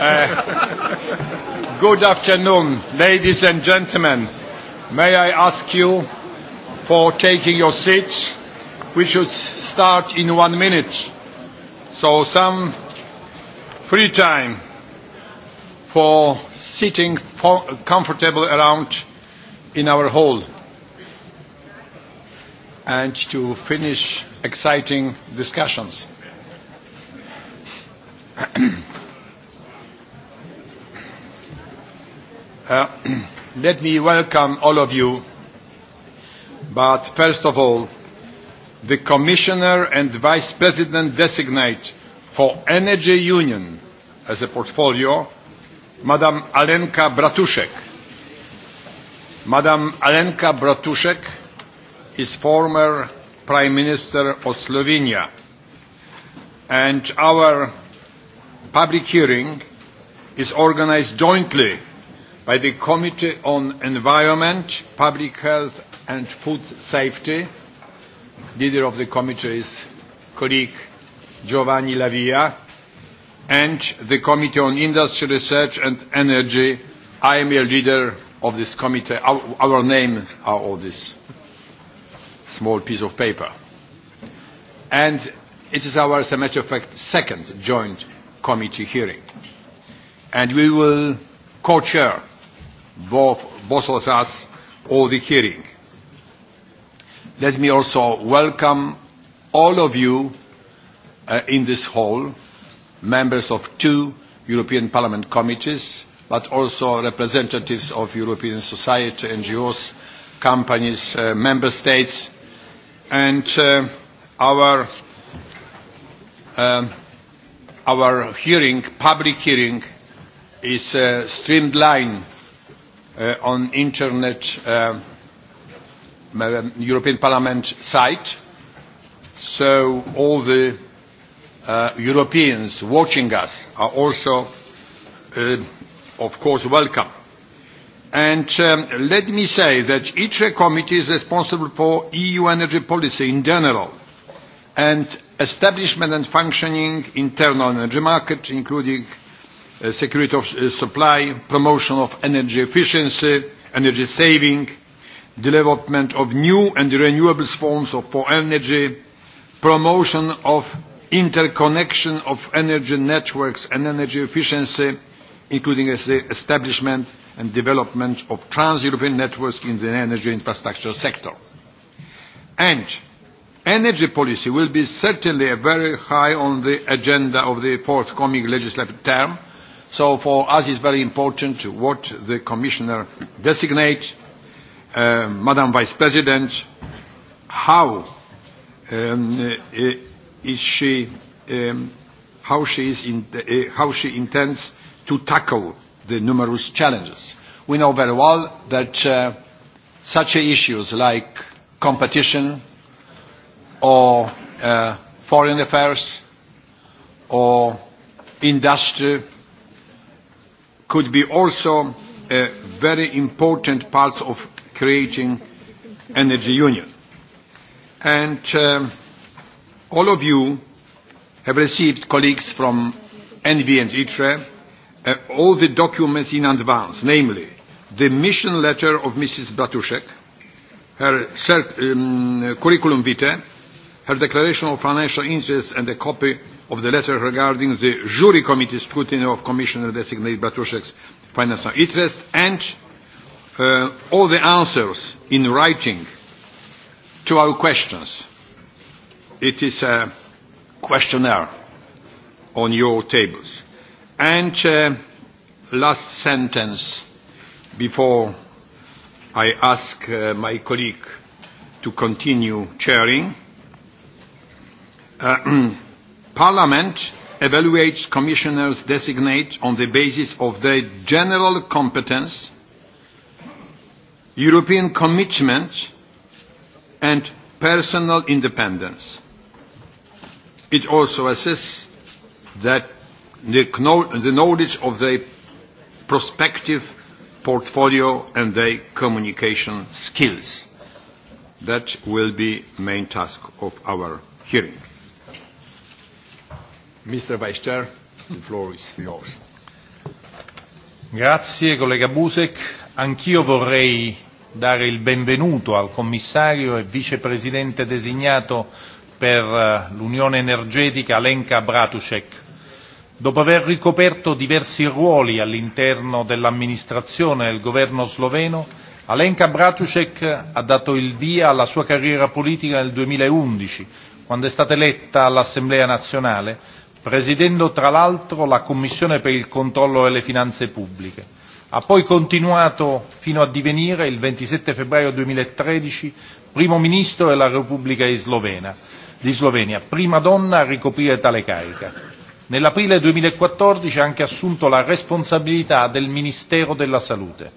Uh, good afternoon, ladies and gentlemen. May I ask you for taking your seats? We should start in one minute. So some free time for sitting comfortable around in our hall and to finish exciting discussions. Uh, let me welcome all of you. But first of all, the Commissioner and Vice President designate for Energy Union as a portfolio, Madam Alenka Bratuszek. Madam Alenka Bratuszek is former Prime Minister of Slovenia. And our public hearing is organized jointly by the Committee on Environment, Public Health and Food Safety. Leader of the committee is colleague Giovanni Lavia and the Committee on Industry, Research and Energy. I am a leader of this committee. Our, our names are all this small piece of paper. And it is our, as a matter of fact, second joint committee hearing. And we will co-chair both, both of us or the hearing. Let me also welcome all of you uh, in this hall, members of two European Parliament committees, but also representatives of European society, NGOs, companies, uh, member states, and uh, our, uh, our hearing, public hearing, is uh, streamlined uh, on internet uh, uh, European Parliament site. So all the uh, Europeans watching us are also, uh, of course, welcome. And um, let me say that each committee is responsible for EU energy policy in general and establishment and functioning internal energy market, including Uh, security of uh, supply, promotion of energy efficiency, energy saving, development of new and renewable forms of for energy, promotion of interconnection of energy networks and energy efficiency, including the establishment and development of trans-European networks in the energy infrastructure sector. And energy policy will be certainly very high on the agenda of the forthcoming legislative term, So for us it's very important what the Commissioner designates, uh, Madam Vice President, how um, uh, uh, is she, um, how she, is in, uh, how she intends to tackle the numerous challenges. We know very well that uh, such issues like competition or uh, foreign affairs or industry could be also a very important part of creating energy union. And um, all of you have received colleagues from NV and ITRE uh, all the documents in advance, namely the mission letter of Mrs. Bratushek, her um, curriculum vitae, her declaration of financial interests and a copy of the letter regarding the jury committee scrutiny of Commissioner designate Batushek's financial interest and uh, all the answers in writing to our questions. It is a questionnaire on your tables. And uh, last sentence before I ask uh, my colleague to continue chairing Uh, Parliament evaluates commissioners designate on the basis of their general competence, European commitment, and personal independence. It also assists that the, the knowledge of their prospective portfolio and their communication skills. That will be main task of our hearing. Mr. Vice Chair, the floor is yours. Grazie collega Busek, anch'io vorrei dare il benvenuto al commissario e vicepresidente designato per eh, l'Unione Energetica Lenka Bratusek. Dopo aver ricoperto diversi ruoli all'interno dell'amministrazione del governo sloveno, Alenka Bratusek ha dato il via alla sua carriera politica nel 2011, quando è stata eletta all'Assemblea nazionale presidendo tra l'altro la Commissione per il controllo delle finanze pubbliche. Ha poi continuato fino a divenire il 27 febbraio 2013 primo ministro della Repubblica di Slovenia, di Slovenia prima donna a ricoprire tale carica. Nell'aprile 2014 ha anche assunto la responsabilità del Ministero della Salute.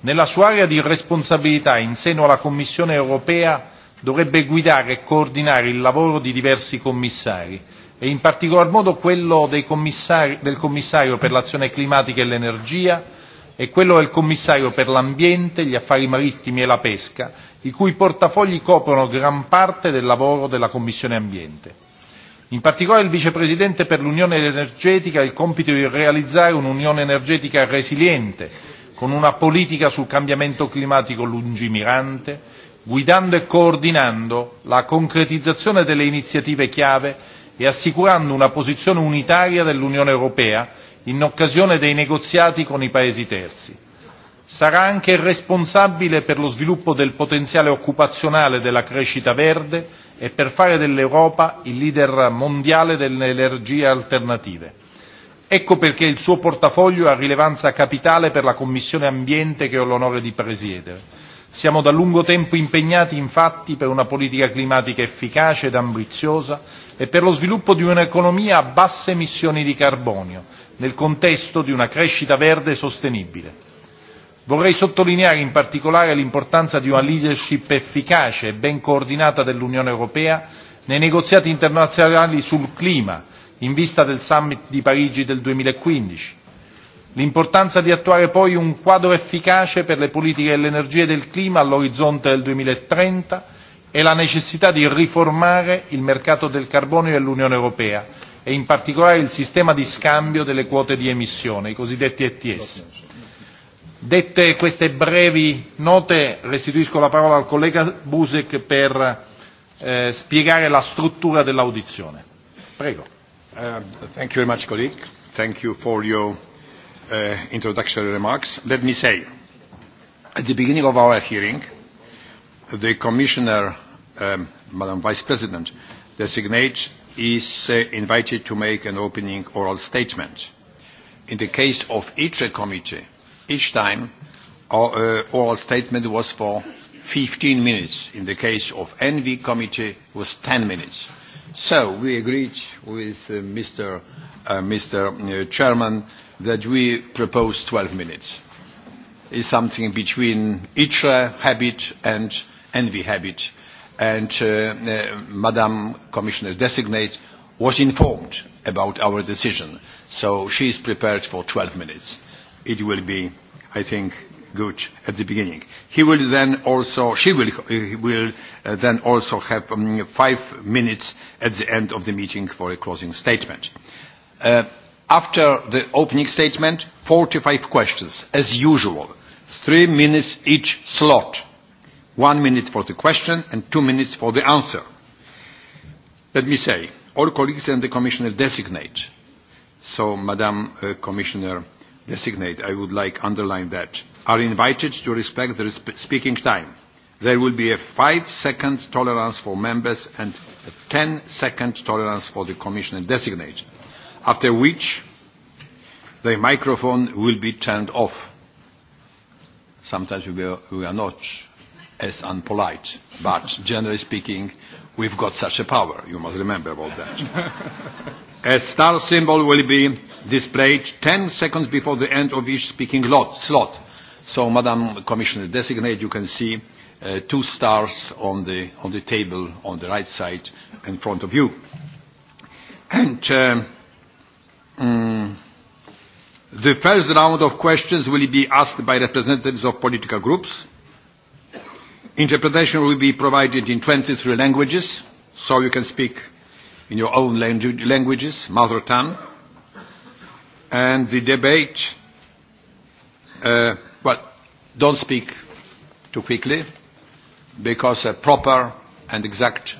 Nella sua area di responsabilità in seno alla Commissione europea dovrebbe guidare e coordinare il lavoro di diversi commissari, e in particolar modo quello dei commissari, del commissario per l'azione climatica e l'energia e quello del commissario per l'ambiente, gli affari marittimi e la pesca, i cui portafogli coprono gran parte del lavoro della Commissione Ambiente. In particolare il vicepresidente per l'Unione Energetica ha il compito di realizzare un'unione energetica resiliente, con una politica sul cambiamento climatico lungimirante, guidando e coordinando la concretizzazione delle iniziative chiave e assicurando una posizione unitaria dell'Unione Europea in occasione dei negoziati con i Paesi terzi. Sarà anche responsabile per lo sviluppo del potenziale occupazionale della crescita verde e per fare dell'Europa il leader mondiale delle energie alternative. Ecco perché il suo portafoglio ha rilevanza capitale per la Commissione Ambiente che ho l'onore di presiedere. Siamo da lungo tempo impegnati infatti per una politica climatica efficace ed ambiziosa e per lo sviluppo di un'economia a basse emissioni di carbonio, nel contesto di una crescita verde e sostenibile. Vorrei sottolineare in particolare l'importanza di una leadership efficace e ben coordinata dell'Unione Europea nei negoziati internazionali sul clima, in vista del summit di Parigi del 2015. L'importanza di attuare poi un quadro efficace per le politiche dell'energia e del clima all'orizzonte del 2030 è la necessità di riformare il mercato del carbonio dell'Unione Europea e in particolare il sistema di scambio delle quote di emissione, i cosiddetti ETS. Dette queste brevi note restituisco la parola al collega Busek per eh, spiegare la struttura dell'audizione. Prego. Uh, thank you very much, colleague. Thank you for your uh, introductory remarks. Let me say, at the beginning of our hearing, the Commissioner um, Madam Vice President designate is uh, invited to make an opening oral statement. In the case of each committee, each time our uh, oral statement was for 15 minutes. In the case of NV committee, it was 10 minutes. So we agreed with uh, Mr. Uh, Mr. Uh, Chairman that we propose 12 minutes. It's something between ITRE habit and envy habit and uh, uh, Madam Commissioner Designate was informed about our decision. So she is prepared for 12 minutes. It will be, I think, good at the beginning. He will then also, she will, uh, will uh, then also have um, five minutes at the end of the meeting for a closing statement. Uh, after the opening statement, 45 questions, as usual, three minutes each slot one minute for the question and two minutes for the answer. Let me say, all colleagues and the Commissioner designate. So, Madam uh, Commissioner designate, I would like underline that, are invited to respect the speaking time. There will be a five-second tolerance for members and a ten-second tolerance for the Commissioner designate, after which the microphone will be turned off. Sometimes we are, we are not as unpolite. But generally speaking, we've got such a power. You must remember about that. a star symbol will be displayed 10 seconds before the end of each speaking lot, slot. So, Madam Commissioner designate, you can see uh, two stars on the, on the table on the right side in front of you. And um, um, the first round of questions will be asked by representatives of political groups Interpretation will be provided in 23 languages, so you can speak in your own languages, mother tongue. And the debate, uh, well, don't speak too quickly, because a proper and exact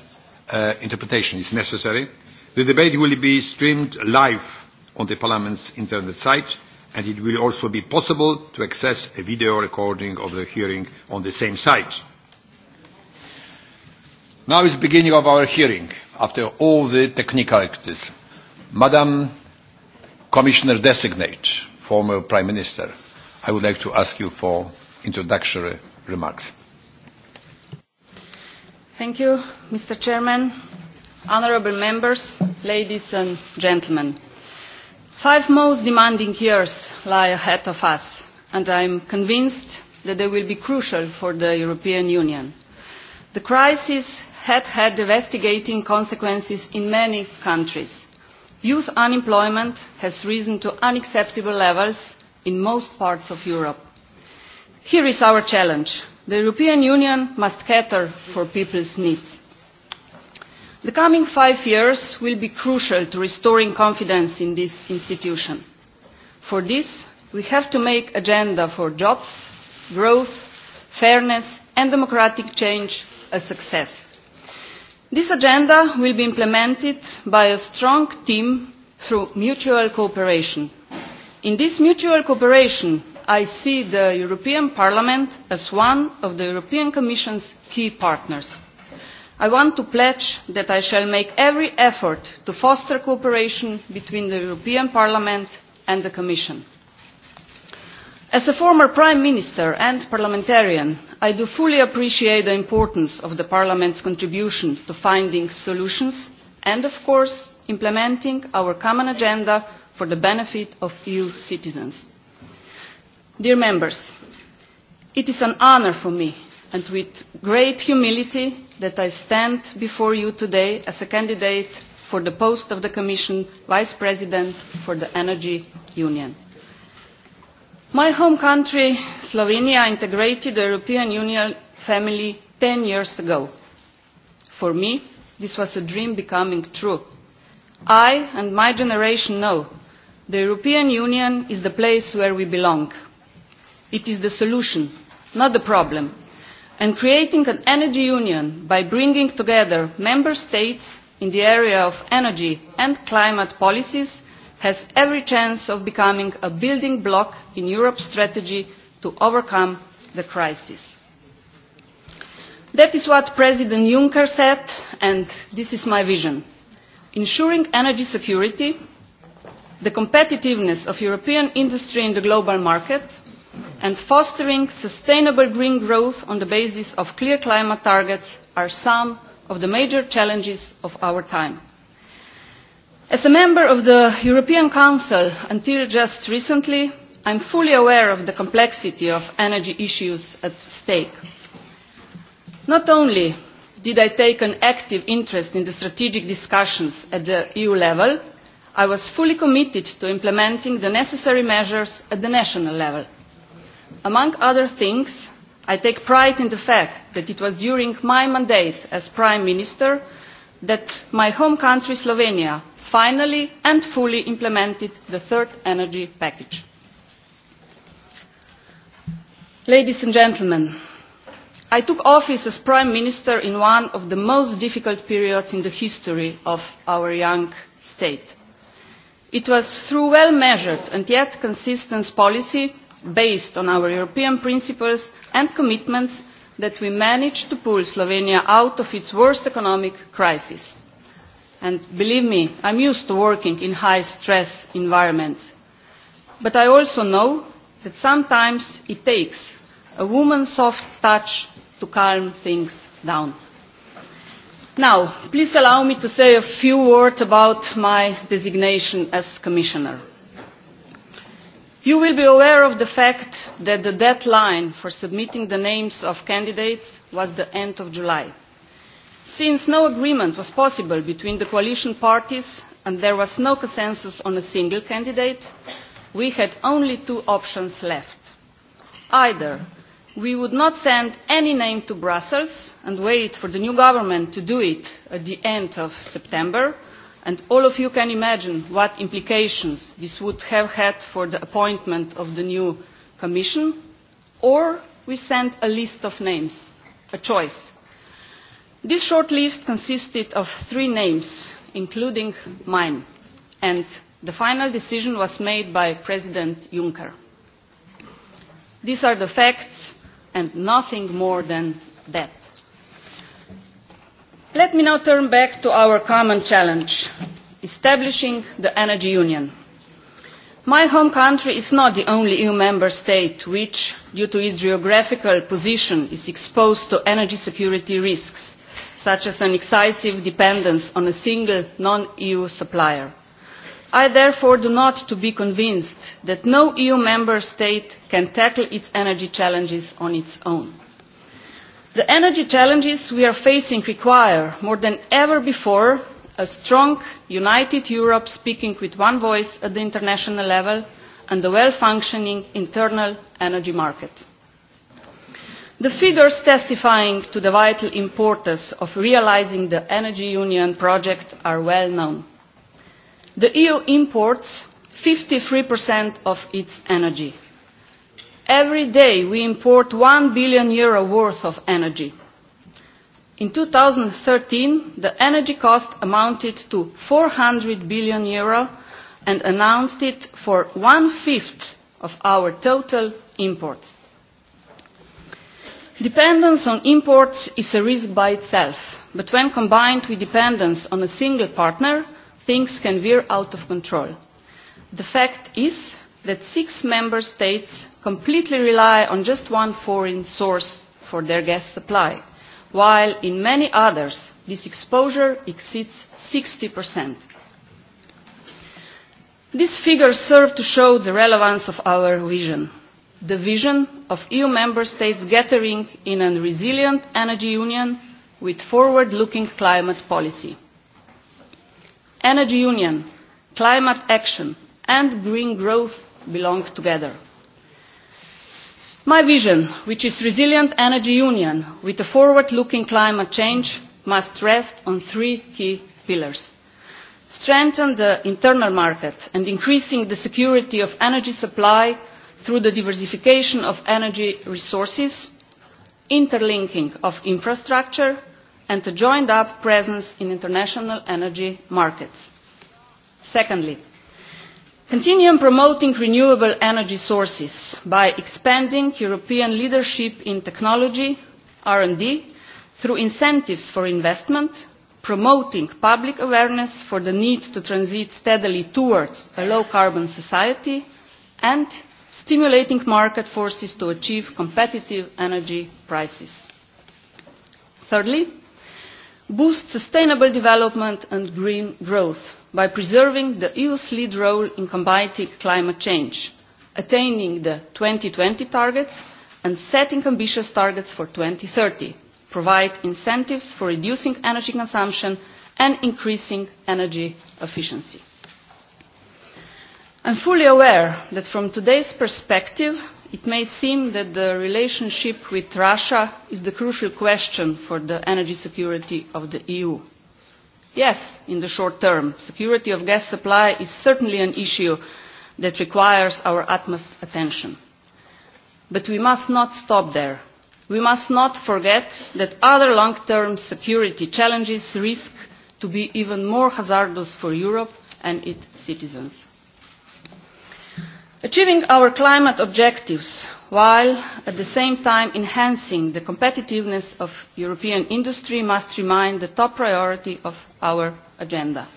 uh, interpretation is necessary. The debate will be streamed live on the Parliament's internet site and it will also be possible to access a video recording of the hearing on the same site. Now is the beginning of our hearing after all the technicalities. Madam Commissioner Designate, former Prime Minister, I would like to ask you for introductory remarks. Thank you, Mr. Chairman, honorable members, ladies and gentlemen. Five most demanding years lie ahead of us, and I am convinced that they will be crucial for the European Union. The crisis had had devastating consequences in many countries. Youth unemployment has risen to unacceptable levels in most parts of Europe. Here is our challenge. The European Union must cater for people's needs. The coming five years will be crucial to restoring confidence in this institution. For this, we have to make agenda for jobs, growth, fairness and democratic change a success. This agenda will be implemented by a strong team through mutual cooperation. In this mutual cooperation, I see the European Parliament as one of the European Commission's key partners. I want to pledge that I shall make every effort to foster cooperation between the European Parliament and the Commission. As a former Prime Minister and parliamentarian, I do fully appreciate the importance of the Parliament's contribution to finding solutions and, of course, implementing our common agenda for the benefit of EU citizens. Dear members, it is an honour for me and with great humility that I stand before you today as a candidate for the post of the Commission Vice President for the Energy Union. My home country, Slovenia, integrated the European Union family 10 years ago. For me, this was a dream becoming true. I and my generation know the European Union is the place where we belong. It is the solution, not the problem. And creating an energy union by bringing together member states in the area of energy and climate policies has every chance of becoming a building block in Europe's strategy to overcome the crisis. That is what President Juncker said, and this is my vision. Ensuring energy security, the competitiveness of European industry in the global market, and fostering sustainable green growth on the basis of clear climate targets are some of the major challenges of our time. As a member of the European Council until just recently, I'm fully aware of the complexity of energy issues at stake. Not only did I take an active interest in the strategic discussions at the EU level, I was fully committed to implementing the necessary measures at the national level. Among other things, I take pride in the fact that it was during my mandate as Prime Minister that my home country Slovenia finally and fully implemented the third energy package. Ladies and gentlemen, I took office as Prime Minister in one of the most difficult periods in the history of our young state. It was through well-measured and yet consistent policy based on our European principles and commitments that we managed to pull Slovenia out of its worst economic crisis. And believe me, I'm used to working in high stress environments. But I also know that sometimes it takes a woman's soft touch to calm things down. Now, please allow me to say a few words about my designation as Commissioner. You will be aware of the fact that the deadline for submitting the names of candidates was the end of July. Since no agreement was possible between the coalition parties and there was no consensus on a single candidate, we had only two options left. Either we would not send any name to Brussels and wait for the new government to do it at the end of September, and all of you can imagine what implications this would have had for the appointment of the new Commission, or we sent a list of names, a choice This short list consisted of three names, including mine, and the final decision was made by President Juncker. These are the facts and nothing more than that. Let me now turn back to our common challenge, establishing the energy union. My home country is not the only EU member state which, due to its geographical position, is exposed to energy security risks such as an excessive dependence on a single non-EU supplier. I therefore do not to be convinced that no EU member state can tackle its energy challenges on its own. The energy challenges we are facing require, more than ever before, a strong, united Europe speaking with one voice at the international level and a well-functioning internal energy market. The figures testifying to the vital importance of realizing the Energy Union project are well known. The EU imports 53% of its energy. Every day we import 1 billion euro worth of energy. In 2013, the energy cost amounted to 400 billion euro and announced it for one-fifth of our total imports. Dependence on imports is a risk by itself, but when combined with dependence on a single partner, things can veer out of control. The fact is that six member states completely rely on just one foreign source for their gas supply, while in many others this exposure exceeds 60%. These figures serve to show the relevance of our vision the vision of EU member states gathering in a resilient energy union with forward-looking climate policy. Energy union, climate action and green growth belong together. My vision, which is resilient energy union with a forward-looking climate change, must rest on three key pillars. Strengthen the internal market and increasing the security of energy supply through the diversification of energy resources, interlinking of infrastructure, and a joined-up presence in international energy markets. Secondly, continue promoting renewable energy sources by expanding European leadership in technology, R&D, through incentives for investment, promoting public awareness for the need to transit steadily towards a low-carbon society, and stimulating market forces to achieve competitive energy prices. Thirdly, boost sustainable development and green growth by preserving the EU's lead role in combating climate change, attaining the 2020 targets and setting ambitious targets for 2030, provide incentives for reducing energy consumption and increasing energy efficiency. I'm fully aware that from today's perspective, it may seem that the relationship with Russia is the crucial question for the energy security of the EU. Yes, in the short term, security of gas supply is certainly an issue that requires our utmost attention. But we must not stop there. We must not forget that other long-term security challenges risk to be even more hazardous for Europe and its citizens. Achieving our climate objectives while at the same time enhancing the competitiveness of European industry must remain the top priority of our agenda.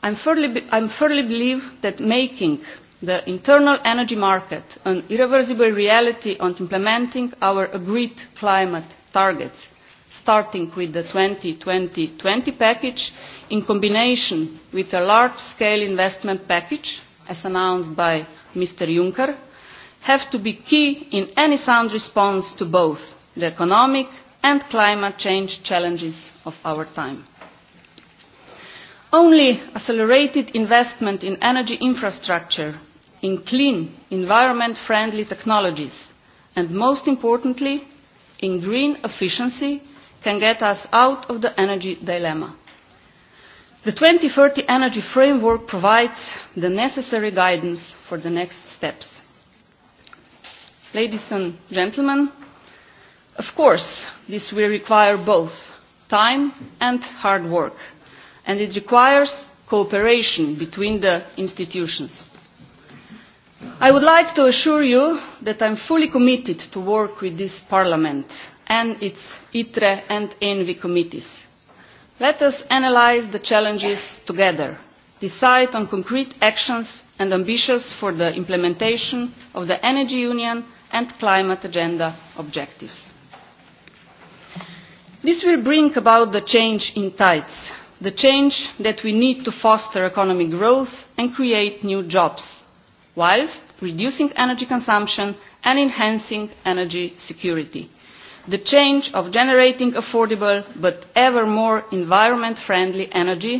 I firmly, I firmly believe that making the internal energy market an irreversible reality on implementing our agreed climate targets, starting with the 2020-20 package in combination with a large-scale investment package as announced by Mr. Juncker, have to be key in any sound response to both the economic and climate change challenges of our time. Only accelerated investment in energy infrastructure, in clean, environment-friendly technologies, and most importantly, in green efficiency can get us out of the energy dilemma. The 2030 Energy Framework provides the necessary guidance for the next steps. Ladies and gentlemen, of course, this will require both time and hard work, and it requires cooperation between the institutions. I would like to assure you that I am fully committed to work with this Parliament and its ITRE and ENVI committees Let us analyze the challenges together, decide on concrete actions and ambitions for the implementation of the Energy Union and Climate Agenda objectives. This will bring about the change in tides, the change that we need to foster economic growth and create new jobs, whilst reducing energy consumption and enhancing energy security the change of generating affordable but ever more environment friendly energy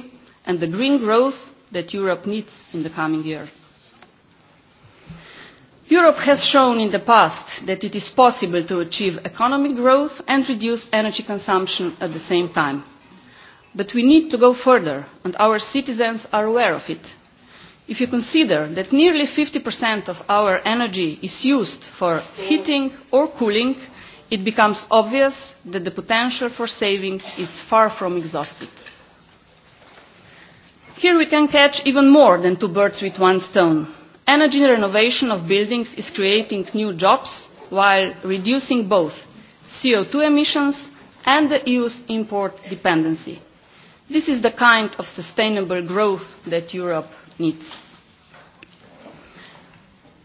and the green growth that Europe needs in the coming year. Europe has shown in the past that it is possible to achieve economic growth and reduce energy consumption at the same time. But we need to go further, and our citizens are aware of it. If you consider that nearly 50% of our energy is used for heating or cooling, it becomes obvious that the potential for saving is far from exhausted. Here we can catch even more than two birds with one stone. Energy renovation of buildings is creating new jobs while reducing both CO2 emissions and the EU's import dependency. This is the kind of sustainable growth that Europe needs.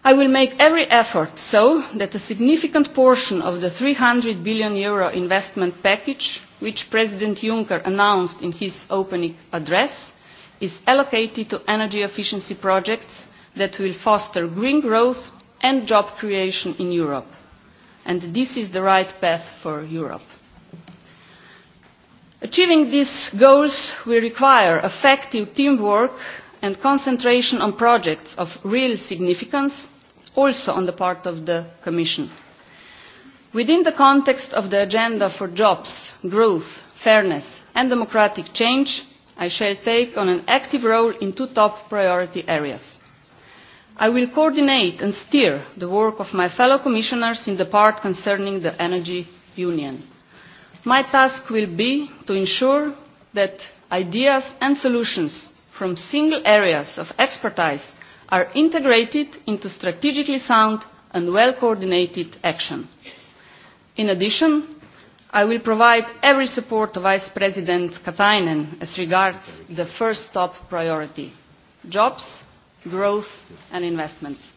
I will make every effort so that a significant portion of the 300 billion euro investment package, which President Juncker announced in his opening address, is allocated to energy efficiency projects that will foster green growth and job creation in Europe. And this is the right path for Europe. Achieving these goals will require effective teamwork and concentration on projects of real significance also on the part of the Commission. Within the context of the agenda for jobs, growth, fairness and democratic change, I shall take on an active role in two top priority areas. I will coordinate and steer the work of my fellow commissioners in the part concerning the energy union. My task will be to ensure that ideas and solutions from single areas of expertise are integrated into strategically sound and well-coordinated action. In addition, I will provide every support to Vice President Katainen as regards the first top priority, jobs, growth and investments.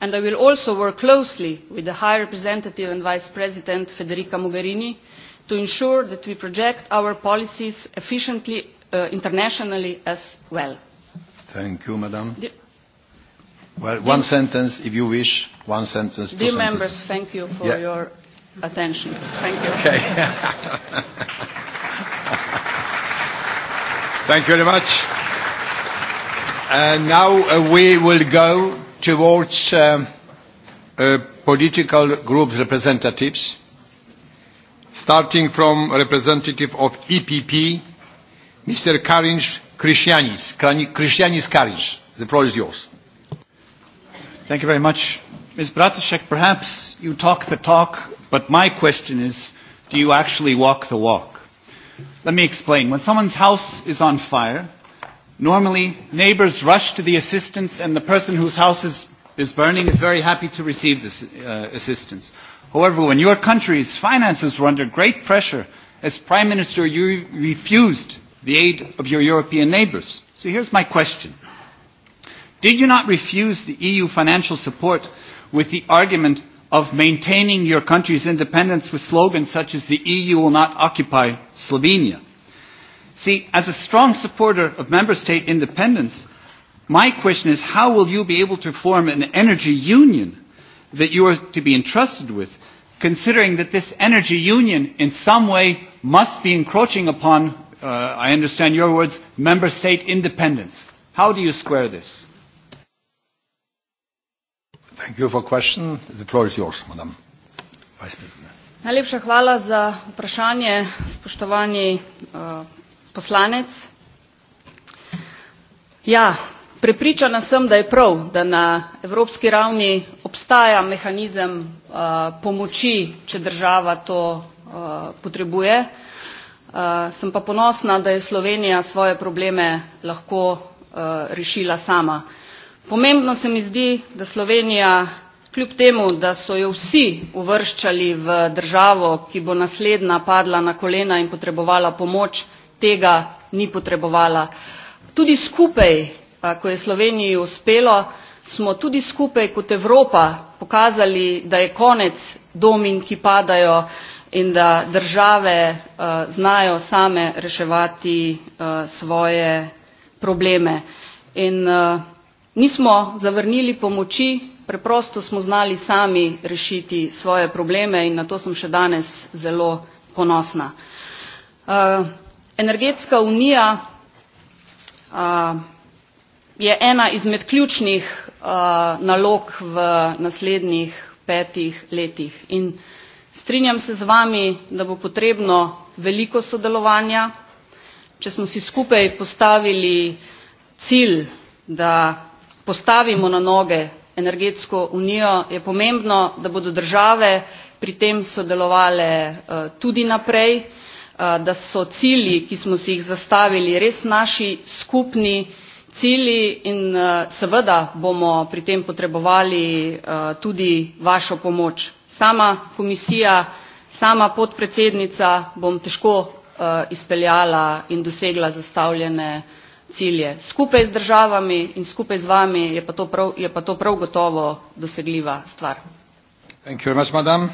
And I will also work closely with the High Representative and Vice President Federica Mogherini to ensure that we project our policies efficiently uh, internationally as well. Thank you, Madam. The Well, one yes. sentence, if you wish, one sentence. Dear sentences. members, thank you for yeah. your attention. Thank you. Okay. thank you very much. And now uh, we will go towards um, uh, political groups representatives, starting from representative of EPP, Mr. Karinj Christianis. Christianis Karinj, the floor is yours. Thank you very much. Ms. Bratashek, perhaps you talk the talk, but my question is, do you actually walk the walk? Let me explain. When someone's house is on fire, normally neighbors rush to the assistance and the person whose house is, is burning is very happy to receive this uh, assistance. However, when your country's finances were under great pressure, as Prime Minister, you refused the aid of your European neighbors. So here's my question. Did you not refuse the EU financial support with the argument of maintaining your country's independence with slogans such as the EU will not occupy Slovenia? See, as a strong supporter of member state independence, my question is how will you be able to form an energy union that you are to be entrusted with, considering that this energy union in some way must be encroaching upon, uh, I understand your words, member state independence? How do you square this? Thank you for question. The floor is yours, madam. Vice President. Najlepša hvala za vprašanje, spoštovani uh, poslanec. Ja, prepričana sem, da je prav, da na evropski ravni obstaja mehanizem uh, pomoči, če država to uh, potrebuje. Uh, sem pa ponosna, da je Slovenija svoje probleme lahko uh, rešila sama. Uh, Pomembno se mi zdi, da Slovenija kljub temu, da so jo vsi uvrščali v državo, ki bo naslednja padla na kolena in potrebovala pomoč, tega ni potrebovala. Tudi skupaj, ko je Sloveniji uspelo, smo tudi skupaj kot Evropa pokazali, da je konec domin, ki padajo in da države znajo same reševati svoje probleme. In uh, Nismo zavrnili pomoči, preprosto smo znali sami rešiti svoje probleme in na to sem še danes zelo ponosna. Uh, energetska unija uh, je ena izmed ključnih uh, nalog v naslednjih petih letih. In strinjam se z vami, da bo potrebno veliko sodelovanja. Če smo si skupaj postavili cilj, da postavimo na noge energetsko unijo, je pomembno, da bodo države pri tem sodelovale eh, tudi naprej, eh, da so cilji, ki smo si jih zastavili, res naši skupni cilji in eh, seveda bomo pri tem potrebovali tudi vašo pomoč. Sama komisija, sama podpredsednica bom težko izpeljala in dosegla zastavljene cilje cilje. Skupaj z državami in skupaj z vami je pa to prav, je pa to prav gotovo dosegljiva stvar. Thank you very much, madam.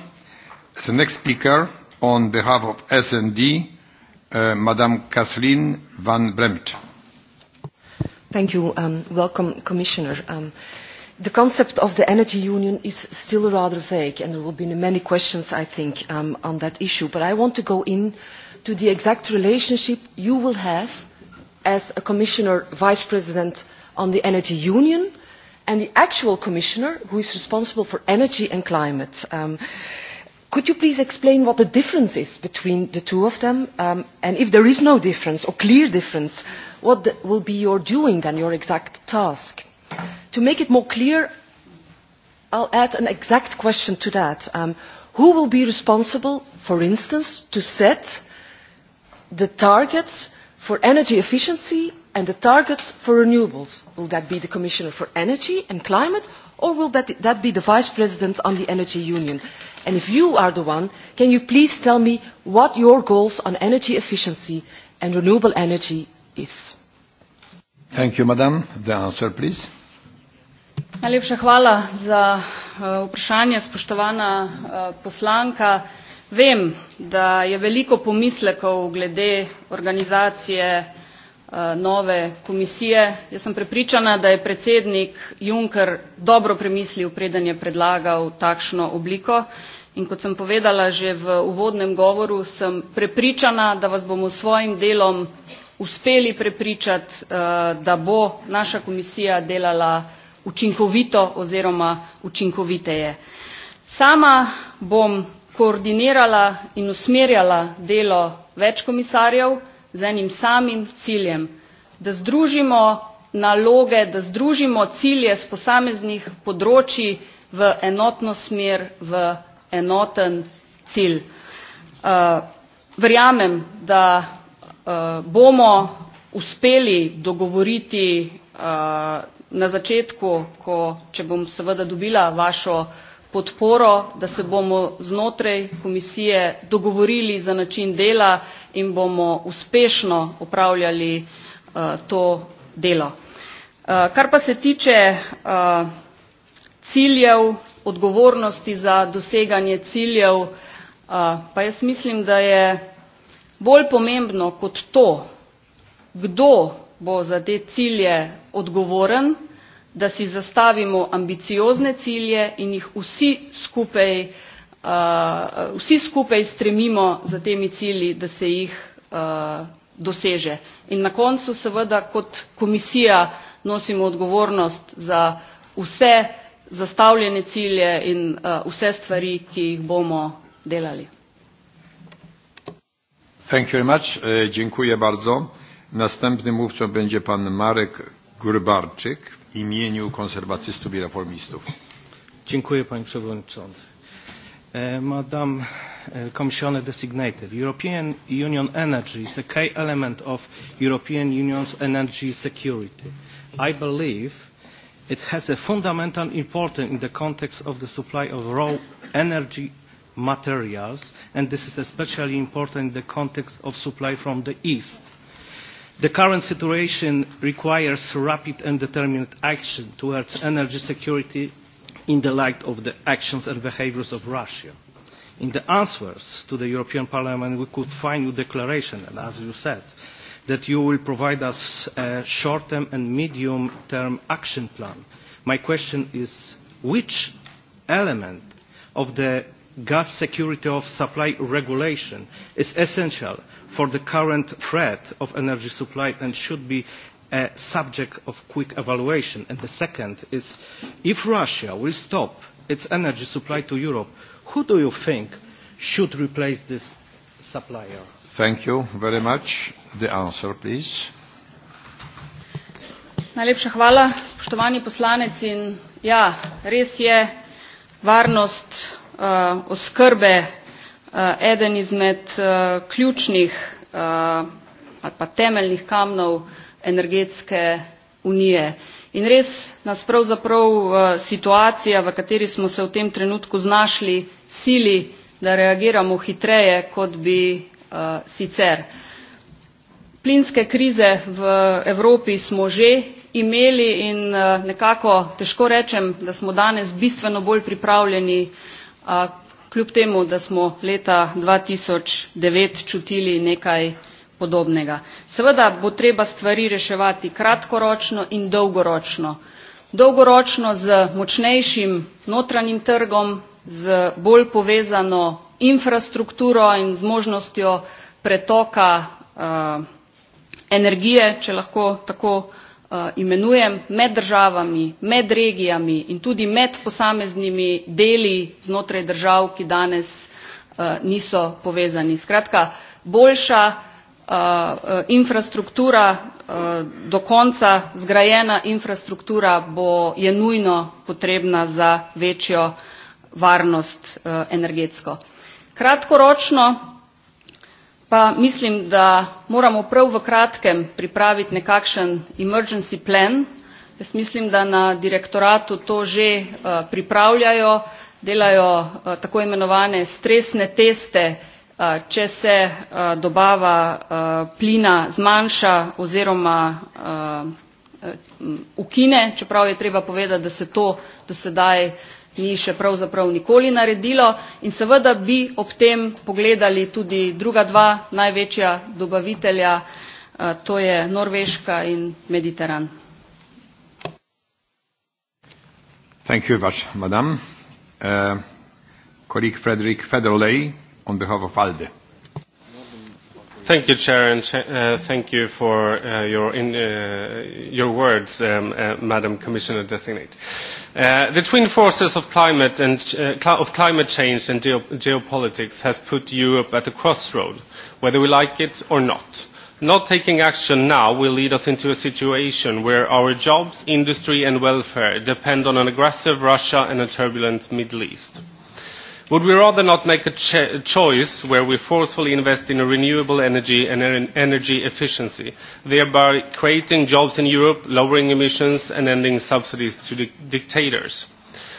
The next speaker on behalf of SND, uh, Madam Kathleen van Bremt. Thank you. Um, welcome, Commissioner. Um, The concept of the energy union is still rather vague and there will be many questions, I think, um, on that issue. But I want to go in to the exact relationship you will have as a commissioner vice president on the energy union and the actual commissioner who is responsible for energy and climate. Um, could you please explain what the difference is between the two of them? Um, and if there is no difference or clear difference, what the, will be your doing then, your exact task? To make it more clear, I'll add an exact question to that. Um, who will be responsible, for instance, to set the targets for energy efficiency and the targets for renewables. Will that be the Commissioner for Energy and Climate or will that, that be the Vice President on the Energy Union? And if you are the one, can you please tell me what your goals on energy efficiency and renewable energy is? Thank you, Madam. The answer, please. Najlepša hvala za uh, vprašanje, spoštovana uh, poslanka. Vem, da je veliko pomislekov glede organizacije eh, nove komisije. Jaz sem prepričana, da je predsednik Juncker dobro premislil, preden je predlagal takšno obliko. In kot sem povedala že v uvodnem govoru, sem prepričana, da vas bomo s svojim delom uspeli prepričati, eh, da bo naša komisija delala učinkovito oziroma učinkoviteje. Sama bom koordinirala in usmerjala delo več komisarjev z enim samim ciljem, da združimo naloge, da združimo cilje z posameznih področji v enotno smer, v enoten cilj. Uh, verjamem, da uh, bomo uspeli dogovoriti uh, na začetku, ko, če bom seveda dobila vašo podporo, da se bomo znotraj komisije dogovorili za način dela in bomo uspešno upravljali uh, eh, to delo. Uh, kar pa se tiče uh, ciljev, odgovornosti za doseganje ciljev, uh, pa jaz mislim, da je bolj pomembno kot to, kdo bo za te cilje odgovoren, da si zastavimo ambiciozne cilje in jih vsi skupaj, uh, vsi skupaj stremimo za temi cilji, da se jih uh, doseže. In na koncu seveda kot komisija nosimo odgovornost za vse zastavljene cilje in uh, vse stvari, ki jih bomo delali. Thank you very much. Uh, dziękuję bardzo. Następnym mówcą będzie pan Marek Grybarczyk imieniu konserwatystów i reformistów. Dziękuję Panie Przewodniczący. E, Madam e, Commissioner Designated, European Union energy is a key element of European Union's energy security. I believe it has a fundamental importance in the context of the supply of raw energy materials, and this is especially important in the context of supply from the East. The current situation requires rapid and determined action towards energy security in the light of the actions and behaviors of Russia. In the answers to the European Parliament, we could find your declaration, and as you said, that you will provide us a short-term and medium-term action plan. My question is, which element of the gas security of supply regulation is essential for the current threat of energy supply and should be a subject of quick evaluation. And the second is, if Russia will stop its energy supply to Europe, who do you think should replace this supplier? Thank you very much. The answer, please. Najlepša hvala, spoštovani poslanec. In ja, res je, varnost uh, oskrbe uh, eden izmed uh, ključnih uh, ali pa temeljnih kamnov energetske unije. In res nas pravzaprav uh, situacija, v kateri smo se v tem trenutku znašli, sili, da reagiramo hitreje, kot bi uh, sicer. Plinske krize v Evropi smo že imeli in uh, nekako težko rečem, da smo danes bistveno bolj pripravljeni uh, a, kljub temu, da smo leta 2009 čutili nekaj podobnega. Seveda bo treba stvari reševati kratkoročno in dolgoročno. Dolgoročno z močnejšim notranjim trgom, z bolj povezano infrastrukturo in z možnostjo pretoka uh, energije, če lahko tako Eh, imenujem med državami, med regijami in tudi med posameznimi deli znotraj držav, ki danes eh, niso povezani. Skratka, boljša eh, infrastruktura, do konca zgrajena infrastruktura bo, je nujno potrebna za večjo varnost energetsko. Kratkoročno pa mislim, da moramo prav v kratkem pripraviti nekakšen emergency plan. Jaz mislim, da na direktoratu to že uh, pripravljajo, delajo uh, tako imenovane stresne teste, uh, če se uh, dobava uh, plina zmanjša oziroma uh, ukine, čeprav je treba povedati, da se to do sedaj ni še pravzaprav nikoli naredilo in seveda bi ob tem pogledali tudi druga dva največja dobavitelja, eh, to je Norveška in Mediteran. Thank you much, Madam. Uh, colleague Frederick Federley on behalf of ALDE. Thank you, Chair, and uh, thank you for uh, your, in, uh, your words, um, uh, Madam Commissioner Designate. Uh, the twin forces of climate, and, uh, of climate change and geo geopolitics has put Europe at a crossroad, whether we like it or not. Not taking action now will lead us into a situation where our jobs, industry and welfare depend on an aggressive Russia and a turbulent Middle East. Would we rather not make a cho choice where we forcefully invest in renewable energy and en energy efficiency, thereby creating jobs in Europe, lowering emissions and ending subsidies to di dictators?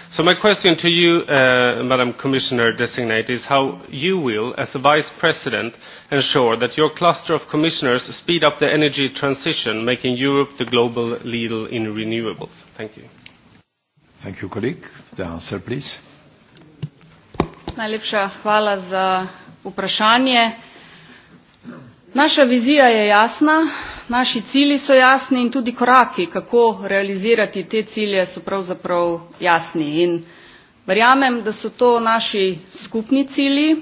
So my question to you, uh, Madam Commissioner Designate, is how you will, as a Vice President, ensure that your cluster of commissioners speed up the energy transition, making Europe the global leader in renewables. Thank you. Thank you, colleague. The answer, please. Najlepša hvala za vprašanje. Naša vizija je jasna, naši cilji so jasni in tudi koraki, kako realizirati te cilje, so pravzaprav jasni. In verjamem, da so to naši skupni cilji.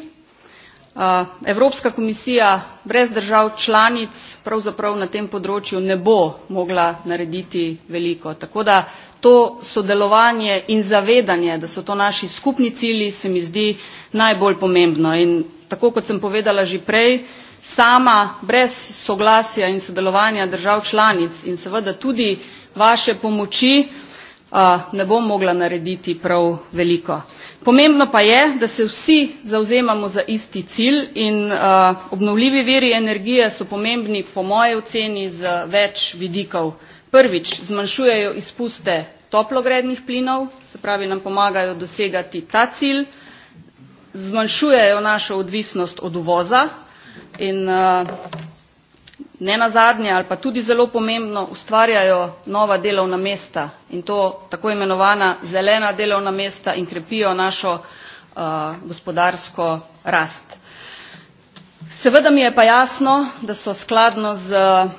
Evropska komisija brez držav članic pravzaprav na tem področju ne bo mogla narediti veliko. Tako da to sodelovanje in zavedanje, da so to naši skupni cilji, se mi zdi najbolj pomembno. In tako kot sem povedala že prej, sama brez soglasja in sodelovanja držav članic in seveda tudi vaše pomoči ne bom mogla narediti prav veliko. Pomembno pa je, da se vsi zauzemamo za isti cilj in obnovljivi veri energije so pomembni po moji oceni z več vidikov prvič zmanjšujejo izpuste toplogrednih plinov, se pravi nam pomagajo dosegati ta cilj, zmanjšujejo našo odvisnost od uvoza in eh, ne nazadnje ali pa tudi zelo pomembno ustvarjajo nova delovna mesta in to tako imenovana zelena delovna mesta in krepijo našo uh, gospodarsko rast. Seveda mi je pa jasno, da so skladno z uh,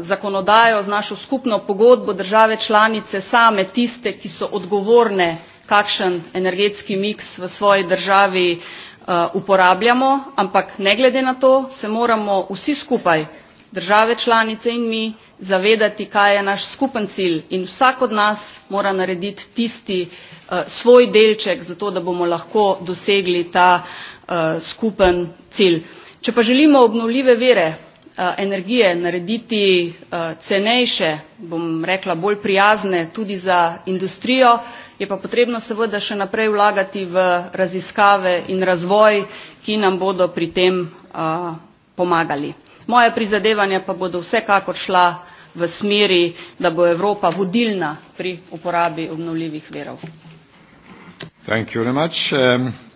zakonodajo, z našo skupno pogodbo države članice same tiste, ki so odgovorne, kakšen energetski miks v svoji državi uporabljamo, ampak ne glede na to se moramo vsi skupaj, države članice in mi, zavedati, kaj je naš skupen cilj in vsak od nas mora narediti tisti svoj delček, zato da bomo lahko dosegli ta skupen cilj. Če pa želimo obnovljive vere Eh, energije narediti eh, cenejše, bom rekla bolj prijazne tudi za industrijo, je pa potrebno seveda še naprej vlagati v raziskave in razvoj, ki nam bodo pri tem eh, pomagali. Moje prizadevanja pa bodo vsekakor šla v smeri, da bo Evropa vodilna pri uporabi obnovljivih verov. Thank you very much. Um...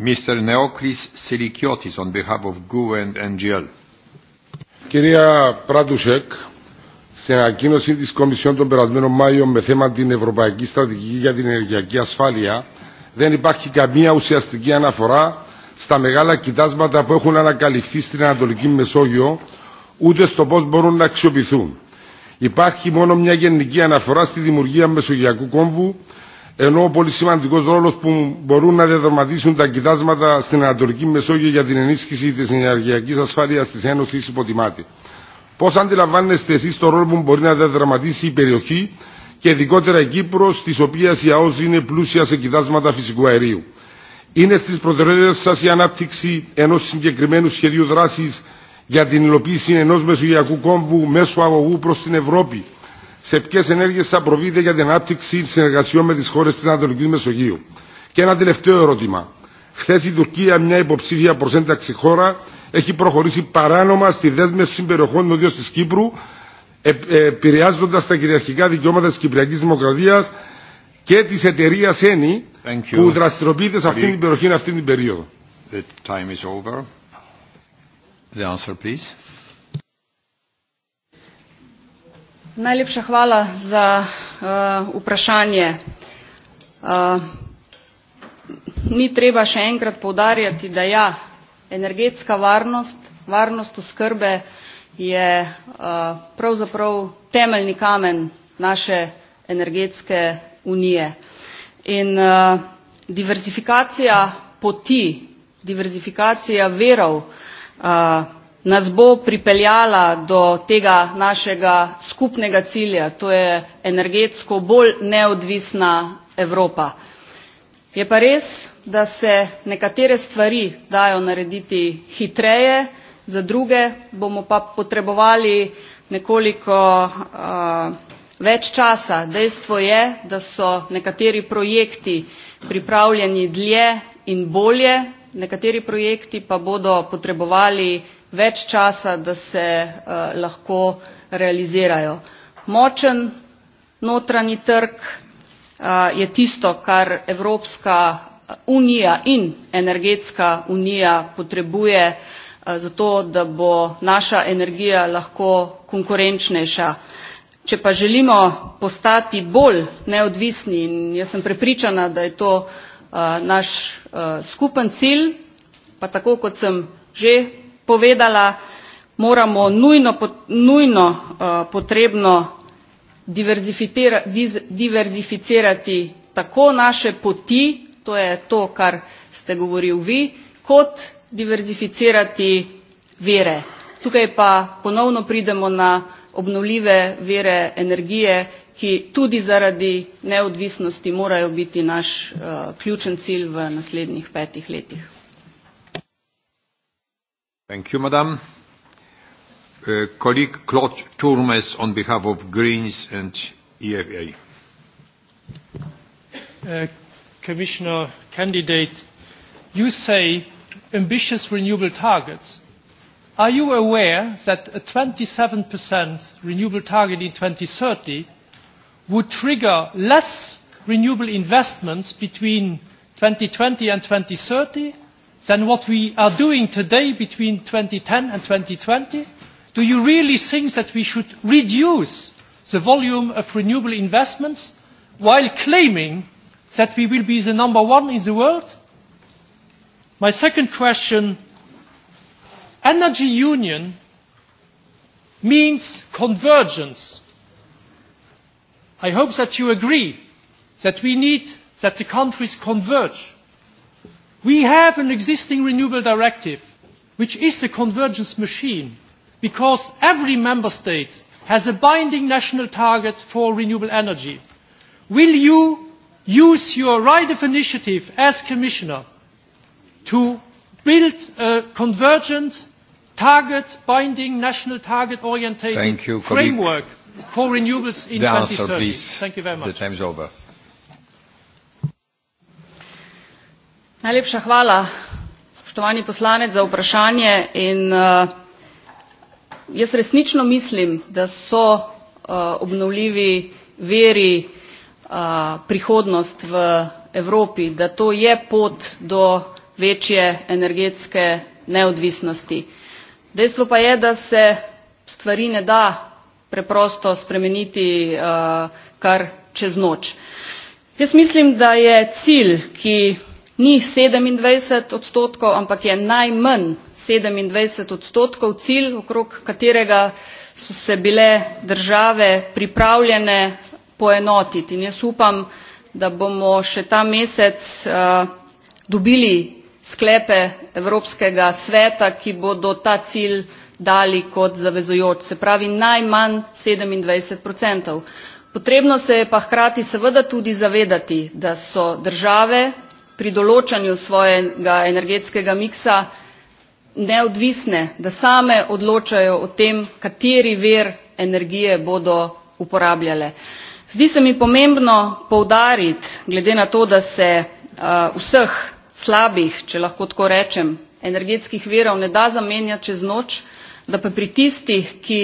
Mr. Neoklis Silikiotis on behalf of GU and NGL. Κυρία Πράτουσεκ, σε ανακοίνωση της Κομισιόν τον περασμένων Μάιο με θέμα την Ευρωπαϊκή Στρατηγική για την Ενεργειακή Ασφάλεια δεν υπάρχει καμία ουσιαστική αναφορά στα μεγάλα κοιτάσματα που έχουν ανακαλυφθεί στην Ανατολική Μεσόγειο ούτε στο πώς μπορούν να αξιοποιηθούν. Υπάρχει μόνο μια γενική αναφορά στη δημιουργία Μεσογειακού Κόμβου ενώ πολύ σημαντικό ρόλο που μπορούν να διαδραματίσουν τα κοιτάσματα στην Ανατολική Μεσόγειο για την ενίσχυση τη ενεργειακή ασφάλεια τη Ένωση υποτιμάται. Πώ αντιλαμβάνεστε εσεί το ρόλο που μπορεί να διαδραματίσει η περιοχή και ειδικότερα η Κύπρο, τη οποία η ΑΟΣ είναι πλούσια σε κοιτάσματα φυσικού αερίου. Είναι στι προτεραιότητε σα η ανάπτυξη ενό συγκεκριμένου σχεδίου δράση για την υλοποίηση ενό μεσογειακού κόμβου μέσω αγωγού προ την Ευρώπη σε ποιε ενέργειε θα προβείτε για την ανάπτυξη συνεργασιών με τι χώρε τη Ανατολική Μεσογείου. Και ένα τελευταίο ερώτημα. Χθε η Τουρκία, μια υποψήφια προ ένταξη χώρα, έχει προχωρήσει παράνομα στη δέσμευση περιοχών νοδίω τη Κύπρου, επηρεάζοντα τα κυριαρχικά δικαιώματα τη Κυπριακή Δημοκρατία και τη εταιρεία ΕΝΗ που δραστηριοποιείται σε αυτήν την περιοχή, αυτήν την περίοδο. The time is over. The answer, please. Najlepša hvala za uh, vprašanje. Uh, ni treba še enkrat povdarjati, da ja, energetska varnost, varnost oskrbe je uh, pravzaprav temeljni kamen naše energetske unije. In uh, diverzifikacija poti, diverzifikacija verov, uh, nas bo pripeljala do tega našega skupnega cilja, to je energetsko bolj neodvisna Evropa. Je pa res, da se nekatere stvari dajo narediti hitreje, za druge bomo pa potrebovali nekoliko uh, več časa. Dejstvo je, da so nekateri projekti pripravljeni dlje in bolje, nekateri projekti pa bodo potrebovali več časa, da se uh, lahko realizirajo. Močen notranji trg uh, je tisto, kar Evropska eh, unija in energetska unija potrebuje uh, to da bo naša energija lahko konkurenčnejša. Če pa želimo postati bolj neodvisni, in jaz sem prepričana, da je to uh, naš uh, skupen cilj, pa tako kot sem že povedala, moramo nujno, nujno uh, potrebno diverzificirati tako naše poti, to je to, kar ste govorili vi, kot diverzificirati vere. Tukaj pa ponovno pridemo na obnovljive vere energije, ki tudi zaradi neodvisnosti morajo biti naš uh, ključen cilj v naslednjih petih letih. Thank you, Madam. Uh, colleague Claude Turmes on behalf of Greens and EFA. Uh, Commissioner candidate, you say ambitious renewable targets. Are you aware that a 27% renewable target in 2030 would trigger less renewable investments between 2020 and 2030 than what we are doing today between 2010 and 2020? Do you really think that we should reduce the volume of renewable investments while claiming that we will be the number one in the world? My second question, energy union means convergence. I hope that you agree that we need that the countries converge We have an existing renewable directive which is a convergence machine because every member state has a binding national target for renewable energy. Will you use your right of initiative as commissioner to build a convergent target binding national target orientation framework for renewables in the 2030? Answer, please. Thank you very much. The is over. Najlepša hvala, spoštovani poslanec, za vprašanje in uh, jaz resnično mislim, da so uh, obnovljivi veri uh, eh, prihodnost v Evropi, da to je pot do večje energetske neodvisnosti. Dejstvo pa je, da se stvari ne da preprosto spremeniti uh, kar čez noč. Jaz mislim, da je cilj, ki ni 27 odstotkov, ampak je najmanj 27 odstotkov cilj, okrog katerega so se bile države pripravljene poenotiti. In jaz upam, da bomo še ta mesec uh, dobili sklepe Evropskega sveta, ki bodo ta cilj dali kot zavezujoč, se pravi najmanj 27 Potrebno se je pa hkrati seveda tudi zavedati, da so države pri določanju svojega energetskega miksa neodvisne, da same odločajo o tem, kateri ver energije bodo uporabljale. Zdi se mi pomembno poudariti, glede na to, da se uh, vseh slabih, če lahko tako rečem, energetskih verov ne da zamenjati čez noč, da pa pri tistih, ki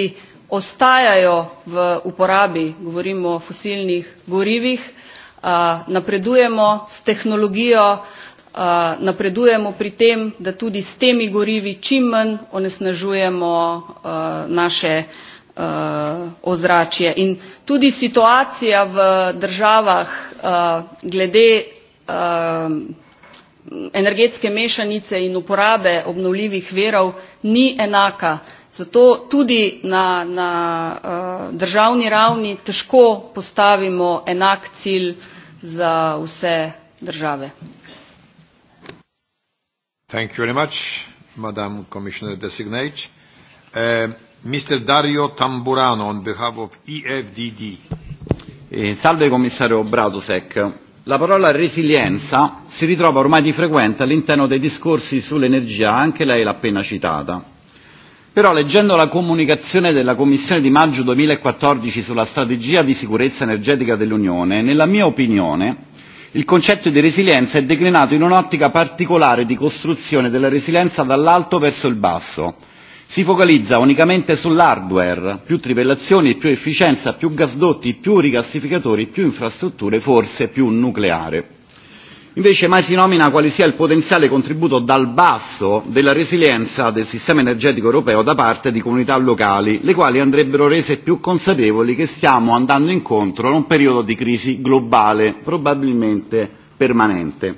ostajajo v uporabi, govorimo o fosilnih gorivih, napredujemo s tehnologijo, napredujemo pri tem, da tudi s temi gorivi čim manj onesnažujemo naše ozračje. In tudi situacija v državah glede energetske mešanice in uporabe obnovljivih verov ni enaka. Zato tudi na, na državni ravni težko postavimo enak cilj uh, za vse države. Thank you very much, Madam Commissioner Designate. Uh, Mr. Dario Tamburano on behalf of EFDD. Eh, salve commissario Bradusek. La parola resilienza si ritrova ormai di frequente all'interno dei discorsi sull'energia, anche lei l'ha appena citata. Però leggendo la comunicazione della Commissione di maggio 2014 sulla strategia di sicurezza energetica dell'Unione, nella mia opinione il concetto di resilienza è declinato in un'ottica particolare di costruzione della resilienza dall'alto verso il basso. Si focalizza unicamente sull'hardware, più trivellazioni, più efficienza, più gasdotti, più rigassificatori, più infrastrutture, forse più nucleare. Invece mai si nomina quale sia il potenziale contributo dal basso della resilienza del sistema energetico europeo da parte di comunità locali, le quali andrebbero rese più consapevoli che stiamo andando incontro a un periodo di crisi globale, probabilmente permanente.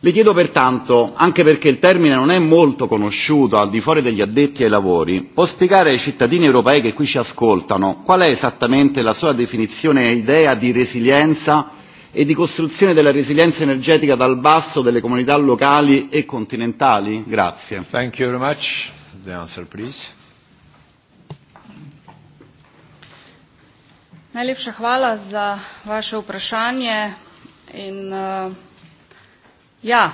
Le chiedo pertanto, anche perché il termine non è molto conosciuto al di fuori degli addetti ai lavori, può spiegare ai cittadini europei che qui ci ascoltano qual è esattamente la sua definizione e idea di resilienza e di costruzione della resilienza energetica dal basso delle comunità locali e continentali? Grazie. Thank you very much. The answer, please. Najlepša hvala za vaše vprašanje in uh, ja,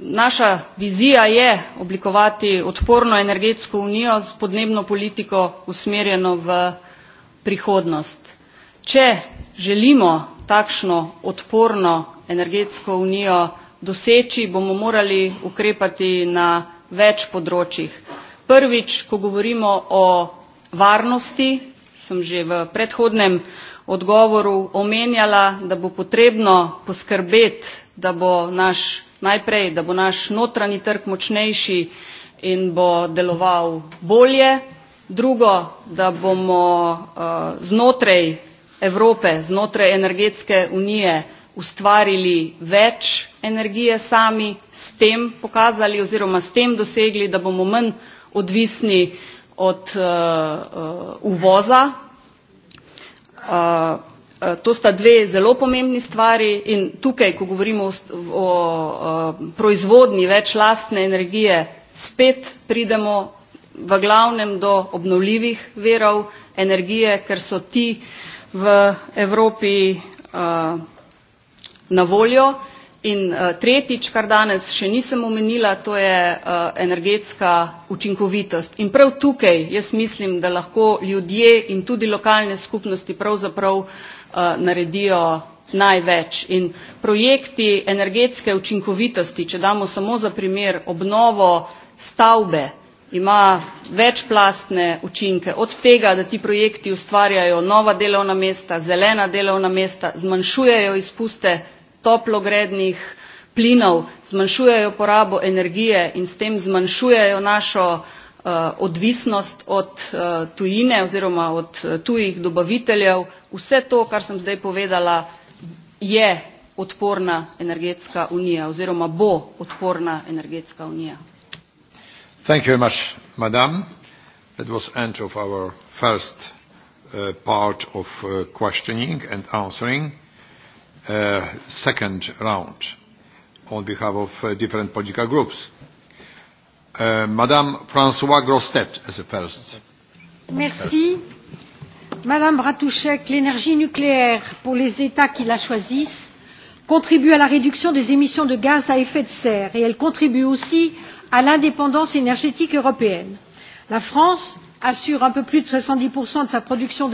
naša vizija je oblikovati odporno energetsko unijo s podnebno politiko usmerjeno v prihodnost. Če želimo takšno odporno energetsko unijo doseči, bomo morali ukrepati na več področjih. Prvič, ko govorimo o varnosti, sem že v predhodnem odgovoru omenjala, da bo potrebno poskrbeti, da bo naš najprej, da bo naš notranji trg močnejši in bo deloval bolje. Drugo, da bomo uh, znotraj Evrope znotraj energetske unije ustvarili več energije sami, s tem pokazali oziroma s tem dosegli, da bomo manj odvisni od uh, uh, uvoza. Uh, to sta dve zelo pomembni stvari in tukaj, ko govorimo o, o, o proizvodnji več lastne energije, spet pridemo v glavnem do obnovljivih verov energije, ker so ti uh, v Evropi uh, na voljo. In uh, tretjič, kar danes še nisem omenila, to je uh, energetska učinkovitost. In prav tukaj jaz mislim, da lahko ljudje in tudi lokalne skupnosti pravzaprav uh, naredijo največ. In projekti energetske učinkovitosti, če damo samo za primer obnovo stavbe, ima večplastne učinke, od tega, da ti projekti ustvarjajo nova delovna mesta, zelena delovna mesta, zmanjšujejo izpuste toplogrednih plinov, zmanjšujejo porabo energije in s tem zmanjšujejo našo uh, odvisnost od uh, tujine oziroma od uh, tujih dobaviteljev. Vse to, kar sem zdaj povedala, je odporna energetska unija oziroma bo odporna energetska unija. Thank you very much, Madam. That was end of our first uh, part of uh, questioning and answering. Uh, second round on behalf of uh, different political groups. Uh, Madame François Grostet as a first. Merci. Madame Bratouchek, l'énergie nucléaire, pour les États qui la choisissent, contribue à la réduction des émissions de gaz à effet de serre et elle contribue aussi à l'indépendance énergétique européenne. La France assure un peu plus de 70% de sa production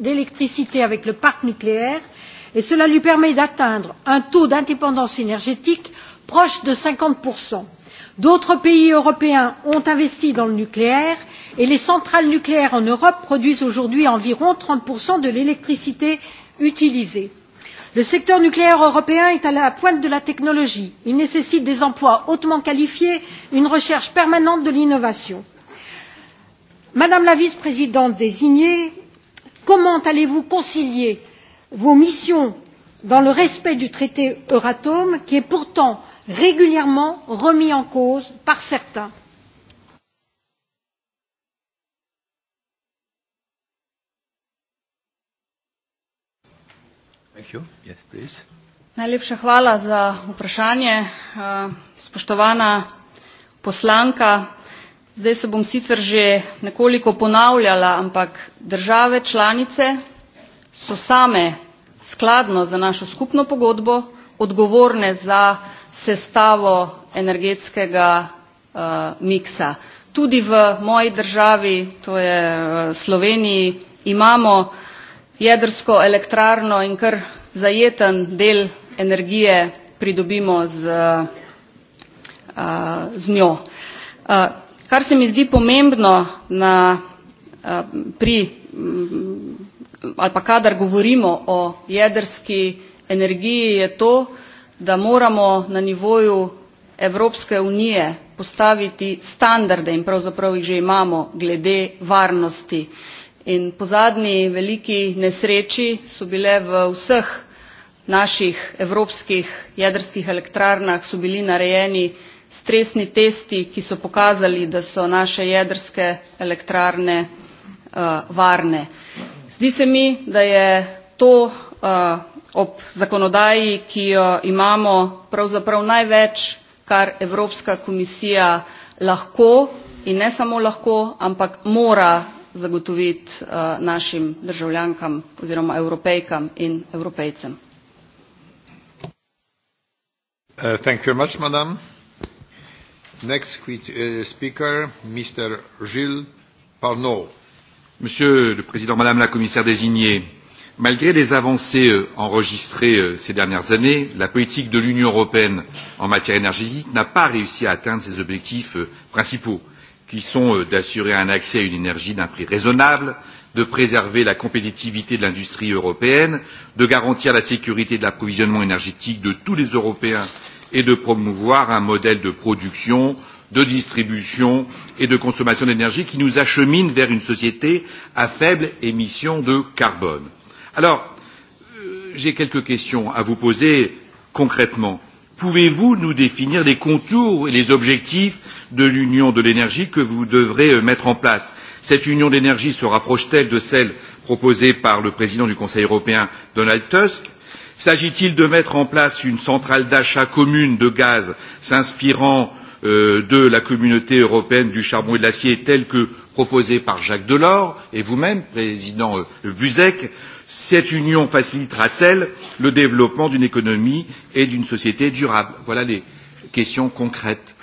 d'électricité avec le parc nucléaire et cela lui permet d'atteindre un taux d'indépendance énergétique proche de 50%. D'autres pays européens ont investi dans le nucléaire et les centrales nucléaires en Europe produisent aujourd'hui environ 30% de l'électricité utilisée. Le secteur nucléaire européen est à la pointe de la technologie. Il nécessite des emplois hautement qualifiés, une recherche permanente de l'innovation. Madame la vice-présidente désignée, comment allez-vous concilier vos missions dans le respect du traité Euratom, qui est pourtant régulièrement remis en cause par certains you. Yes, please. Najlepša hvala za vprašanje. Eh, spoštovana poslanka, zdaj se bom sicer že nekoliko ponavljala, ampak države članice so same skladno za našo skupno pogodbo odgovorne za sestavo energetskega uh, miksa. Tudi v moji državi, to je eh, Sloveniji, imamo jedrsko elektrarno in kar zajeten del energije pridobimo z, eh, eh, z njo. Eh, kar se mi zdi pomembno na, pri, mm, ali pa kadar govorimo o jedrski energiji, je to, da moramo na nivoju Evropske unije postaviti standarde in pravzaprav jih že imamo glede varnosti. In po zadnji veliki nesreči so bile v vseh naših evropskih jedrskih elektrarnah so bili narejeni stresni testi, ki so pokazali, da so naše jedrske elektrarne uh, varne. Zdi se mi, da je to uh, ob zakonodaji, ki jo imamo, pravzaprav največ, kar Evropska komisija lahko in ne samo lahko, ampak mora zagotoviti uh, našim državljankam oziroma evropejkam in evropejcem. Uh, thank you very much, madam. Next uh, speaker, Mr. Gilles Parnot. Monsieur le Président, Madame la Commissaire désignée, malgré les avancées euh, enregistrées euh, ces dernières années, la politique de l'Union européenne en matière énergétique n'a pas réussi à atteindre ses objectifs euh, principaux, qui sont d'assurer un accès à une énergie d'un prix raisonnable, de préserver la compétitivité de l'industrie européenne, de garantir la sécurité de l'approvisionnement énergétique de tous les Européens et de promouvoir un modèle de production, de distribution et de consommation d'énergie qui nous achemine vers une société à faible émission de carbone. Alors, euh, j'ai quelques questions à vous poser concrètement. Pouvez-vous nous définir les contours et les objectifs de l'union de l'énergie que vous devrez euh, mettre en place Cette union d'énergie se rapproche-t-elle de celle proposée par le président du Conseil européen Donald Tusk S'agit-il de mettre en place une centrale d'achat commune de gaz s'inspirant euh, de la communauté européenne du charbon et de l'acier telle que proposée par Jacques Delors et vous-même, président euh, Buzek Cette union facilitera-t-elle le développement d'une économie et d'une société durable Voilà les questions concrètes.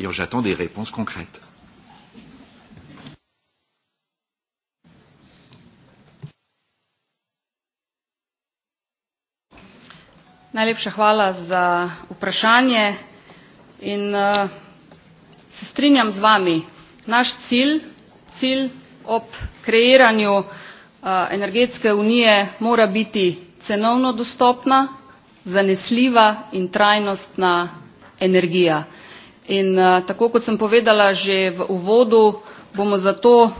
Et j'attends des réponses concrètes. Najlepša hvala za vprašanje in uh, se strinjam z vami. Naš cilj, cilj ob kreiranju uh, energetske unije mora biti cenovno dostopna, zanesljiva in trajnostna energija. In uh, tako kot sem povedala že v uvodu, bomo zato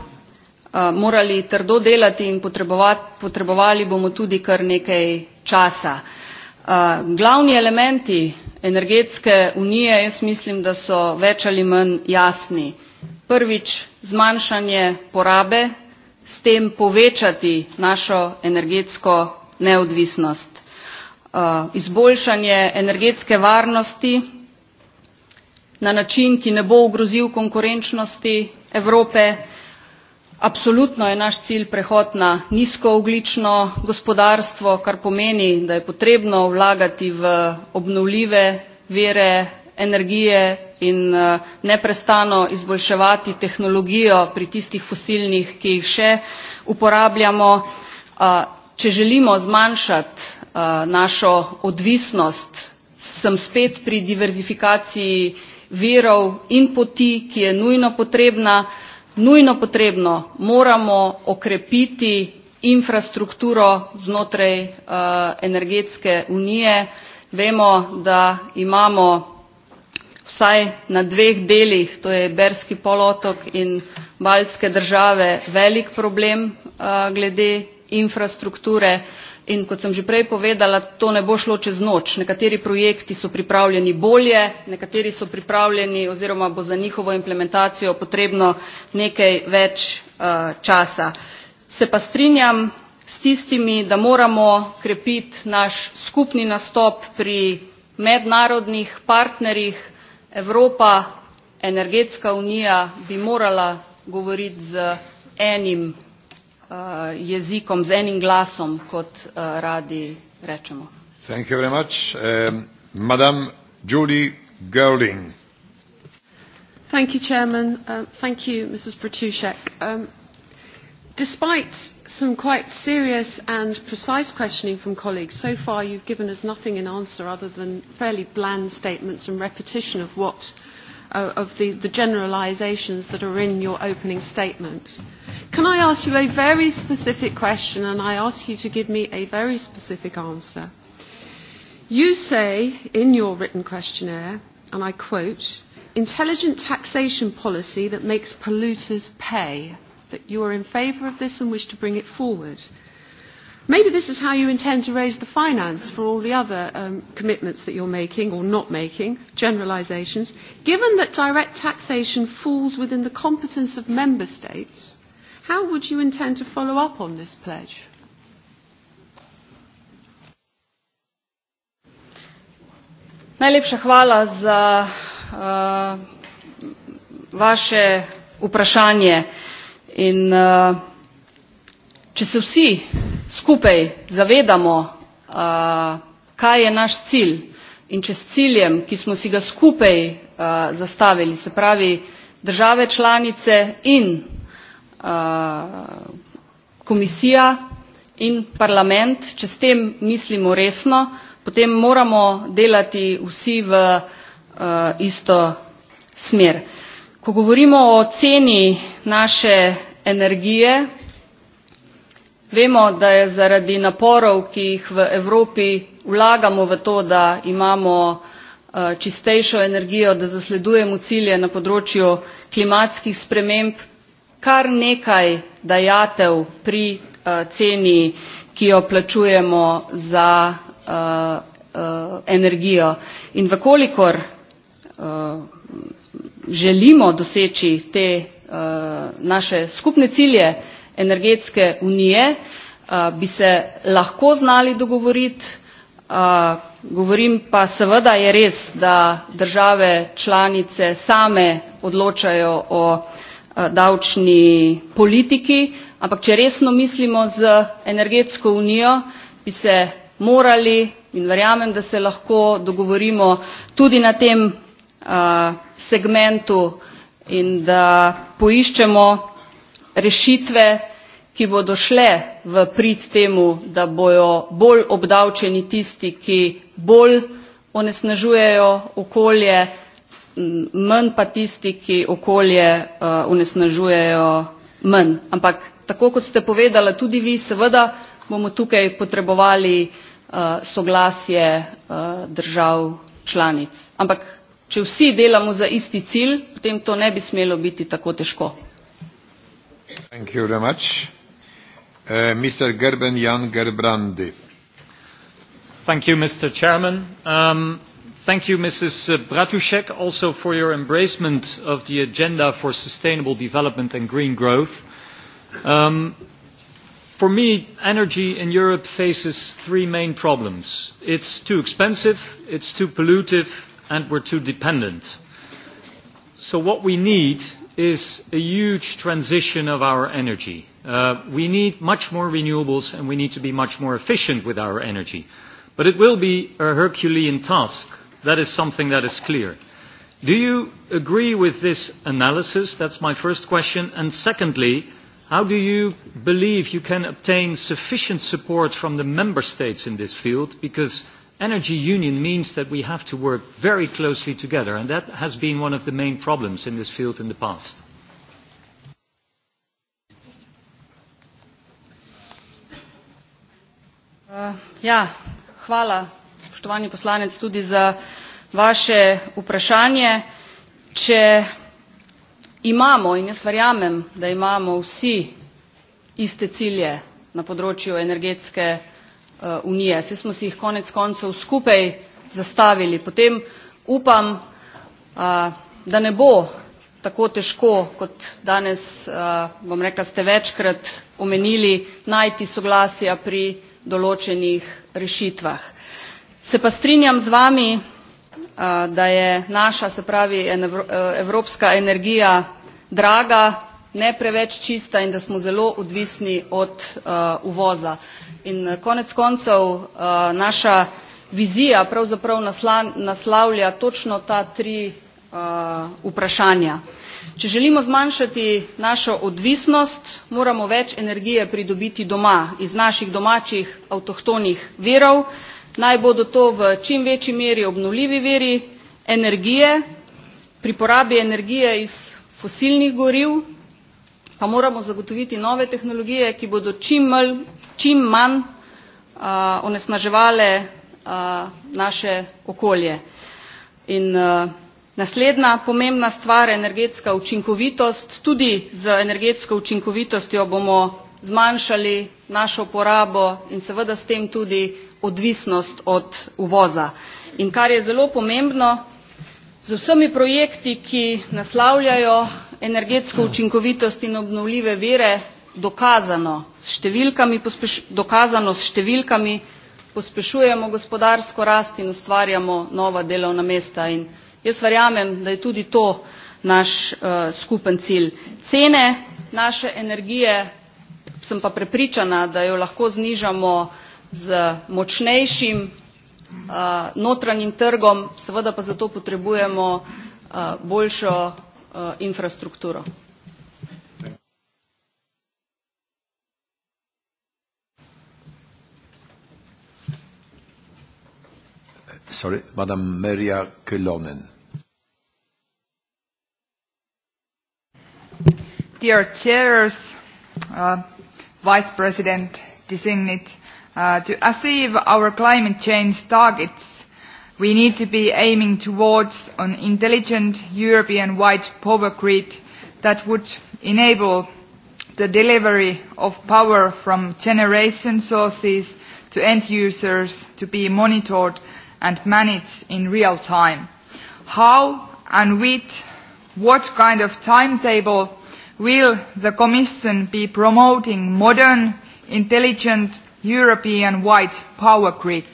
morali trdo delati in potrebovali bomo tudi kar nekaj časa. Eh, glavni elementi energetske unije, jaz mislim, da so več ali manj jasni. Prvič, zmanjšanje porabe, s tem povečati našo energetsko neodvisnost. Eh, izboljšanje energetske varnosti na način, ki ne bo ogrozil konkurenčnosti Evrope, Absolutno je naš cilj prehod na nizkooglično gospodarstvo, kar pomeni, da je potrebno vlagati v obnovljive vere energije in eh, neprestano izboljševati tehnologijo pri tistih fosilnih, ki jih še uporabljamo. Eh, če želimo zmanjšati eh, našo odvisnost, sem spet pri diverzifikaciji virov in poti, ki je nujno potrebna nujno potrebno, moramo okrepiti infrastrukturo znotraj uh, energetske unije. Vemo, da imamo vsaj na dveh delih, to je Berski polotok in Baltske države, velik problem uh, glede infrastrukture. In kot sem že prej povedala, to ne bo šlo čez noč. Nekateri projekti so pripravljeni bolje, nekateri so pripravljeni oziroma bo za njihovo implementacijo potrebno nekaj več uh, časa. Se pa strinjam s tistimi, da moramo krepiti naš skupni nastop pri mednarodnih partnerjih. Evropa, energetska unija bi morala govoriti z enim Eh, jezikom, z enim glasom, kot eh, radi rečemo. Thank you very much. Um, Madam Julie Gerling. Thank you, Chairman. Uh, thank you, Mrs. Bratushek. Um, despite some quite serious and precise questioning from colleagues, so far you've given us nothing in answer other than fairly bland statements and repetition of what uh, of the, the generalisations that are in your opening statement. Can I ask you a very specific question and I ask you to give me a very specific answer? You say in your written questionnaire, and I quote, intelligent taxation policy that makes polluters pay, that you are in favour of this and wish to bring it forward. Maybe this is how you intend to raise the finance for all the other um, commitments that you're making or not making, generalisations. Given that direct taxation falls within the competence of member states, how would you intend to follow up on this pledge? Najlepša hvala za uh, vaše vprašanje. In uh, če se vsi skupaj zavedamo, uh, kaj je naš cilj in če s ciljem, ki smo si ga skupaj uh, zastavili, se pravi države članice in uh, komisija in parlament, če s tem mislimo resno, potem moramo delati vsi v uh, isto smer. Ko govorimo o ceni naše energije, Vemo, da je zaradi naporov, ki jih v Evropi vlagamo v to, da imamo eh, čistejšo energijo, da zasledujemo cilje na področju klimatskih sprememb, kar nekaj dajatev pri eh, ceni, ki jo plačujemo za eh, energijo. In vkolikor želimo doseči te naše skupne cilje, energetske unije, eh, bi se lahko znali dogovoriti. Eh, govorim pa seveda je res, da države članice same odločajo o eh, davčni politiki, ampak če resno mislimo z energetsko unijo, bi se morali in verjamem, da se lahko dogovorimo tudi na tem segmentu in da poiščemo rešitve, ki bodo šle v prid temu, da bojo bolj obdavčeni tisti, ki bolj onesnažujejo okolje, manj pa tisti, ki okolje uh, onesnažujejo manj. Ampak tako kot ste povedali, tudi vi, seveda bomo tukaj potrebovali uh, soglasje uh, držav članic. Ampak če vsi delamo za isti cilj, potem to ne bi smelo biti tako težko. Thank you very much. Uh, Mr. Gerben Jan Gerbrandi. Thank you, Mr. Chairman. Um, thank you, Mrs. Uh, Bratushek, also for your embracement of the agenda for sustainable development and green growth. Um, for me, energy in Europe faces three main problems. It's too expensive, it's too pollutive, and we're too dependent. So what we need is a huge transition of our energy. Uh, we need much more renewables and we need to be much more efficient with our energy. But it will be a Herculean task. That is something that is clear. Do you agree with this analysis? That's my first question. And secondly, how do you believe you can obtain sufficient support from the member states in this field? Because energy union means that we have to work very closely together, and that has been one of the main problems in this field in the past. Uh, ja, hvala, spoštovani poslanec, tudi za vaše vprašanje. Če imamo, in jaz verjamem, da imamo vsi iste cilje na področju energetske Uh, unije. Svi smo si jih konec koncev skupaj zastavili. Potem upam, uh, da ne bo tako težko, kot danes, uh, bom rekla, ste večkrat omenili, najti soglasja pri določenih rešitvah. Se pa strinjam z vami, da je naša, se pravi, evropska energija draga, ne preveč čista in da smo zelo odvisni od uh, uvoza. In uh, konec koncev uh, naša vizija pravzaprav nasla, naslavlja točno ta tri uh, vprašanja. Če želimo zmanjšati našo odvisnost, moramo več energije pridobiti doma, iz naših domačih avtohtonih verov, naj bodo to v čim večji meri obnovljivi veri energije, pri porabi energije iz fosilnih goriv pa moramo zagotoviti nove tehnologije, ki bodo čim, mal, čim manj uh, onesnaževale uh, naše okolje. In uh, naslednja pomembna stvar je energetska učinkovitost. Tudi z energetsko učinkovitostjo bomo zmanjšali našo porabo in seveda s tem tudi odvisnost od uvoza. In kar je zelo pomembno, z vsemi projekti, ki naslavljajo energetsko učinkovitost in obnovljive vire dokazano s številkami, pospeš, dokazano s številkami pospešujemo gospodarsko rast in ustvarjamo nova delovna mesta. In jaz verjamem, da je tudi to naš uh, skupen cilj. Cene naše energije sem pa prepričana, da jo lahko znižamo z močnejšim uh, notranjim trgom, seveda pa zato potrebujemo uh, boljšo Eh, infrastruktura. Sorry, Madam Maria Kylonen. Dear chairs, uh, Vice President designate, uh, to achieve our climate change targets, We need to be aiming towards an intelligent European-wide power grid that would enable the delivery of power from generation sources to end users to be monitored and managed in real time. How and with what kind of timetable will the Commission be promoting modern, intelligent, European-wide power grid?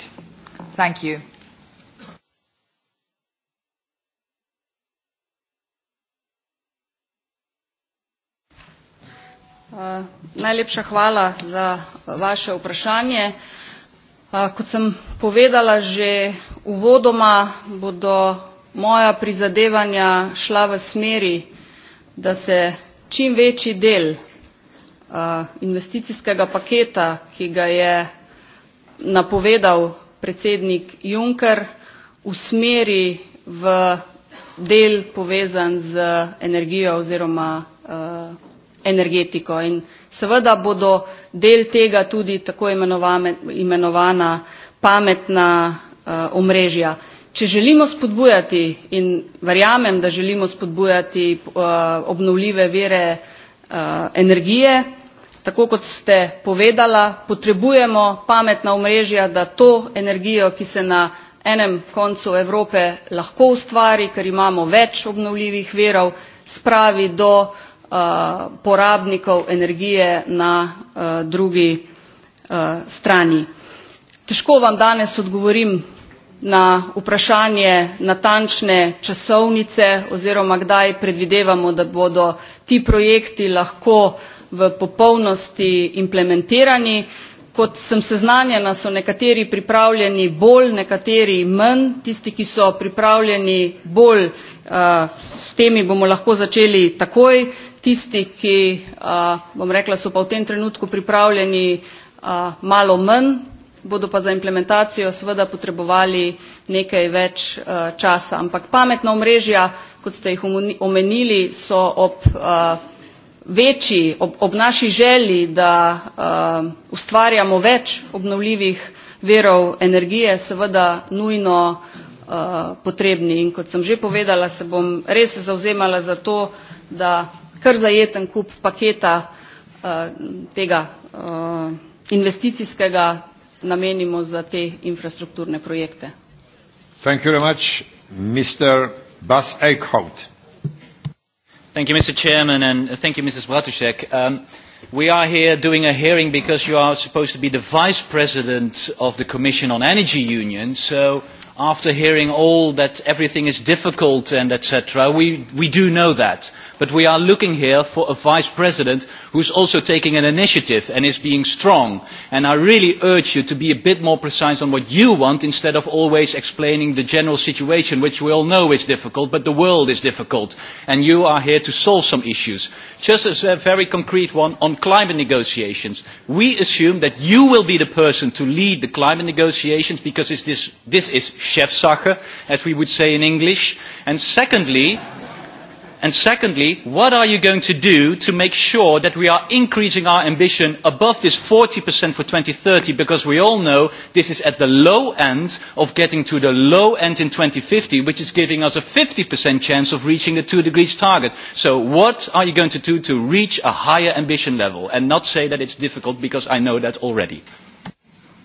Thank you. Eh, najlepša hvala za vaše vprašanje. Eh, kot sem povedala že uvodoma, bodo moja prizadevanja šla v smeri, da se čim večji del eh, investicijskega paketa, ki ga je napovedal predsednik Juncker, usmeri v del povezan z energijo oziroma energetiko. In seveda bodo del tega tudi tako imenovana pametna uh, omrežja. Če želimo spodbujati in verjamem, da želimo spodbujati uh, obnovljive vere uh, eh, energije, tako kot ste povedala, potrebujemo pametna omrežja, da to energijo, ki se na enem koncu Evrope lahko ustvari, ker imamo več obnovljivih verov, spravi do Eh, porabnikov energije na eh, drugi eh, strani. Težko vam danes odgovorim na vprašanje natančne časovnice oziroma kdaj predvidevamo, da bodo ti projekti lahko v popolnosti implementirani. Kot sem seznanjena, so nekateri pripravljeni bolj, nekateri manj. Tisti, ki so pripravljeni bolj, uh, s temi bomo lahko začeli takoj tisti, ki, bom rekla, so pa v tem trenutku pripravljeni malo manj, bodo pa za implementacijo seveda potrebovali nekaj več časa. Ampak pametna omrežja, kot ste jih omenili, so ob večji, ob, naši želji, da ustvarjamo več obnovljivih verov energije, seveda nujno potrebni. In kot sem že povedala, se bom res zauzemala za to, da kar zajeten kup paketa uh, tega uh, investicijskega namenimo za te infrastrukturne projekte. Thank you very much, Mr. Bas Eichhout. Thank you, Mr. Chairman, and thank you, Mrs. Bratusek. Um, we are here doing a hearing because you are supposed to be the Vice President of the Commission on Energy Union, so after hearing all that everything is difficult and etc., we, we do know that. But we are looking here for a vice president who is also taking an initiative and is being strong. And I really urge you to be a bit more precise on what you want instead of always explaining the general situation, which we all know is difficult, but the world is difficult. And you are here to solve some issues. Just as a very concrete one on climate negotiations. We assume that you will be the person to lead the climate negotiations because this, this is Chefsache, as we would say in English. And secondly, And secondly, what are you going to do to make sure that we are increasing our ambition above this 40% for 2030? Because we all know this is at the low end of getting to the low end in 2050, which is giving us a 50% chance of reaching the two degrees target. So what are you going to do to reach a higher ambition level and not say that it's difficult because I know that already?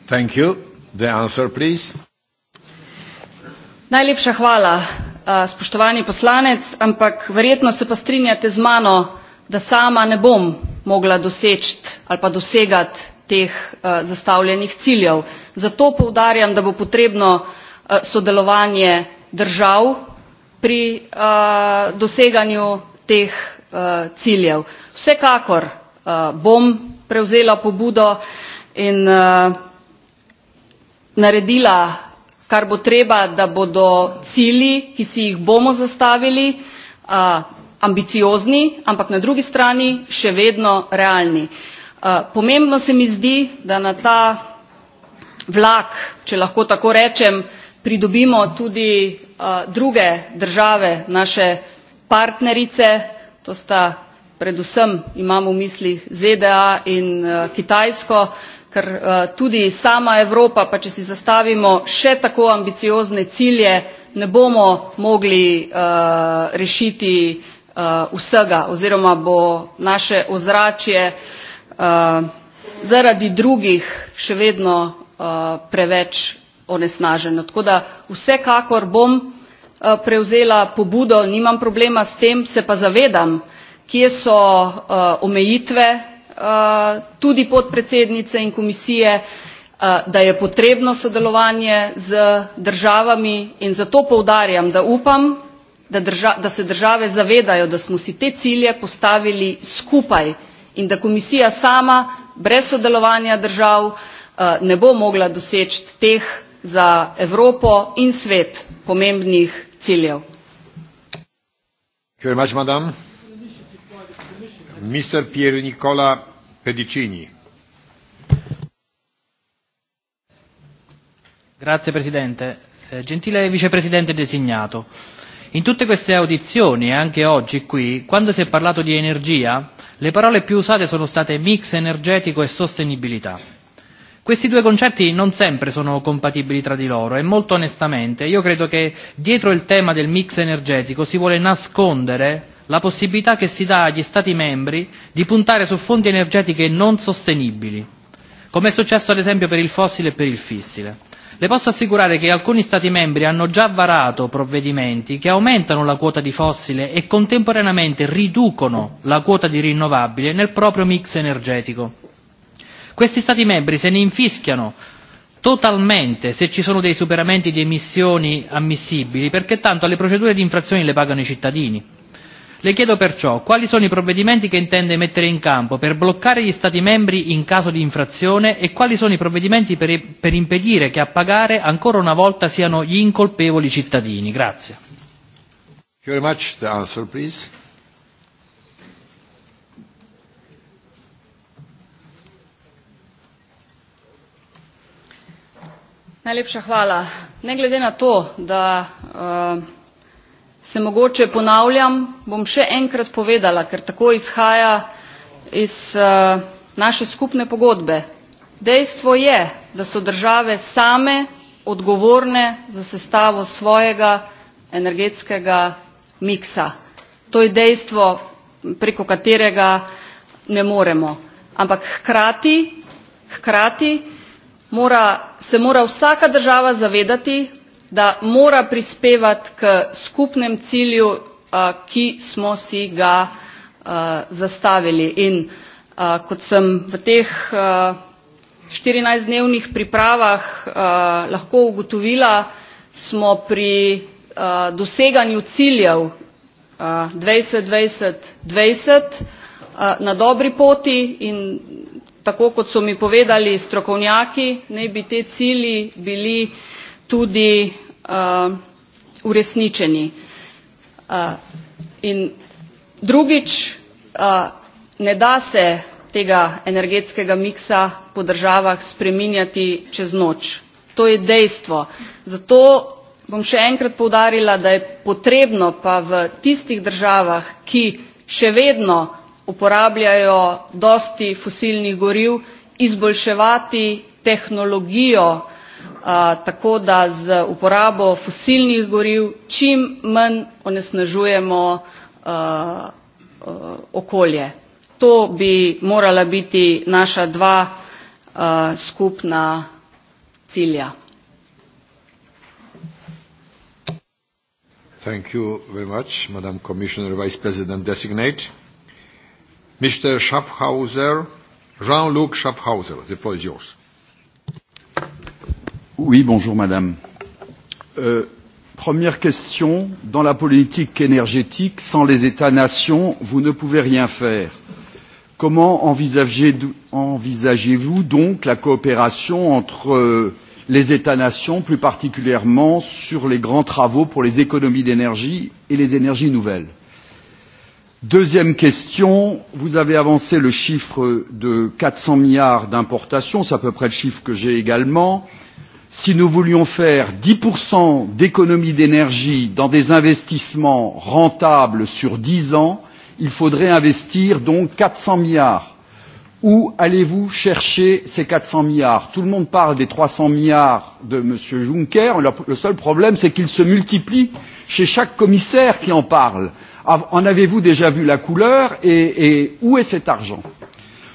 Thank you. The answer, please. Najlepša hvala. Eh, spoštovani poslanec, ampak verjetno se pa strinjate z mano, da sama ne bom mogla doseči ali pa dosegati teh eh, zastavljenih ciljev. Zato poudarjam, da bo potrebno eh, sodelovanje držav pri doseganju teh ciljev. Vsekakor bom prevzela pobudo in naredila kar bo treba, da bodo cilji, ki si jih bomo zastavili, ambiciozni, ampak na drugi strani še vedno realni. pomembno se mi zdi, da na ta vlak, če lahko tako rečem, pridobimo tudi druge države, naše partnerice, to sta predvsem imamo v mislih ZDA in Kitajsko, ker eh, tudi sama Evropa, pa če si zastavimo še tako ambiciozne cilje, ne bomo mogli eh, rešiti eh, vsega oziroma bo naše ozračje zaradi drugih še vedno preveč onesnaženo. Tako da vsekakor bom prevzela pobudo, nimam problema s tem, se pa zavedam, kje so omejitve, Eh, tudi podpredsednice in komisije, eh, da je potrebno sodelovanje z državami in zato poudarjam, da upam, da, drža, da se države zavedajo, da smo si te cilje postavili skupaj in da komisija sama brez sodelovanja držav eh, ne bo mogla doseči teh za Evropo in svet pomembnih ciljev. Thank you very much, madam. Mr. Pierre Nicola Pedicini. Grazie Presidente. Eh, gentile Vicepresidente designato, in tutte queste audizioni e anche oggi qui, quando si è parlato di energia, le parole più usate sono state mix energetico e sostenibilità. Questi due concetti non sempre sono compatibili tra di loro e molto onestamente io credo che dietro il tema del mix energetico si vuole nascondere la possibilità che si dà agli Stati membri di puntare su fonti energetiche non sostenibili, come è successo ad esempio per il fossile e per il fissile. Le posso assicurare che alcuni Stati membri hanno già varato provvedimenti che aumentano la quota di fossile e contemporaneamente riducono la quota di rinnovabile nel proprio mix energetico. Questi Stati membri se ne infischiano totalmente se ci sono dei superamenti di emissioni ammissibili perché tanto alle procedure di infrazione le pagano i cittadini. Le chiedo perciò quali sono i provvedimenti che intende mettere in campo per bloccare gli Stati membri in caso di infrazione e quali sono i provvedimenti per, per impedire che a pagare ancora una volta siano gli incolpevoli cittadini. Grazie. Najlepša hvala. Ne glede na to, da uh, se mogoče ponavljam, bom še enkrat povedala, ker tako izhaja iz uh, naše skupne pogodbe. Dejstvo je, da so države same odgovorne za sestavo svojega energetskega miksa. To je dejstvo, preko katerega ne moremo. Ampak hkrati, hkrati mora, se mora vsaka država zavedati, da mora prispevati k skupnem cilju, uh, ki smo si ga uh, zastavili. In uh, kot sem v teh 14-dnevnih pripravah lahko ugotovila, smo pri doseganju ciljev 2020-2020 na dobri poti in tako kot so mi povedali strokovnjaki, ne bi te cilji bili tudi uh, uresničeni. Uh, in drugič, uh, ne da se tega energetskega miksa po državah spreminjati čez noč. To je dejstvo. Zato bom še enkrat povdarila, da je potrebno pa v tistih državah, ki še vedno uporabljajo dosti fosilnih goriv, izboljševati tehnologijo tako da z uporabo fosilnih goriv čim manj onesnažujemo okolje. To bi morala biti naša dva skupna cilja. Thank you very much, Madam Commissioner Vice President Designate. Mr. Schaffhauser, Jean-Luc Schaffhauser, the floor is yours. Oui, bonjour madame. Euh, première question, dans la politique énergétique, sans les États-nations, vous ne pouvez rien faire. Comment envisagez-vous envisagez donc la coopération entre euh, les États-nations, plus particulièrement sur les grands travaux pour les économies d'énergie et les énergies nouvelles Deuxième question, vous avez avancé le chiffre de 400 milliards d'importations, c'est à peu près le chiffre que j'ai également. Euh, si nous voulions faire 10% d'économie d'énergie dans des investissements rentables sur 10 ans, il faudrait investir donc 400 milliards. Où allez-vous chercher ces 400 milliards Tout le monde parle des 300 milliards de M. Juncker. Le seul problème, c'est qu'ils se multiplient chez chaque commissaire qui en parle. En avez-vous déjà vu la couleur et, et où est cet argent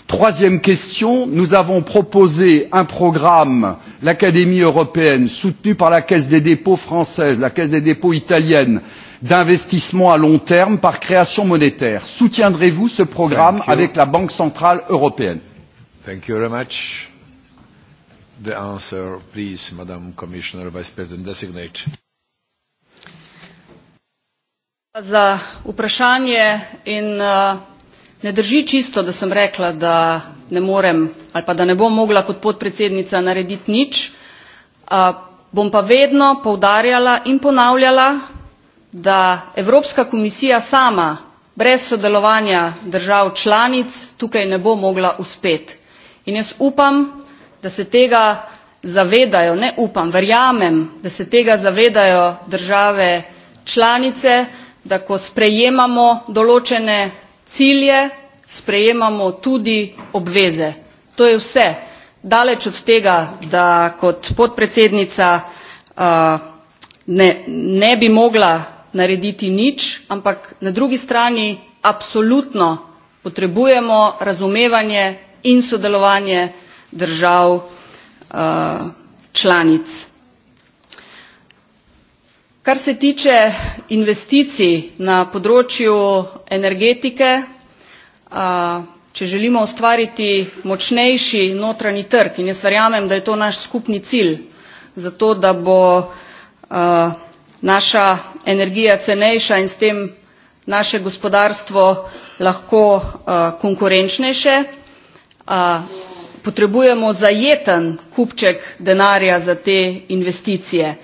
Troisième question, nous avons proposé un programme, l'Académie européenne, soutenu par la Caisse des dépôts française, la Caisse des dépôts italienne, d'investissement à long terme par création monétaire. Soutiendrez-vous ce programme avec la Banque centrale européenne Thank you very much. The answer, please, Madam Commissioner, Vice President Designate. Za vprašanje in uh, Ne drži čisto, da sem rekla, da ne morem ali pa da ne bom mogla kot podpredsednica narediti nič. A, bom pa vedno poudarjala in ponavljala, da Evropska komisija sama brez sodelovanja držav članic tukaj ne bo mogla uspeti. In jaz upam, da se tega zavedajo, ne upam, verjamem, da se tega zavedajo države članice, da ko sprejemamo določene cilje, sprejemamo tudi obveze. To je vse. Daleč od tega, da kot podpredsednica uh, ne, ne bi mogla narediti nič, ampak na drugi strani apsolutno potrebujemo razumevanje in sodelovanje držav uh, članic. Kar se tiče investicij na področju energetike, če želimo ustvariti močnejši notranji trg, in jaz verjamem, da je to naš skupni cilj, zato da bo naša energija cenejša in s tem naše gospodarstvo lahko konkurenčnejše. Potrebujemo zajeten kupček denarja za te investicije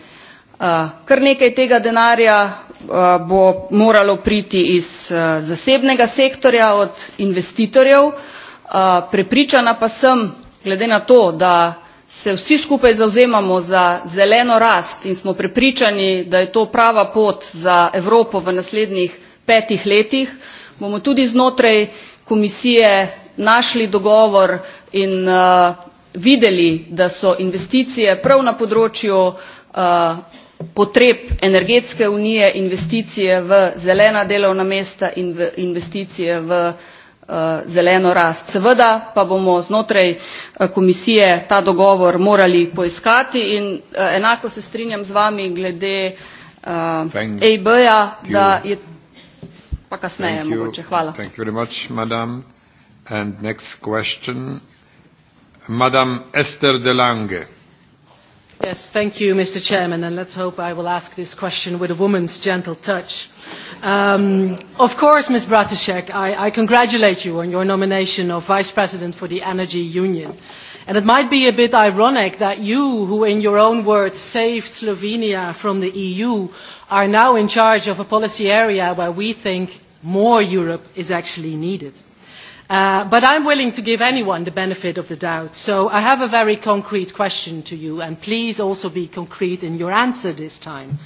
Eh, kar nekaj tega denarja eh, bo moralo priti iz eh, zasebnega sektorja od investitorjev. Prepričana pa sem, glede na to, da se vsi skupaj zauzemamo za zeleno rast in smo prepričani, da je to prava pot za Evropo v naslednjih petih letih, bomo tudi znotraj komisije našli dogovor in uh, videli, da so investicije prav na področju uh, potreb energetske unije, investicije v zelena delovna mesta in v investicije v eh, zeleno rast. Seveda pa bomo znotraj eh, komisije ta dogovor morali poiskati in eh, enako se strinjam z vami glede EIB-ja, da je pa kasneje mogoče. Hvala. Thank you very much, madam. And next question, madam Esther de Lange. Yes, thank you, Mr. Chairman, and let's hope I will ask this question with a woman's gentle touch. Um, of course, Ms. Bratishek, I, I congratulate you on your nomination of Vice President for the Energy Union. And it might be a bit ironic that you, who in your own words saved Slovenia from the EU, are now in charge of a policy area where we think more Europe is actually needed. Uh, but I'm willing to give anyone the benefit of the doubt. So I have a very concrete question to you, and please also be concrete in your answer this time.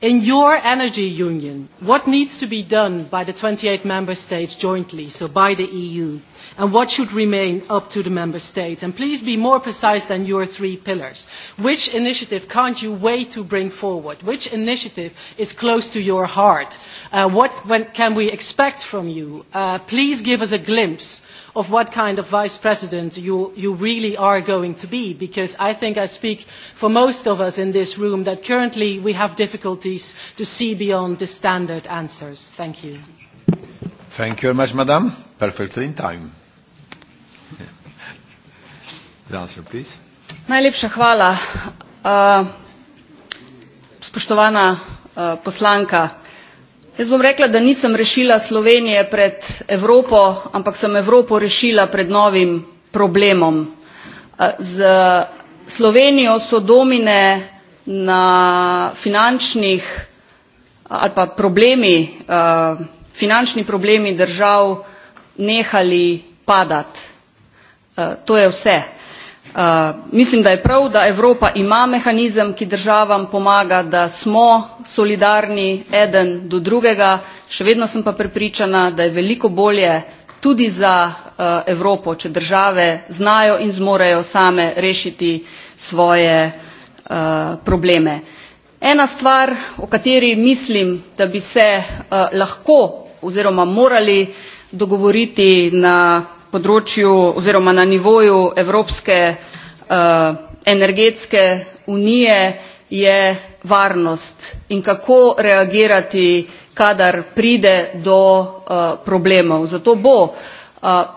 In your energy union, what needs to be done by the 28 member states jointly, so by the EU, and what should remain up to the member states? And please be more precise than your three pillars. Which initiative can't you wait to bring forward? Which initiative is close to your heart? Uh, what when, can we expect from you? Uh, please give us a glimpse of what kind of vice president you, you really are going to be, because I think I speak for most of us in this room that currently we have difficulties to see beyond the standard answers. Thank you. Thank you very much, madam. Perfectly in time. The answer, please. Najlepša hvala. Uh, spoštovana uh, poslanka, Jaz bom rekla, da nisem rešila Slovenije pred Evropo, ampak sem Evropo rešila pred novim problemom. Z Slovenijo so domine na finančnih ali pa problemi, finančni problemi držav nehali padati. To je vse. Eh, mislim, da je prav, da Evropa ima mehanizem, ki državam pomaga, da smo solidarni eden do drugega. Še vedno sem pa prepričana, da je veliko bolje tudi za uh, Evropo, če države znajo in zmorejo same rešiti svoje uh, probleme. Ena stvar, o kateri mislim, da bi se uh, lahko oziroma morali dogovoriti na področju oziroma na nivoju Evropske uh, energetske unije je varnost in kako reagirati, kadar pride do uh, problemov. Zato bo uh,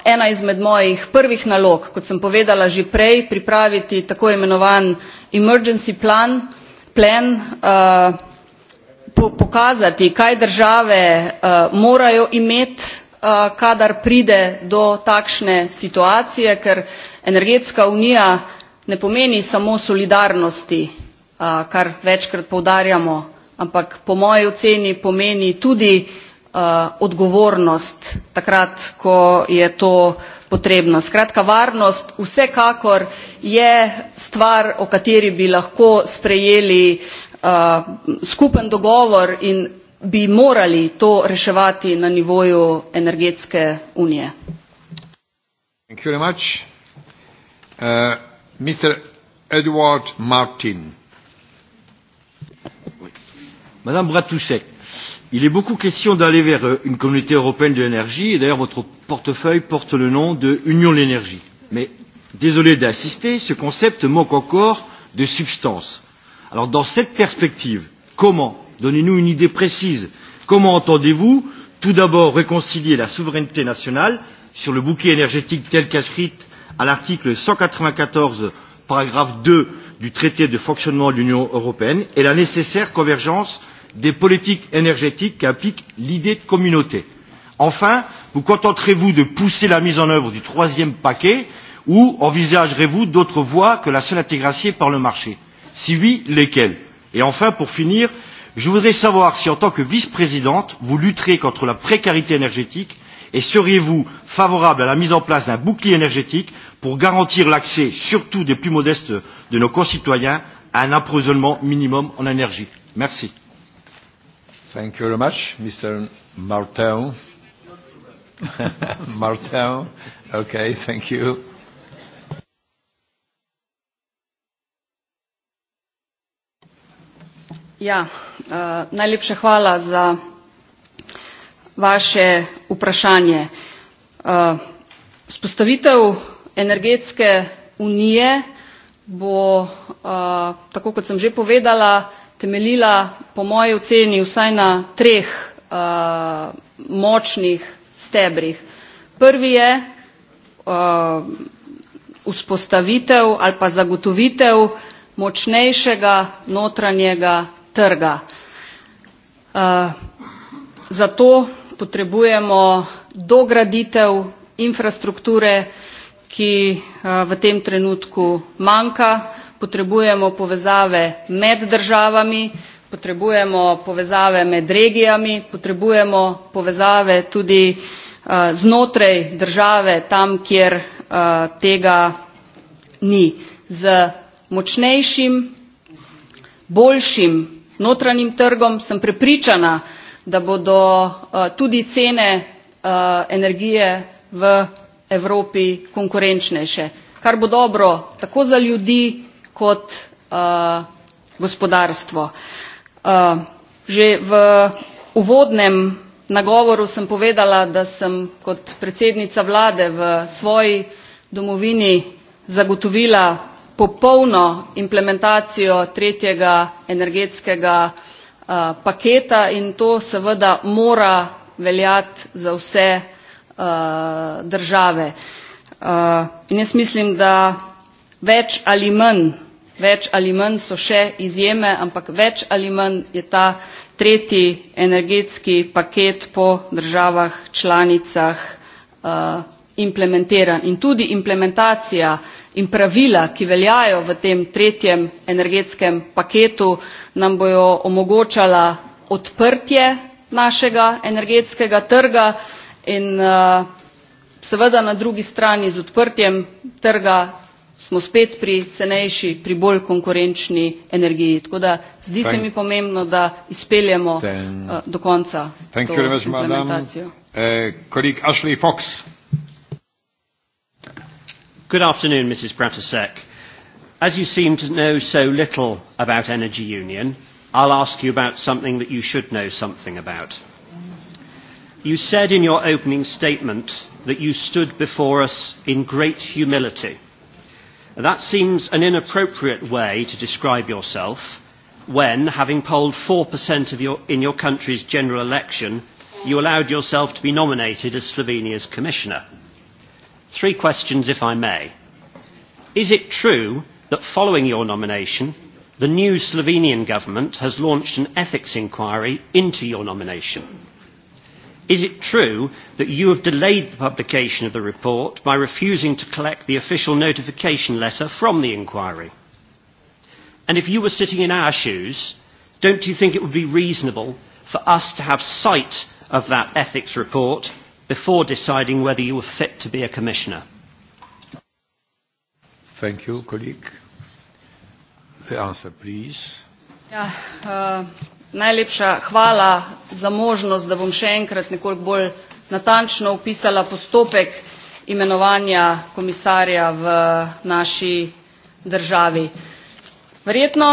ena izmed mojih prvih nalog, kot sem povedala že prej, pripraviti tako imenovan emergency plan, plan uh, po pokazati, kaj države uh, morajo imeti Eh, kadar pride do takšne situacije, ker energetska unija ne pomeni samo solidarnosti, eh, kar večkrat poudarjamo, ampak po moji oceni pomeni tudi eh, odgovornost takrat, ko je to potrebno. Skratka, varnost vsekakor je stvar, o kateri bi lahko sprejeli uh, skupen dogovor in bi morali to reševati na nivoju energetske unije. Thank you very much. Uh, Mr. Edward Martin. Madame Bratousek, il est beaucoup question d'aller vers euh, une communauté européenne de l'énergie, et d'ailleurs votre portefeuille porte le nom de Union de l'énergie. Mais désolé d'insister, ce concept manque encore de substance. Alors dans cette perspective, comment Donnez-nous une idée précise. Comment entendez-vous tout d'abord réconcilier la souveraineté nationale sur le bouquet énergétique tel qu'inscrit à l'article 194, paragraphe 2 du traité de fonctionnement de l'Union européenne et la nécessaire convergence des politiques énergétiques qu'implique l'idée de communauté. Enfin, vous contenterez-vous de pousser la mise en œuvre du troisième paquet ou envisagerez-vous d'autres voies que la seule intégration par le marché Si oui, lesquelles Et enfin, pour finir, Je voudrais savoir si en tant que vice-présidente, vous lutterez contre la précarité énergétique et seriez-vous favorable à la mise en place d'un bouclier énergétique pour garantir l'accès, surtout des plus modestes de nos concitoyens, à un approvisionnement minimum en énergie Merci. Thank you very much, Mr. Martin. Martin, okay, thank you. Ja, uh, najlepša hvala za vaše vprašanje. Uh, e, spostavitev energetske unije bo, uh, tako kot sem že povedala, temeljila po moji oceni vsaj na treh uh, močnih stebrih. Prvi je uh, vzpostavitev ali pa zagotovitev močnejšega notranjega trga. Eh, zato potrebujemo dograditev infrastrukture, ki eh, v tem trenutku manjka, potrebujemo povezave med državami, potrebujemo povezave med regijami, potrebujemo povezave tudi uh, znotraj države, tam, kjer uh, tega ni. Z močnejšim, boljšim notranjim trgom, sem prepričana, da bodo eh, tudi cene eh, energije v Evropi konkurenčnejše, kar bo dobro tako za ljudi kot eh, gospodarstvo. že v uvodnem nagovoru sem povedala, da sem kot predsednica vlade v svoji domovini zagotovila popolno implementacijo tretjega energetskega uh, paketa in to seveda mora veljati za vse uh, države. Uh, in jaz mislim, da več ali manj, več ali manj so še izjeme, ampak več ali manj je ta tretji energetski paket po državah članicah uh, implementiran. In tudi implementacija in pravila, ki veljajo v tem tretjem energetskem paketu, nam bojo omogočala odprtje našega energetskega trga in eh, seveda na drugi strani z odprtjem trga smo spet pri cenejši, pri bolj konkurenčni energiji. Tako da zdi thank, se mi pomembno, da izpeljemo uh, do konca thank to you very much, Madam. Uh, eh, kolik Ashley Fox. Good afternoon, Mrs. Pratasek. As you seem to know so little about energy union, I'll ask you about something that you should know something about. You said in your opening statement that you stood before us in great humility. That seems an inappropriate way to describe yourself when, having polled 4% of your, in your country's general election, you allowed yourself to be nominated as Slovenia's commissioner. Three questions, if I may. Is it true that following your nomination, the new Slovenian government has launched an ethics inquiry into your nomination? Is it true that you have delayed the publication of the report by refusing to collect the official notification letter from the inquiry? And if you were sitting in our shoes, don't you think it would be reasonable for us to have sight of that ethics report before deciding whether you were fit to be a commissioner? Thank you, colleague. The answer, please. Ja, uh, najlepša hvala za možnost, da bom še enkrat nekoliko bolj natančno opisala postopek imenovanja komisarja v naši državi. Verjetno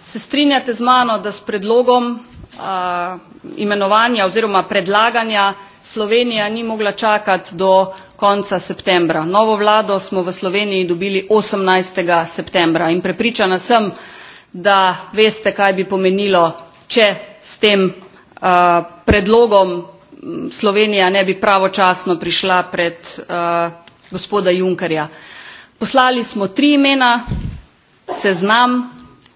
se strinjate z mano, da s predlogom uh, imenovanja oziroma predlaganja Slovenija ni mogla čakati do konca septembra. Novo vlado smo v Sloveniji dobili 18. septembra in prepričana sem, da veste, kaj bi pomenilo, če s tem uh, predlogom Slovenija ne bi pravočasno prišla pred uh, gospoda Junkerja. Poslali smo tri imena, seznam,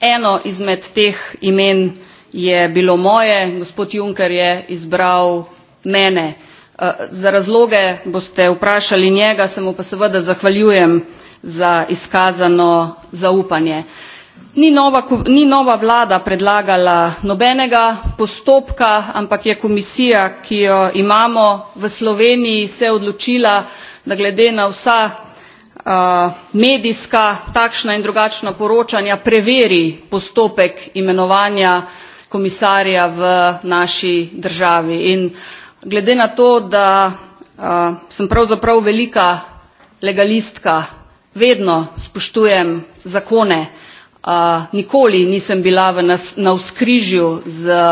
eno izmed teh imen je bilo moje, gospod Juncker je izbral mene. Eh, za razloge boste vprašali njega, se mu pa seveda zahvaljujem za izkazano zaupanje. Ni nova, ni nova vlada predlagala nobenega postopka, ampak je komisija, ki jo imamo v Sloveniji, se odločila, da glede na vsa uh, medijska, takšna in drugačna poročanja preveri postopek imenovanja komisarja v naši državi. In glede na to, da uh, sem pravzaprav velika legalistka, vedno spoštujem zakone, uh, nikoli nisem bila v nas, na vzkrižju z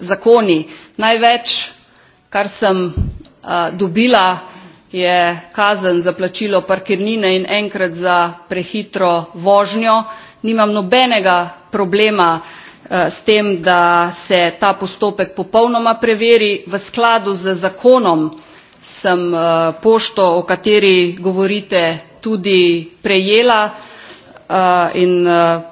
zakoni. Največ, kar sem uh, dobila, je kazen za plačilo parkirnine in enkrat za prehitro vožnjo. Nimam nobenega problema Eh, s tem, da se ta postopek popolnoma preveri v skladu z zakonom, sem eh, pošto, o kateri govorite, tudi prejela eh, in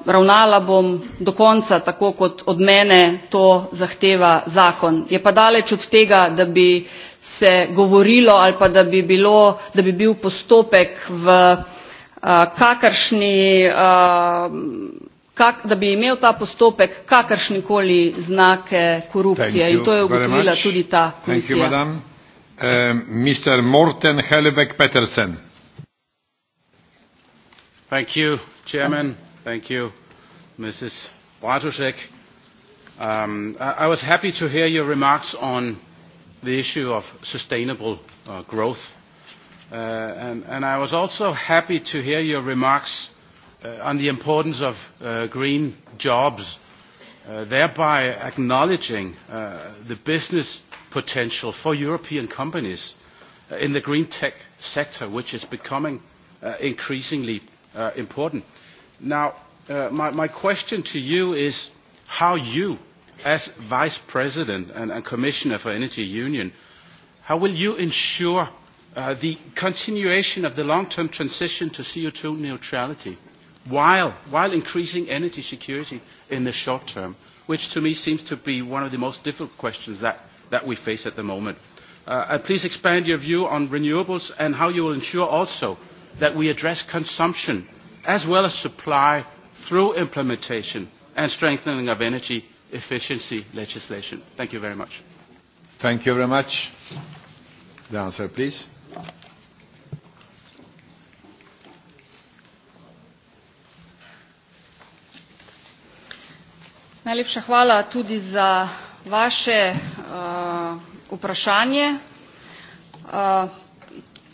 ravnala bom do konca, tako kot od mene to zahteva zakon. Je pa daleč od tega, da bi se govorilo ali pa da bi, bilo, da bi bil postopek v kakršni kak, da bi imel ta postopek kakršnikoli znake korupcije in to je ugotovila tudi ta komisija. Uh, eh, Mr. Morten Helbeck Petersen. Thank you, Chairman. Thank you, Mrs. Bratusek. Um, I, I was happy to hear your remarks on the issue of sustainable uh, growth. Uh, and, and I was also happy to hear your remarks uh, on the importance of uh, green jobs, uh, thereby acknowledging uh, the business potential for European companies uh, in the green tech sector, which is becoming uh, increasingly uh, important. Now, uh, my, my question to you is how you, as Vice President and, and Commissioner for Energy Union, how will you ensure uh, the continuation of the long-term transition to CO2 neutrality while, while increasing energy security in the short term, which to me seems to be one of the most difficult questions that, that we face at the moment. Uh, and please expand your view on renewables and how you will ensure also that we address consumption as well as supply through implementation and strengthening of energy efficiency legislation. Thank you very much. Thank you very much. The answer, please. Najlepša hvala tudi za vaše uh, vprašanje. Uh,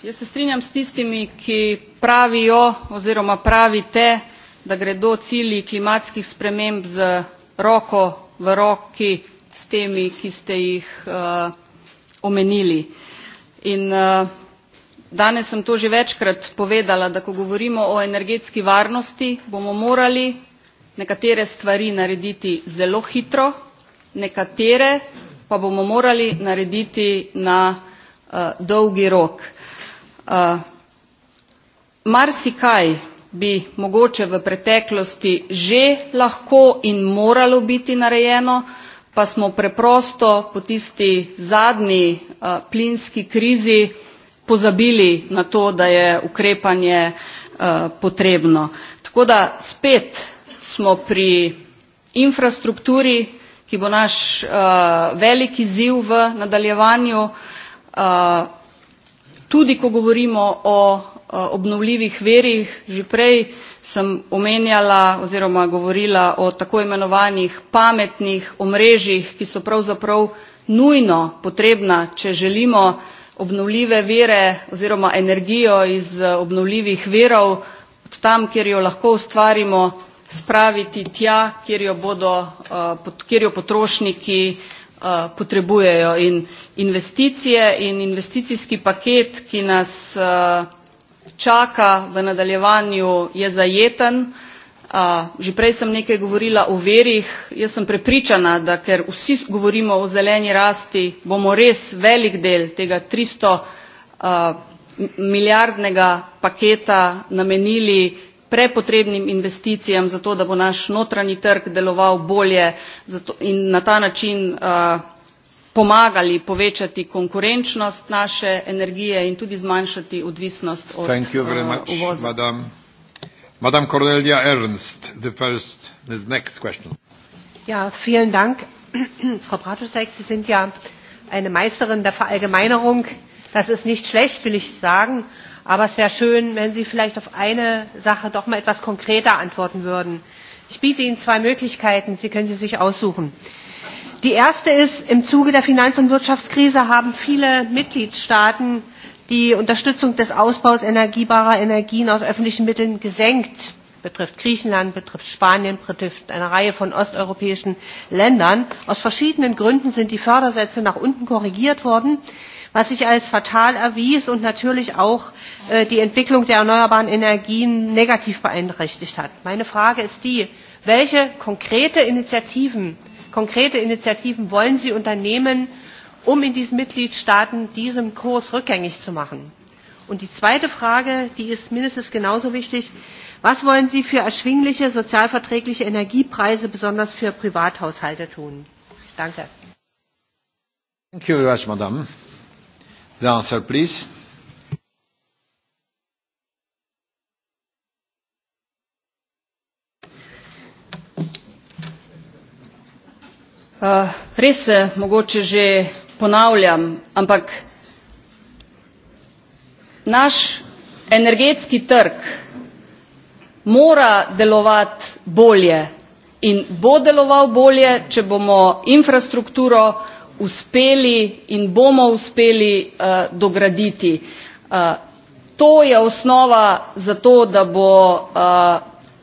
jaz se strinjam s tistimi, ki pravijo oziroma pravite, da gredo cilji klimatskih sprememb z roko v roki s temi, ki ste jih uh, omenili. In uh, danes sem to že večkrat povedala, da ko govorimo o energetski varnosti, bomo morali nekatere stvari narediti zelo hitro, nekatere pa bomo morali narediti na uh, dolgi rok. Uh, marsikaj bi mogoče v preteklosti že lahko in moralo biti narejeno, pa smo preprosto po tisti zadnji uh, plinski krizi pozabili na to, da je ukrepanje uh, potrebno. Tako da spet smo pri infrastrukturi, ki bo naš uh, veliki ziv v nadaljevanju, uh, tudi ko govorimo o eh, obnovljivih verjih. Že prej sem omenjala oziroma govorila o tako imenovanih pametnih omrežjih, ki so pravzaprav nujno potrebna, če želimo obnovljive vere oziroma energijo iz obnovljivih verov, od tam, kjer jo lahko ustvarimo, spraviti tja, kjer jo, bodo, eh, kjer jo potrošniki eh, potrebujejo in investicije in investicijski paket, ki nas eh, čaka v nadaljevanju, je zajeten. Že prej sem nekaj govorila o verjih. Jaz sem prepričana, da ker vsi govorimo o zeleni rasti, bomo res velik del tega 300 milijardnega paketa namenili prepotrebnim investicijam zato, da bo naš notranji trg deloval bolje zato, in na ta način uh, pomagali povečati konkurenčnost naše energije in tudi zmanjšati odvisnost od Thank you very much, uh, uvoza. Madam. Madam Cornelia Ernst, the first, the next question. Ja, vielen Dank. Frau Bratuszek, Sie sind ja eine Meisterin der Verallgemeinerung. Das ist nicht schlecht, will ich sagen. Aber es wäre schön, wenn Sie vielleicht auf eine Sache doch mal etwas konkreter antworten würden. Ich biete Ihnen zwei Möglichkeiten, Sie können sie sich aussuchen. Die erste ist, im Zuge der Finanz- und Wirtschaftskrise haben viele Mitgliedstaaten die Unterstützung des Ausbaus energiebarer Energien aus öffentlichen Mitteln gesenkt. Betrifft Griechenland, betrifft Spanien, betrifft eine Reihe von osteuropäischen Ländern. Aus verschiedenen Gründen sind die Fördersätze nach unten korrigiert worden was sich als fatal erwies und natürlich auch äh, die Entwicklung der erneuerbaren Energien negativ beeinträchtigt hat. Meine Frage ist die, welche konkrete Initiativen, konkrete Initiativen wollen Sie unternehmen, um in diesen Mitgliedstaaten diesen Kurs rückgängig zu machen? Und die zweite Frage, die ist mindestens genauso wichtig, was wollen Sie für erschwingliche, sozialverträgliche Energiepreise besonders für Privathaushalte tun? Danke. Thank you very much, Madame. The answer, please. Uh, res se eh, mogoče že ponavljam, ampak naš energetski trg mora delovati bolje in bo deloval bolje, če bomo infrastrukturo uspeli in bomo uspeli uh, dograditi. Uh, to je osnova za to, da bo uh,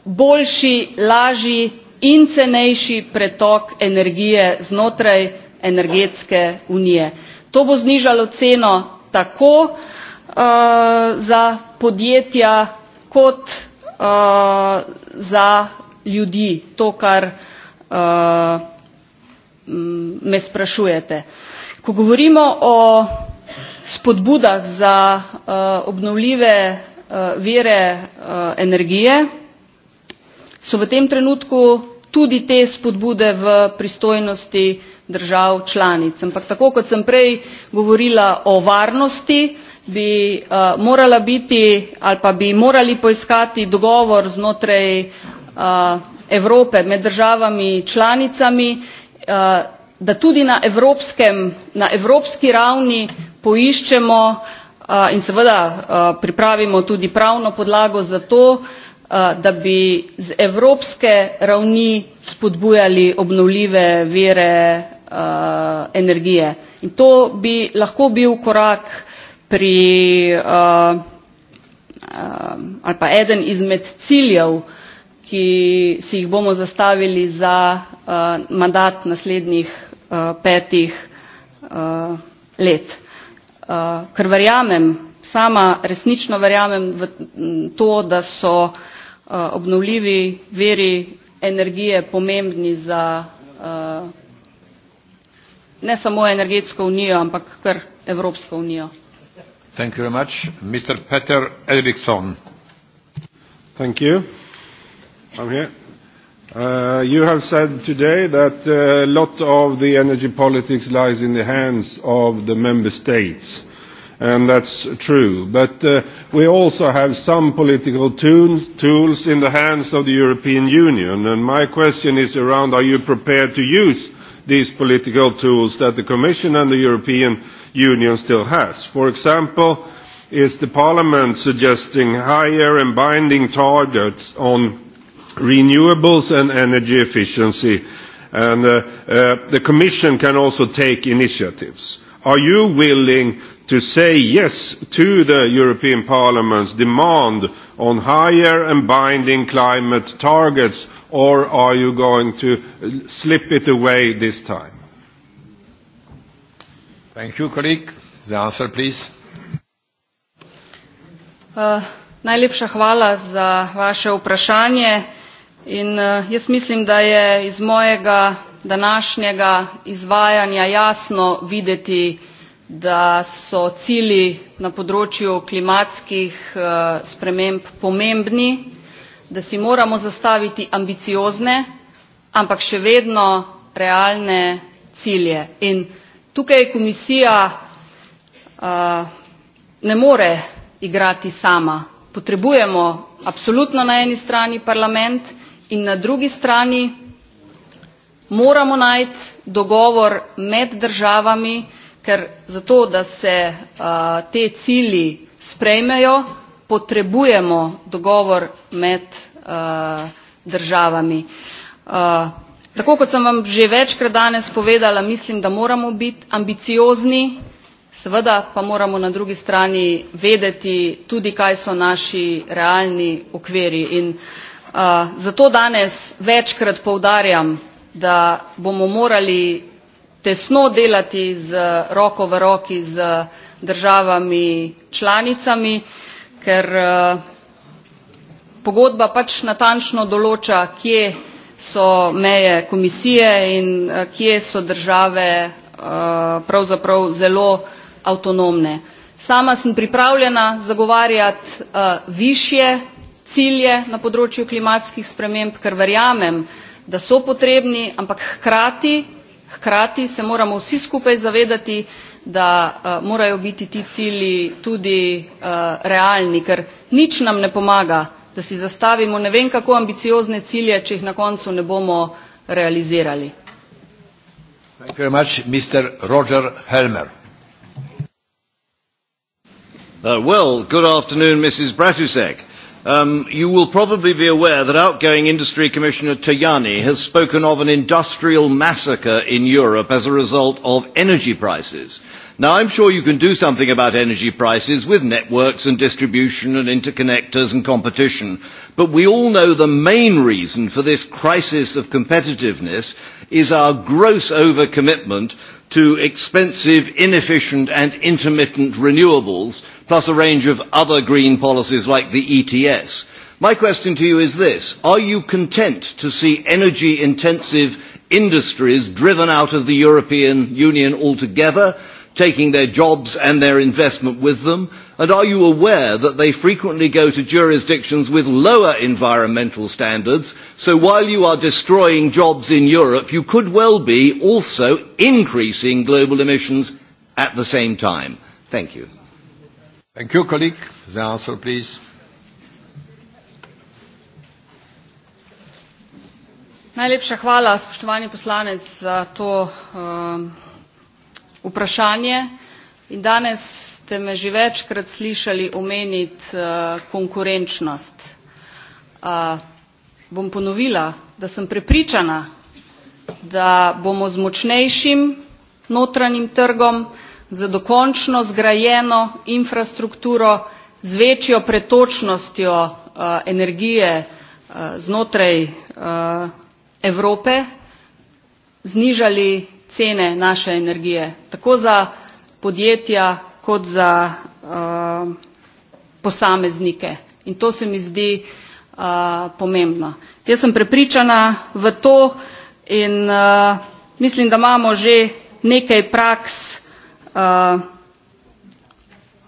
boljši, lažji in cenejši pretok energije znotraj energetske unije. To bo znižalo ceno tako uh, za podjetja kot uh, za ljudi, to kar uh, Mm, me sprašujete. Ko govorimo o spodbudah za uh, obnovljive uh, eh, vere uh, eh, energije, so v tem trenutku tudi te spodbude v pristojnosti držav članic. Ampak tako kot sem prej govorila o varnosti, bi uh, morala biti ali pa bi morali poiskati dogovor znotraj uh, Evrope med državami članicami, Eh, da tudi na, evropskem, na evropski ravni poiščemo eh, in seveda eh, pripravimo tudi pravno podlago za to, da bi z evropske ravni spodbujali obnovljive vire energije. In to bi lahko bil korak pri ali pa eden izmed ciljev ki si jih bomo zastavili za uh, mandat naslednjih uh, petih uh, let. Uh, ker verjamem, sama resnično verjamem v to, da so uh, obnovljivi veri energije pomembni za uh, ne samo energetsko unijo, ampak kar Evropsko unijo. Thank you very much. Mr. Peter Elvikson. Thank you. I'm here. Uh, you have said today that a uh, lot of the energy politics lies in the hands of the member states, and that's true. But uh, we also have some political tools, tools in the hands of the European Union, and my question is around are you prepared to use these political tools that the Commission and the European Union still has? For example, is the Parliament suggesting higher and binding targets on renewables and energy efficiency. And uh, uh, the Commission can also take initiatives. Are you willing to say yes to the European Parliament's demand on higher and binding climate targets, or are you going to slip it away this time? Thank you, colleague. The answer, please. Uh, najlepša hvala za vaše vprašanje. In uh, jaz mislim, da je iz mojega današnjega izvajanja jasno videti, da so cili na področju klimatskih uh, sprememb pomembni, da si moramo zastaviti ambiciozne, ampak še vedno realne cilje. In tukaj komisija uh, ne more igrati sama. Potrebujemo absolutno na eni strani parlament, in na drugi strani moramo najti dogovor med državami, ker zato, da se a, te cilji sprejmejo, potrebujemo dogovor med a, državami. A, tako kot sem vam že večkrat danes povedala, mislim, da moramo biti ambiciozni, seveda pa moramo na drugi strani vedeti tudi, kaj so naši realni okviri. In Zato danes večkrat poudarjam, da bomo morali tesno delati z roko v roki z državami članicami, ker pogodba pač natančno določa, kje so meje komisije in kje so države pravzaprav zelo avtonomne. Sama sem pripravljena zagovarjati višje cilje na področju klimatskih sprememb, ker verjamem, da so potrebni, ampak hkrati, hkrati se moramo vsi skupaj zavedati, da uh, morajo biti ti cilji tudi uh, realni, ker nič nam ne pomaga, da si zastavimo ne vem kako ambiciozne cilje, če jih na koncu ne bomo realizirali. Thank you very much, Mr. Roger Helmer. Uh, well, good afternoon, Mrs. Bratusek. Um, you will probably be aware that outgoing Industry Commissioner Tajani has spoken of an industrial massacre in Europe as a result of energy prices. Now, I'm sure you can do something about energy prices with networks and distribution and interconnectors and competition, but we all know the main reason for this crisis of competitiveness is our gross overcommitment to expensive, inefficient and intermittent renewables plus a range of other green policies like the ETS. My question to you is this. Are you content to see energy intensive industries driven out of the European Union altogether, taking their jobs and their investment with them? And are you aware that they frequently go to jurisdictions with lower environmental standards? So while you are destroying jobs in Europe, you could well be also increasing global emissions at the same time. Thank you. Thank you, colleague. The answer, please. Najlepša hvala, spoštovani poslanec, za to um, vprašanje. In danes ste me že večkrat slišali omeniti uh, konkurenčnost. Uh, bom ponovila, da sem prepričana, da bomo z močnejšim notranjim trgom za dokončno zgrajeno infrastrukturo z večjo pretočnostjo uh, energije uh, znotraj uh, Evrope znižali cene naše energije, tako za podjetja kot za uh, posameznike. In to se mi zdi uh, pomembno. Jaz sem prepričana v to in uh, mislim, da imamo že nekaj praks Eh,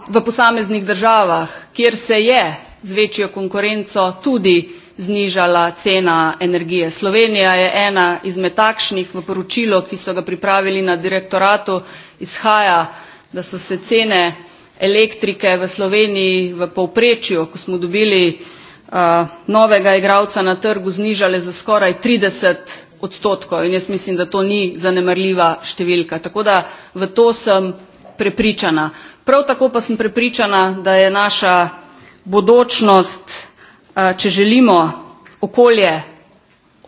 v posameznih državah, kjer se je z večjo konkurenco tudi znižala cena energije. Slovenija je ena izmed takšnih v poročilo, ki so ga pripravili na direktoratu, izhaja, da so se cene elektrike v Sloveniji v povprečju, ko smo dobili uh, novega igralca na trgu, znižale za skoraj 30 odstotkov in jaz mislim, da to ni zanemarljiva številka. Tako da v to sem prepričana. Prav tako pa sem prepričana, da je naša bodočnost, če želimo okolje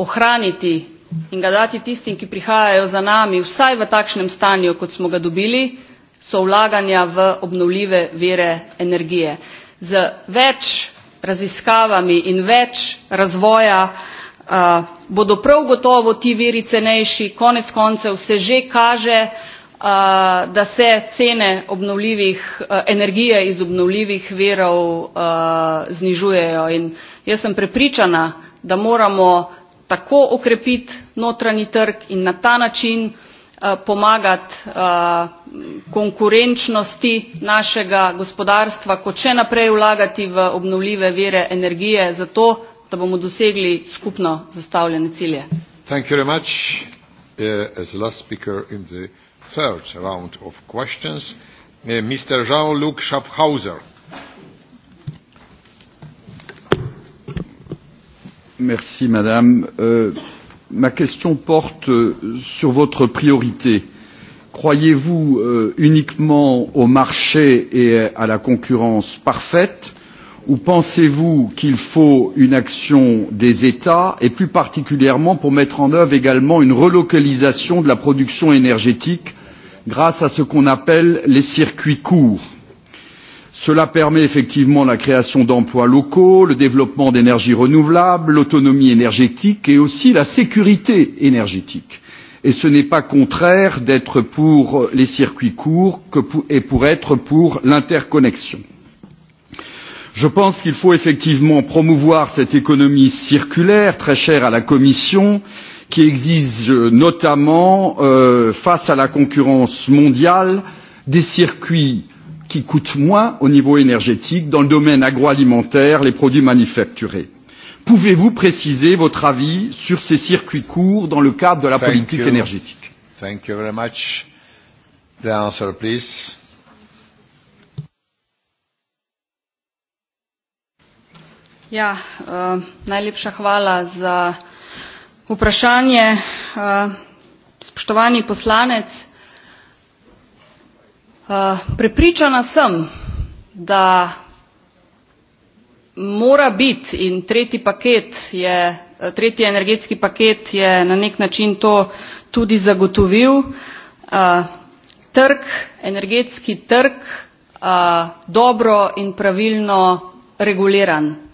ohraniti in ga dati tistim, ki prihajajo za nami, vsaj v takšnem stanju, kot smo ga dobili, so vlaganja v obnovljive vere energije. Z več raziskavami in več razvoja Uh, bodo prav gotovo ti viri cenejši, konec koncev se že kaže, uh, da se cene obnovljivih, uh, energije iz obnovljivih verov uh, znižujejo in jaz sem prepričana, da moramo tako okrepiti notranji trg in na ta način uh, pomagati uh, konkurenčnosti našega gospodarstva, kot še naprej vlagati v obnovljive vere energije, zato da bomo dosegli skupno zastavljene cilje. Thank you very much. Uh, as last speaker in the third round of questions, uh, Mr. Jean-Luc Schaffhauser. Merci, Madame. Uh, ma question porte uh, sur votre priorité. Croyez-vous uh, uniquement au marché et à la concurrence parfaite ou pensez-vous qu'il faut une action des États et plus particulièrement pour mettre en œuvre également une relocalisation de la production énergétique grâce à ce qu'on appelle les circuits courts Cela permet effectivement la création d'emplois locaux, le développement d'énergies renouvelables, l'autonomie énergétique et aussi la sécurité énergétique. Et ce n'est pas contraire d'être pour les circuits courts que pour, et pour être pour l'interconnexion. Je pense qu'il faut effectivement promouvoir cette économie circulaire, très chère à la Commission, qui exige notamment, euh, face à la concurrence mondiale, des circuits qui coûtent moins au niveau énergétique dans le domaine agroalimentaire, les produits manufacturés. Pouvez-vous préciser votre avis sur ces circuits courts dans le cadre de la Thank politique you. énergétique Thank you very much. The answer, please. Ja, uh, najlepša hvala za vprašanje. Uh, spoštovani poslanec, uh, prepričana sem, da mora biti in tretji paket je, tretji energetski paket je na nek način to tudi zagotovil. Uh, trg, energetski trg uh, dobro in pravilno reguliran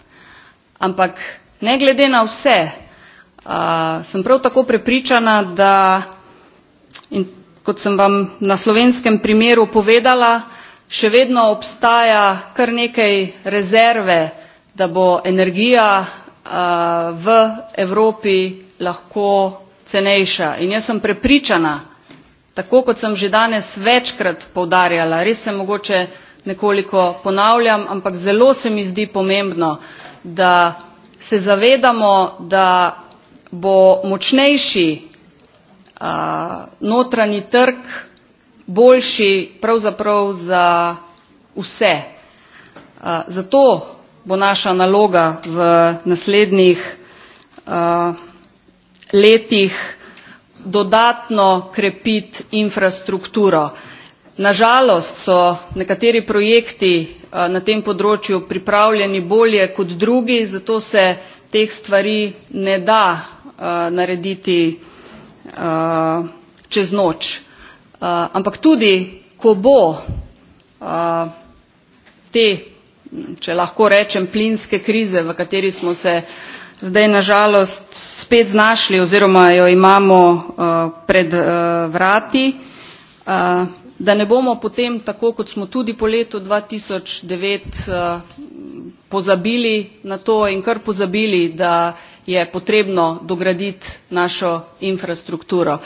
Ampak ne glede na vse, uh, sem prav tako prepričana, da, in kot sem vam na slovenskem primeru povedala, še vedno obstaja kar nekaj rezerve, da bo energija uh, v Evropi lahko cenejša. In jaz sem prepričana, tako kot sem že danes večkrat povdarjala, res se mogoče nekoliko ponavljam, ampak zelo se mi zdi pomembno, da se zavedamo, da bo močnejši a, notranji trg boljši pravzaprav za vse. A, zato bo naša naloga v naslednjih a, letih dodatno krepiti infrastrukturo. Nažalost so nekateri projekti Eh, na tem področju pripravljeni bolje kot drugi, zato se teh stvari ne da eh, narediti eh, čez noč. Ampak tudi, ko bo te, če lahko rečem, plinske krize, v kateri smo se zdaj nažalost spet znašli oziroma jo imamo pred vrati, da ne bomo potem, tako kot smo tudi po letu 2009 eh, pozabili na to in kar pozabili, da je potrebno dograditi našo infrastrukturo.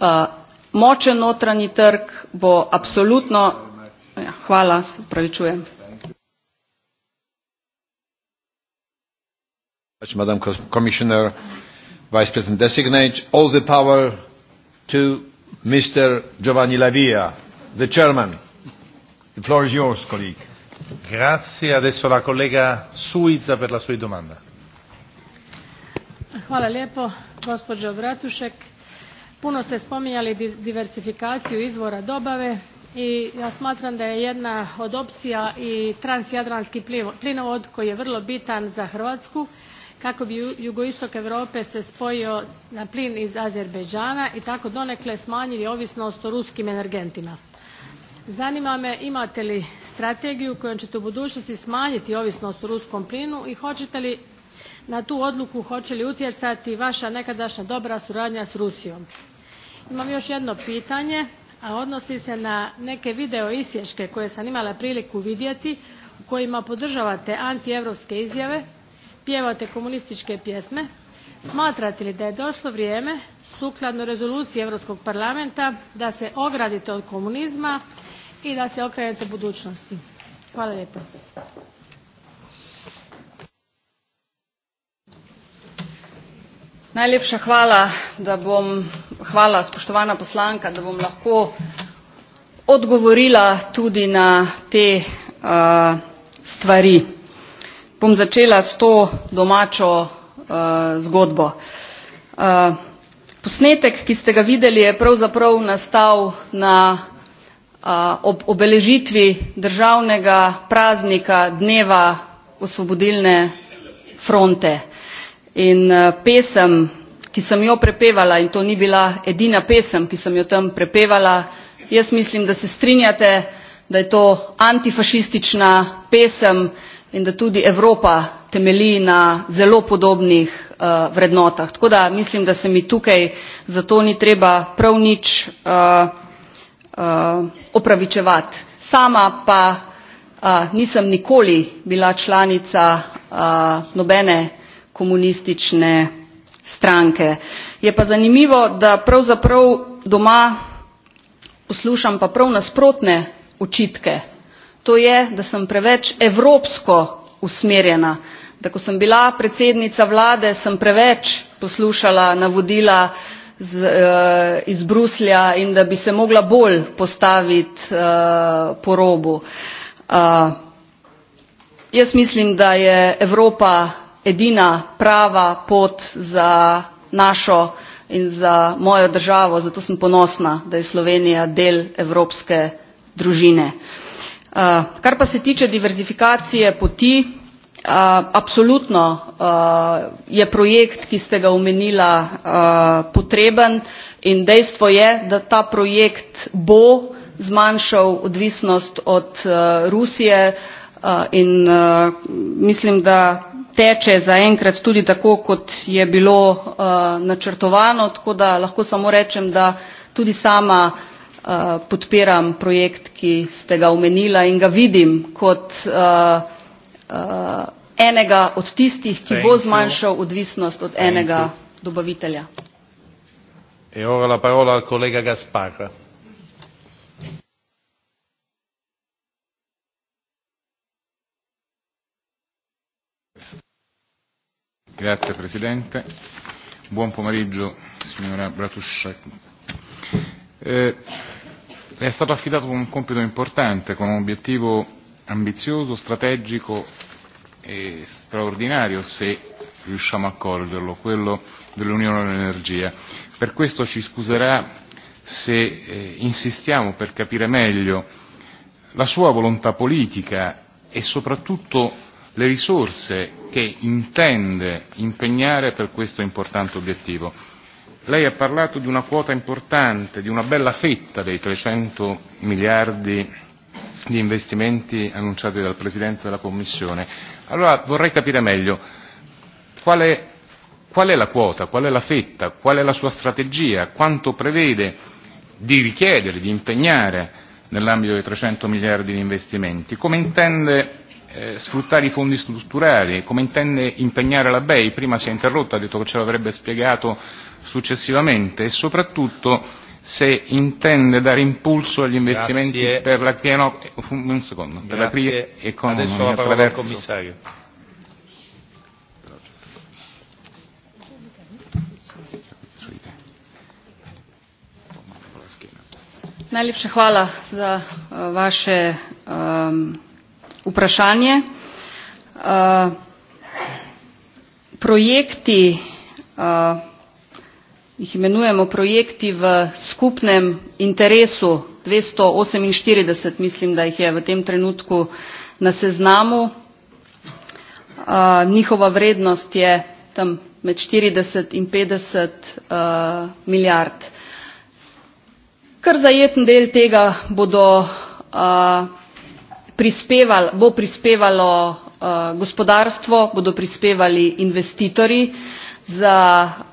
Eh, močen notranji trg bo absolutno. Ja, hvala, se pravičujem. Madam Commissioner, Vice President Designate, all the power to Mr. Giovanni Lavia, the chairman. The floor is yours, colleague. Grazie, adesso la collega Suiza per la sua domanda. Hvala lijepo, gospođo Vratušek. Puno ste spominjali diversifikaciju izvora dobave i ja smatram da je jedna od opcija i transjadranski plinovod koji je vrlo bitan za Hrvatsku kako bi jugoistok Europe se spojio na plin iz Azerbejdžana i tako donekle smanjili ovisnost o ruskim energentima. Zanima me imate li strategiju kojom ćete u budućnosti smanjiti ovisnost o ruskom plinu i hoćete li na tu odluku hoće li utjecati vaša nekadašnja dobra suradnja s Rusijom. Imam još jedno pitanje, a odnosi se na neke video isječke koje sam imala priliku vidjeti u kojima podržavate antievropske izjave pjevate komunističke pjesme, smatrate li da je došlo vrijeme, sukladno rezoluciji Europskog parlamenta, da se ogradite od komunizma i da se okrenete budućnosti? Hvala lijepo. Najlepša hvala, da bom, hvala spoštovana poslanka, da bom lahko odgovorila tudi na te uh, stvari. Bom začela s to domačo uh, zgodbo. Uh, posnetek, ki ste ga videli, je pravzaprav nastal na uh, ob obeležitvi državnega praznika dneva osvobodilne fronte. In uh, pesem, ki sem jo prepevala, in to ni bila edina pesem, ki sem jo tam prepevala, jaz mislim, da se strinjate, da je to antifašistična pesem, in da tudi Evropa temelji na zelo podobnih uh, vrednotah. Tako da mislim, da se mi tukaj zato ni treba prav nič uh, uh, opravičevati. Sama pa uh, nisem nikoli bila članica uh, nobene komunistične stranke. Je pa zanimivo, da pravzaprav doma poslušam pa prav nasprotne očitke to je, da sem preveč evropsko usmerjena. Da ko sem bila predsednica vlade, sem preveč poslušala navodila z, uh, iz Bruslja in da bi se mogla bolj postaviti uh, po robu. Uh, jaz mislim, da je Evropa edina prava pot za našo in za mojo državo, zato sem ponosna, da je Slovenija del evropske družine. Uh, Eh, kar pa se tiče diverzifikacije poti, eh, absolutno eh, je projekt, ki ste ga omenila, potreben in dejstvo je, da ta projekt bo zmanjšal odvisnost od Rusije in mislim, da teče zaenkrat tudi tako, kot je bilo načrtovano, tako da lahko samo rečem, da tudi sama Uh, podpiram projekt, ki ste ga omenila in ga vidim kot eh, eh, enega od tistih, ki bo zmanjšal odvisnost od enega dobavitelja. E ora la parola al collega Gasparra. Grazie Presidente. Buon pomeriggio signora Bratuscek. Eh, è stato affidato un compito importante con un obiettivo ambizioso, strategico e straordinario se riusciamo a coglierlo, quello dell'Unione dell'Energia. Per questo ci scuserà se eh, insistiamo per capire meglio la sua volontà politica e soprattutto le risorse che intende impegnare per questo importante obiettivo. Lei ha parlato di una quota importante, di una bella fetta dei 300 miliardi di investimenti annunciati dal Presidente della Commissione. Allora vorrei capire meglio qual è, qual è la quota, qual è la fetta, qual è la sua strategia, quanto prevede di richiedere, di impegnare nell'ambito dei 300 miliardi di investimenti, come intende eh, sfruttare i fondi strutturali, come intende impegnare la BEI, prima si è interrotta, ha detto che ce l'avrebbe spiegato successivamente e soprattutto se intende dare impulso agli investimenti Grazie. per la pieno un secondo, per la cri economy attraverso commissario. Najlepša hvala za uh, vaše um, vprašanje. Uh, projekti uh, jih imenujemo projekti v skupnem interesu 248, mislim, da jih je v tem trenutku na seznamu. Uh, njihova vrednost je tam med 40 in 50 uh, milijard. Kar zajeten del tega bodo, uh, prispeval, bo prispevalo uh, gospodarstvo, bodo prispevali investitorji, uh, za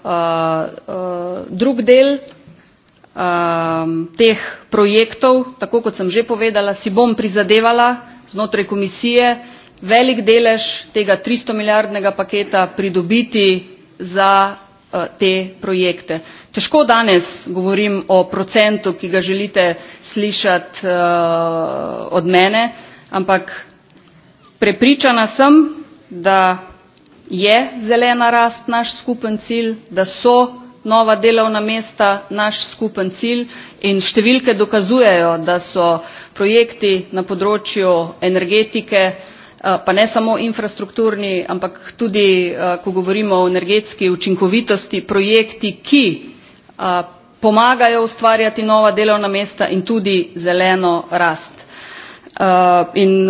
uh, uh, drug del um, teh projektov, tako kot sem že povedala, si bom prizadevala znotraj komisije velik delež tega 300 milijardnega paketa pridobiti za uh, te projekte. Težko danes govorim o procentu, ki ga želite slišati uh, od mene, ampak prepričana sem, da je zelena rast naš skupen cilj, da so nova delovna mesta naš skupen cilj in številke dokazujejo, da so projekti na področju energetike, eh, pa ne samo infrastrukturni, ampak tudi, eh, ko govorimo o energetski učinkovitosti, projekti, ki eh, pomagajo ustvarjati nova delovna mesta in tudi zeleno rast. In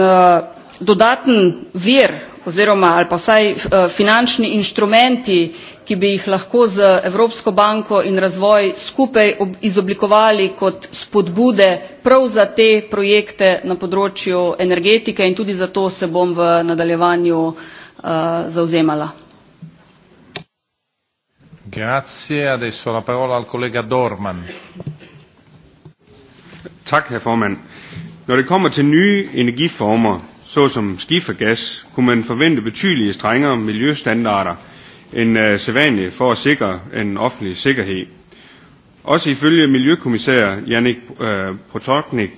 dodaten vir oziroma ali pa vsaj eh, finančni inštrumenti, ki bi jih lahko z Evropsko banko in razvoj skupaj izoblikovali kot spodbude prav za te projekte na področju energetike in tudi zato se bom v nadaljevanju uh, eh, zauzemala. Grazie, adesso la parola al collega Dorman. Tak, herr Forman. Når det kommer til nye energiformer, såsom skifergas, kunne man forvente betydelige strengere miljøstandarder end uh, øh, sædvanligt for at sikre en offentlig sikkerhed. Også ifølge Miljøkommissær Janik uh, Protoknik,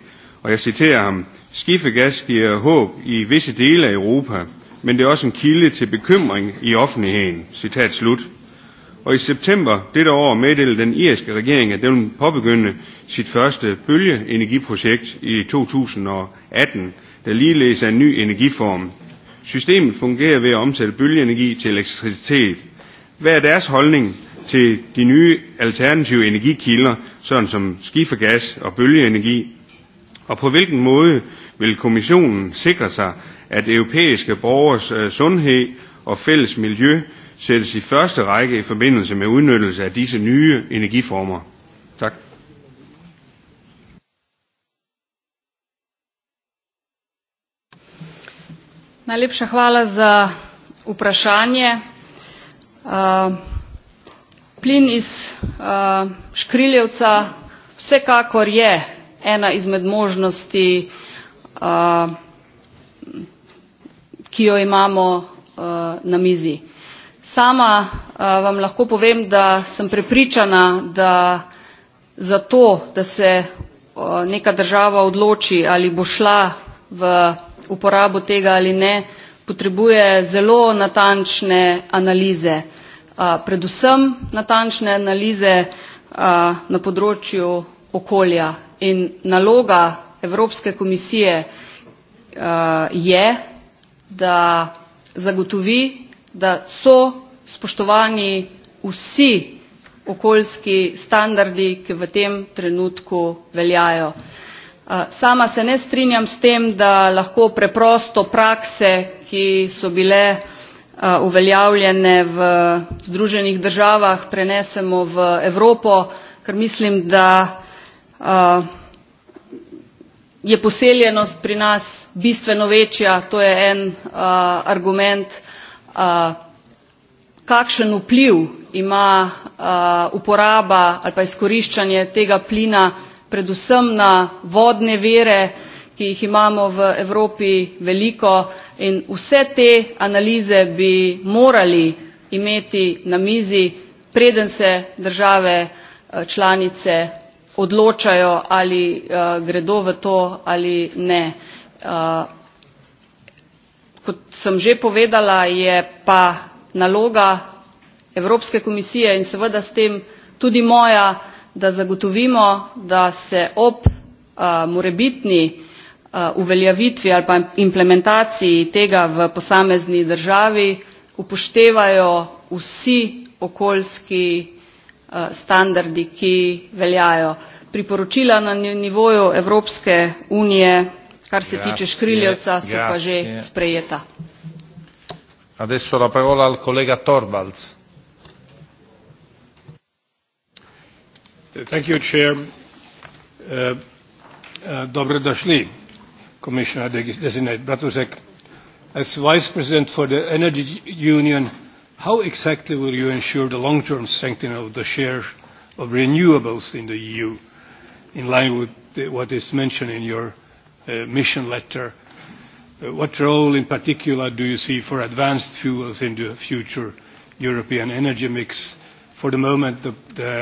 og jeg citerer ham, skifergas giver håb i visse dele af Europa, men det er også en kilde til bekymring i offentligheden. Citat slut. Og i september dette år meddelte den irske regering, at den vil påbegynde sit første bølgeenergiprojekt i 2018, der ligeledes er en ny energiform. Systemet fungerer ved at omsætte bølgeenergi til elektricitet. Hvad er deres holdning til de nye alternative energikilder, sådan som skifergas og bølgeenergi? Og på hvilken måde vil kommissionen sikre sig, at europæiske borgers øh, sundhed og fælles miljø sættes i første række i forbindelse med udnyttelse af disse nye energiformer? Tak. Najlepša hvala za vprašanje. plin iz škriljevca vsekakor je ena izmed možnosti, ki jo imamo na mizi. Sama vam lahko povem, da sem prepričana, da za to, da se neka država odloči ali bo šla v uporabo tega ali ne, potrebuje zelo natančne analize. Uh, predvsem natančne analize uh, na področju okolja in naloga Evropske komisije uh, je, da zagotovi, da so spoštovani vsi okoljski standardi, ki v tem trenutku veljajo. Eh, sama se ne strinjam s tem, da lahko preprosto prakse, ki so bile eh, uveljavljene v Združenih državah, prenesemo v Evropo, ker mislim, da eh, je poseljenost pri nas bistveno večja, to je en argument, kakšen vpliv ima uporaba ali pa izkoriščanje tega plina predvsem na vodne vere, ki jih imamo v Evropi veliko in vse te analize bi morali imeti na mizi, preden se države eh, članice odločajo ali uh, gredo v to ali ne. Uh, kot sem že povedala, je pa naloga Evropske komisije in seveda s tem tudi moja, da zagotovimo, da se ob morebitni uveljavitvi ali pa implementaciji tega v posamezni državi upoštevajo vsi okoljski standardi, ki veljajo. Priporočila na nivoju Evropske unije, kar se tiče škriljevca, so pa že sprejeta. Adesso la parola al collega Torvalds. Thank you, Chair. Uh, uh došli, Commissioner Designate Bratusek. As Vice President for the Energy Union, how exactly will you ensure the long-term strengthening of the share of renewables in the EU, in line with the, what is mentioned in your uh, mission letter? Uh, what role in particular do you see for advanced fuels in the future European energy mix? for the moment, the, the,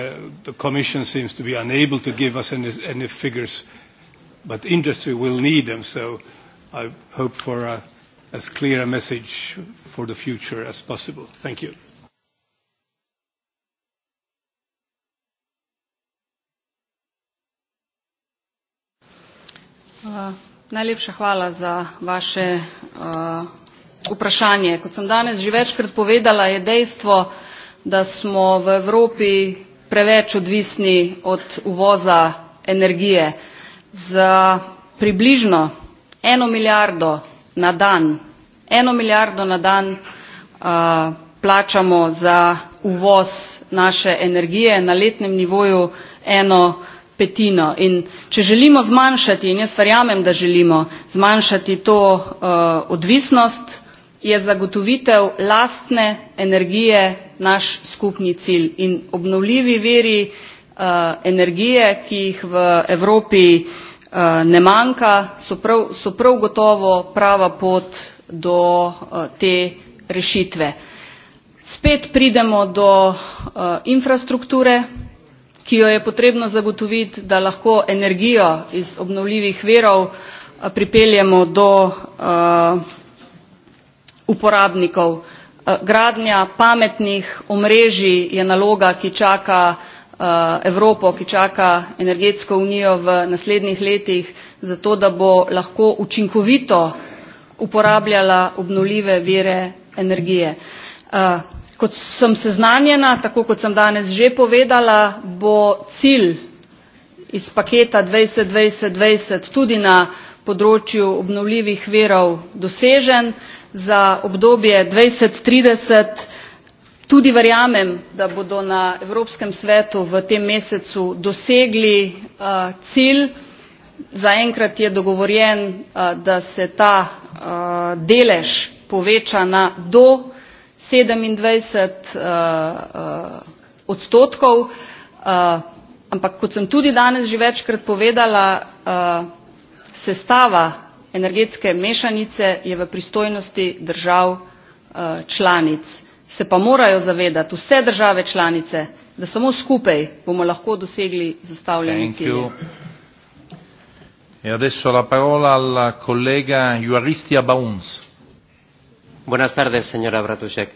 the Commission seems to be unable to give us any, any figures, but industry will need them, so I hope for a, as clear a message for the future as possible. Thank you. Uh, najlepša hvala za vaše uh, vprašanje. Kot sem danes že večkrat povedala, je dejstvo, da smo v Evropi preveč odvisni od uvoza energije. Za približno eno milijardo na dan, eno milijardo na dan uh, plačamo za uvoz naše energije na letnem nivoju eno petino. In če želimo zmanjšati, in jaz verjamem, da želimo zmanjšati to uh, odvisnost, je zagotovitev lastne energije naš skupni cilj in obnovljivi veri uh, eh, energije, ki jih v Evropi uh, ne manjka, so prav, so prav gotovo prava pot do uh, te rešitve. Spet pridemo do uh, infrastrukture, ki jo je potrebno zagotoviti, da lahko energijo iz obnovljivih verov pripeljemo do uh, uporabnikov. E, gradnja pametnih omrežij je naloga, ki čaka e, Evropo, ki čaka energetsko unijo v naslednjih letih, zato da bo lahko učinkovito uporabljala obnovljive vire energije. E, kot sem seznanjena, tako kot sem danes že povedala, bo cilj iz paketa 2020-2020 tudi na področju obnovljivih verov dosežen za obdobje 2030 Tudi verjamem, da bodo na Evropskem svetu v tem mesecu dosegli uh, cilj. Zaenkrat je dogovorjen, uh, da se ta uh, delež poveča na do 27 uh, uh, odstotkov. Uh, ampak kot sem tudi danes že večkrat povedala, uh, sestava energetske mešanice je v pristojnosti držav eh, članic. Se pa morajo zavedati vse države članice, da samo skupaj bomo lahko dosegli zastavljene cilje. E adesso la parola al collega Juaristia Baunz. Buenas tardes, señora Bratusek.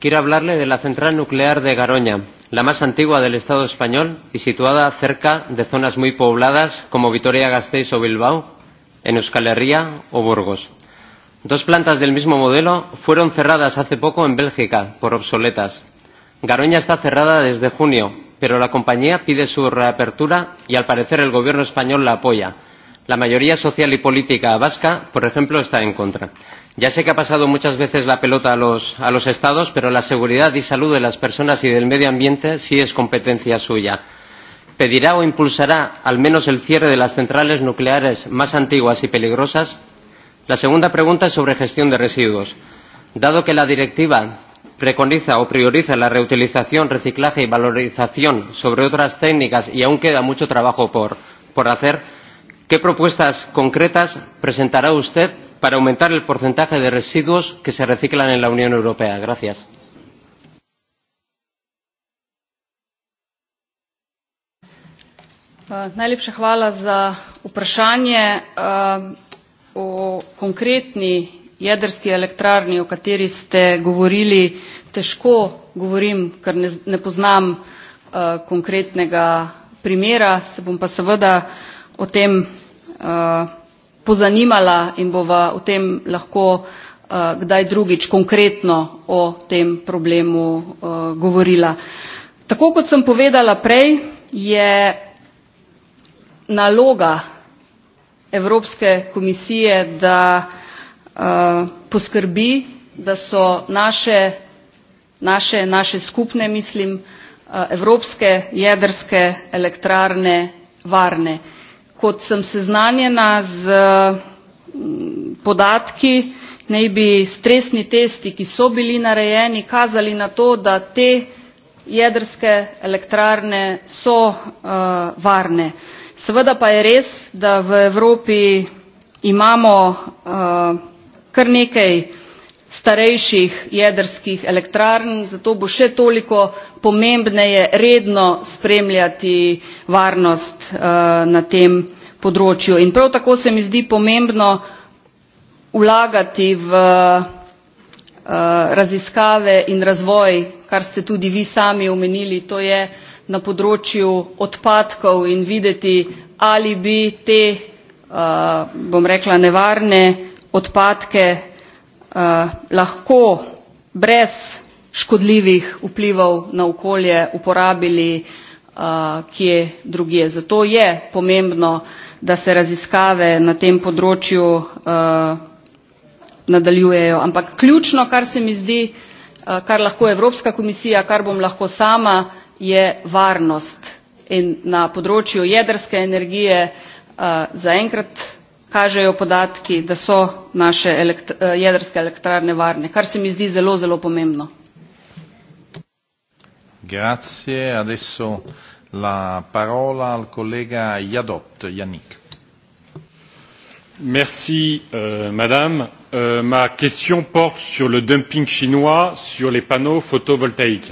Quiero hablarle de la central nuclear de Garoña, la más antigua del Estado español y situada cerca de zonas muy pobladas como Vitoria-Gasteiz o Bilbao, en Euskal Herria o Burgos. Dos plantas del mismo modelo fueron cerradas hace poco en Bélgica por obsoletas. Garoña está cerrada desde junio, pero la compañía pide su reapertura y al parecer el gobierno español la apoya. La mayoría social y política vasca, por ejemplo, está en contra. Ya sé que ha pasado muchas veces la pelota a los, a los estados, pero la seguridad y salud de las personas y del medio ambiente sí es competencia suya pedirá o impulsará al menos el cierre de las centrales nucleares más antiguas y peligrosas? La segunda pregunta es sobre gestión de residuos. Dado que la directiva preconiza o prioriza la reutilización, reciclaje y valorización sobre otras técnicas y aún queda mucho trabajo por, por hacer, ¿qué propuestas concretas presentará usted para aumentar el porcentaje de residuos que se reciclan en la Unión Europea? Gracias. Eh, najlepša hvala za vprašanje eh, o konkretni jedrski elektrarni, o kateri ste govorili. Težko govorim, ker ne, ne poznam eh, konkretnega primera, se bom pa seveda o tem pozanimala in bova o tem lahko kdaj drugič konkretno o tem problemu govorila. Tako kot sem povedala prej, je naloga Evropske komisije, da uh, poskrbi, da so naše, naše, naše skupne, mislim, uh, evropske jedrske elektrarne varne. Kot sem seznanjena z uh, podatki, naj bi stresni testi, ki so bili narejeni, kazali na to, da te jedrske elektrarne so uh, varne. Uh, Seveda pa je res, da v Evropi imamo uh, kar nekaj starejših jedrskih elektrarn, zato bo še toliko pomembneje redno spremljati varnost uh, na tem področju. In prav tako se mi zdi pomembno vlagati v uh, raziskave in razvoj, kar ste tudi vi sami omenili, to je uh, na področju odpadkov in videti, ali bi te, uh, bom rekla, nevarne odpadke uh, lahko brez škodljivih vplivov na okolje uporabili uh, kje drugje. Zato je pomembno, da se raziskave na tem področju uh, nadaljujejo. Ampak ključno, kar se mi zdi, uh, kar lahko Evropska komisija, kar bom lahko sama je varnost in na področju jedrske energije uh, zaenkrat kažejo podatki, da so naše elekt eh, jedrske elektrarne varne, kar se mi zdi zelo, zelo pomembno. Grazie, adesso la parola al collega Jadot, Yannick. Merci, euh, Madame. Euh, ma question porte sur le dumping chinois sur les panneaux photovoltaïques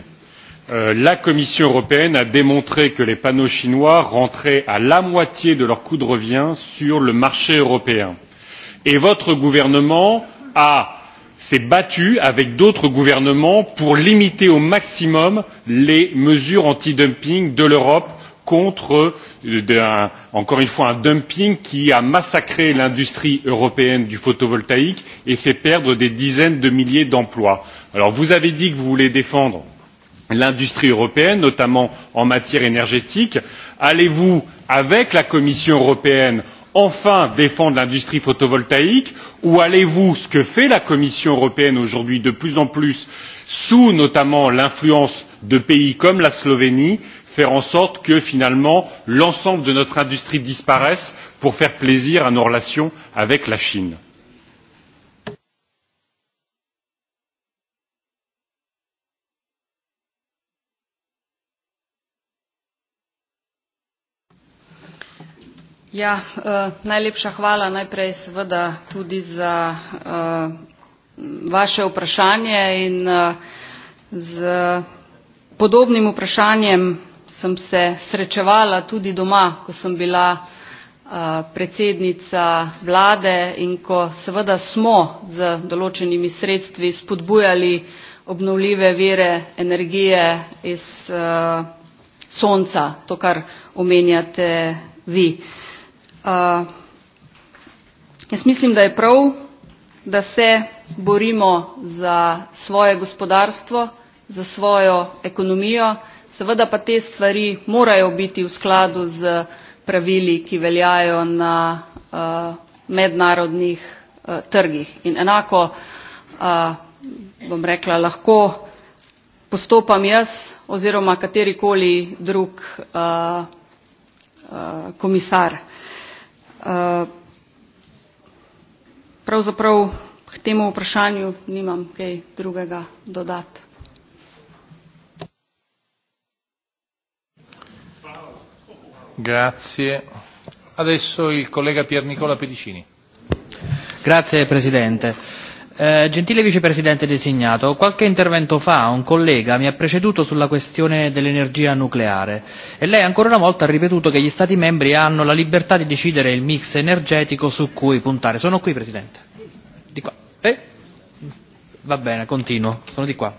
Euh, la Commission européenne a démontré que les panneaux chinois rentraient à la moitié de leur coût de revient sur le marché européen. Et votre gouvernement a s'est battu avec d'autres gouvernements pour limiter au maximum les mesures antidumping de l'Europe contre, euh, un, encore une fois, un dumping qui a massacré l'industrie européenne du photovoltaïque et fait perdre des dizaines de milliers d'emplois. Alors vous avez dit que vous voulez défendre l'industrie européenne, notamment en matière énergétique. Allez-vous, avec la Commission européenne, enfin défendre l'industrie photovoltaïque ou allez-vous, ce que fait la Commission européenne aujourd'hui de plus en plus, sous notamment l'influence de pays comme la Slovénie, faire en sorte que finalement l'ensemble de notre industrie disparaisse pour faire plaisir à nos relations avec la Chine Ja, uh, najlepša hvala najprej seveda tudi za uh, vaše vprašanje in uh, z podobnim vprašanjem sem se srečevala tudi doma, ko sem bila uh, predsednica vlade in ko seveda smo z določenimi sredstvi spodbujali obnovljive vere energije iz uh, sonca, to kar omenjate vi. Uh, Uh, jaz mislim, da je prav, da se borimo za svoje gospodarstvo, za svojo ekonomijo, seveda pa te stvari morajo biti v skladu z pravili, ki veljajo na uh, mednarodnih uh, trgih. In enako, uh, bom rekla, lahko postopam jaz oziroma katerikoli drug uh, uh, komisar. Eh, pravzaprav k temu vprašanju nimam kaj drugega dodati. Grazie. Adesso il collega Pier Nicola Pedicini. Grazie Presidente. Eh, gentile vicepresidente designato, qualche intervento fa un collega mi ha preceduto sulla questione dell'energia nucleare e lei ancora una volta ha ripetuto che gli Stati membri hanno la libertà di decidere il mix energetico su cui puntare. Sono qui Presidente. Di qua. Eh? Va bene, continuo. Sono di qua.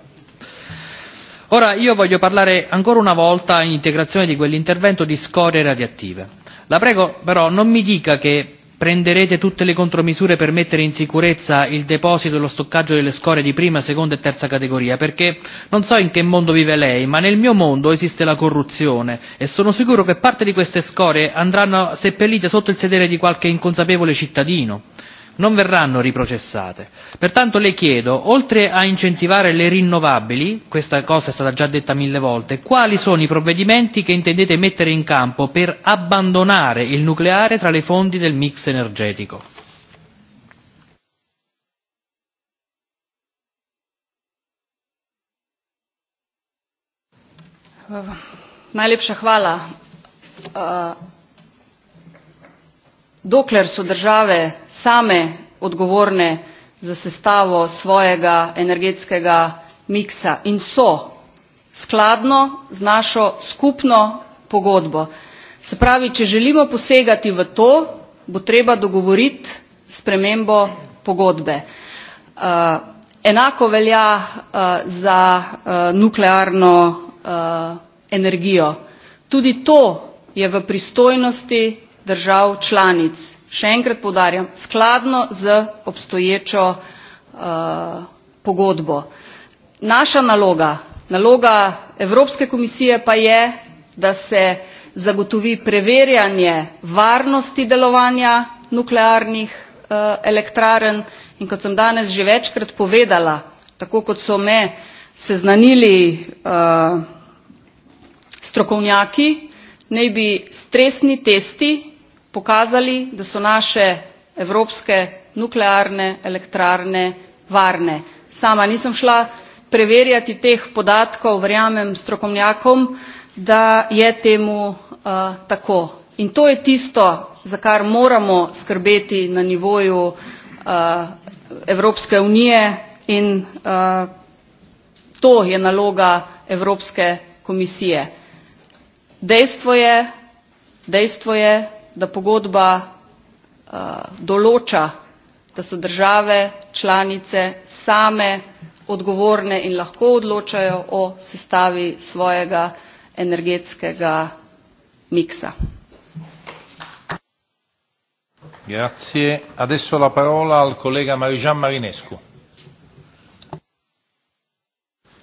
Ora io voglio parlare ancora una volta in integrazione di quell'intervento di scorie radioattive. La prego però non mi dica che Prenderete tutte le contromisure per mettere in sicurezza il deposito e lo stoccaggio delle scorie di prima, seconda e terza categoria, perché non so in che mondo vive lei, ma nel mio mondo esiste la corruzione e sono sicuro che parte di queste scorie andranno seppellite sotto il sedere di qualche inconsapevole cittadino non verranno riprocessate. Pertanto le chiedo, oltre a incentivare le rinnovabili, questa cosa è stata già detta mille volte, quali sono i provvedimenti che intendete mettere in campo per abbandonare il nucleare tra le fonti del mix energetico? najlepša hvala. E, dokler so države same odgovorne za sestavo svojega energetskega miksa in so skladno z našo skupno pogodbo. Se pravi, če želimo posegati v to, bo treba dogovoriti spremembo pogodbe. Uh, enako velja uh, za uh, nuklearno energijo. Tudi to je v pristojnosti držav članic, še enkrat podarjam, skladno z obstoječo uh, pogodbo. Naša naloga, naloga Evropske komisije pa je, da se zagotovi preverjanje varnosti delovanja nuklearnih uh, elektrarn in kot sem danes že večkrat povedala, tako kot so me seznanili uh, strokovnjaki, naj bi stresni testi pokazali, da so naše evropske nuklearne elektrarne varne. Sama nisem šla preverjati teh podatkov, verjamem strokovnjakom, da je temu uh, tako. In to je tisto, za kar moramo skrbeti na nivoju uh, Evropske unije in uh, to je naloga Evropske komisije. Dejstvo je, dejstvo je, da pogodba uh, določa, da so države članice same odgovorne in lahko odločajo o sestavi svojega energetskega miksa. Grazie. Adesso la parola al collega Marijan Marinescu.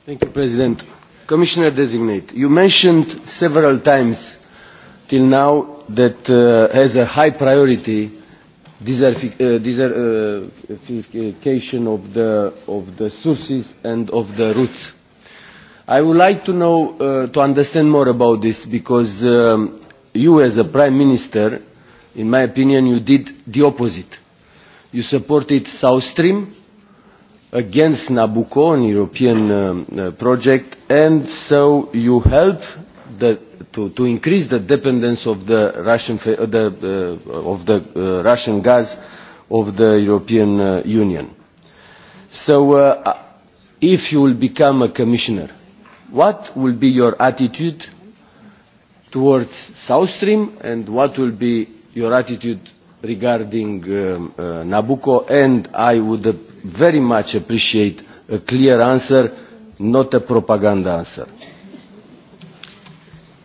Thank you, President. Commissioner designate, you mentioned several times till now that uh, has a high priority desertification uh, uh of, the, of the sources and of the roots. I would like to know, uh, to understand more about this because um, you as a Prime Minister, in my opinion, you did the opposite. You supported South Stream against Nabucco, an European um, uh, project, and so you helped the to, to increase the dependence of the Russian, uh, the, uh, of the uh, Russian gas of the European uh, Union. So uh, uh, if you will become a commissioner, what will be your attitude towards South Stream and what will be your attitude regarding um, uh, Nabucco and I would very much appreciate a clear answer, not a propaganda answer.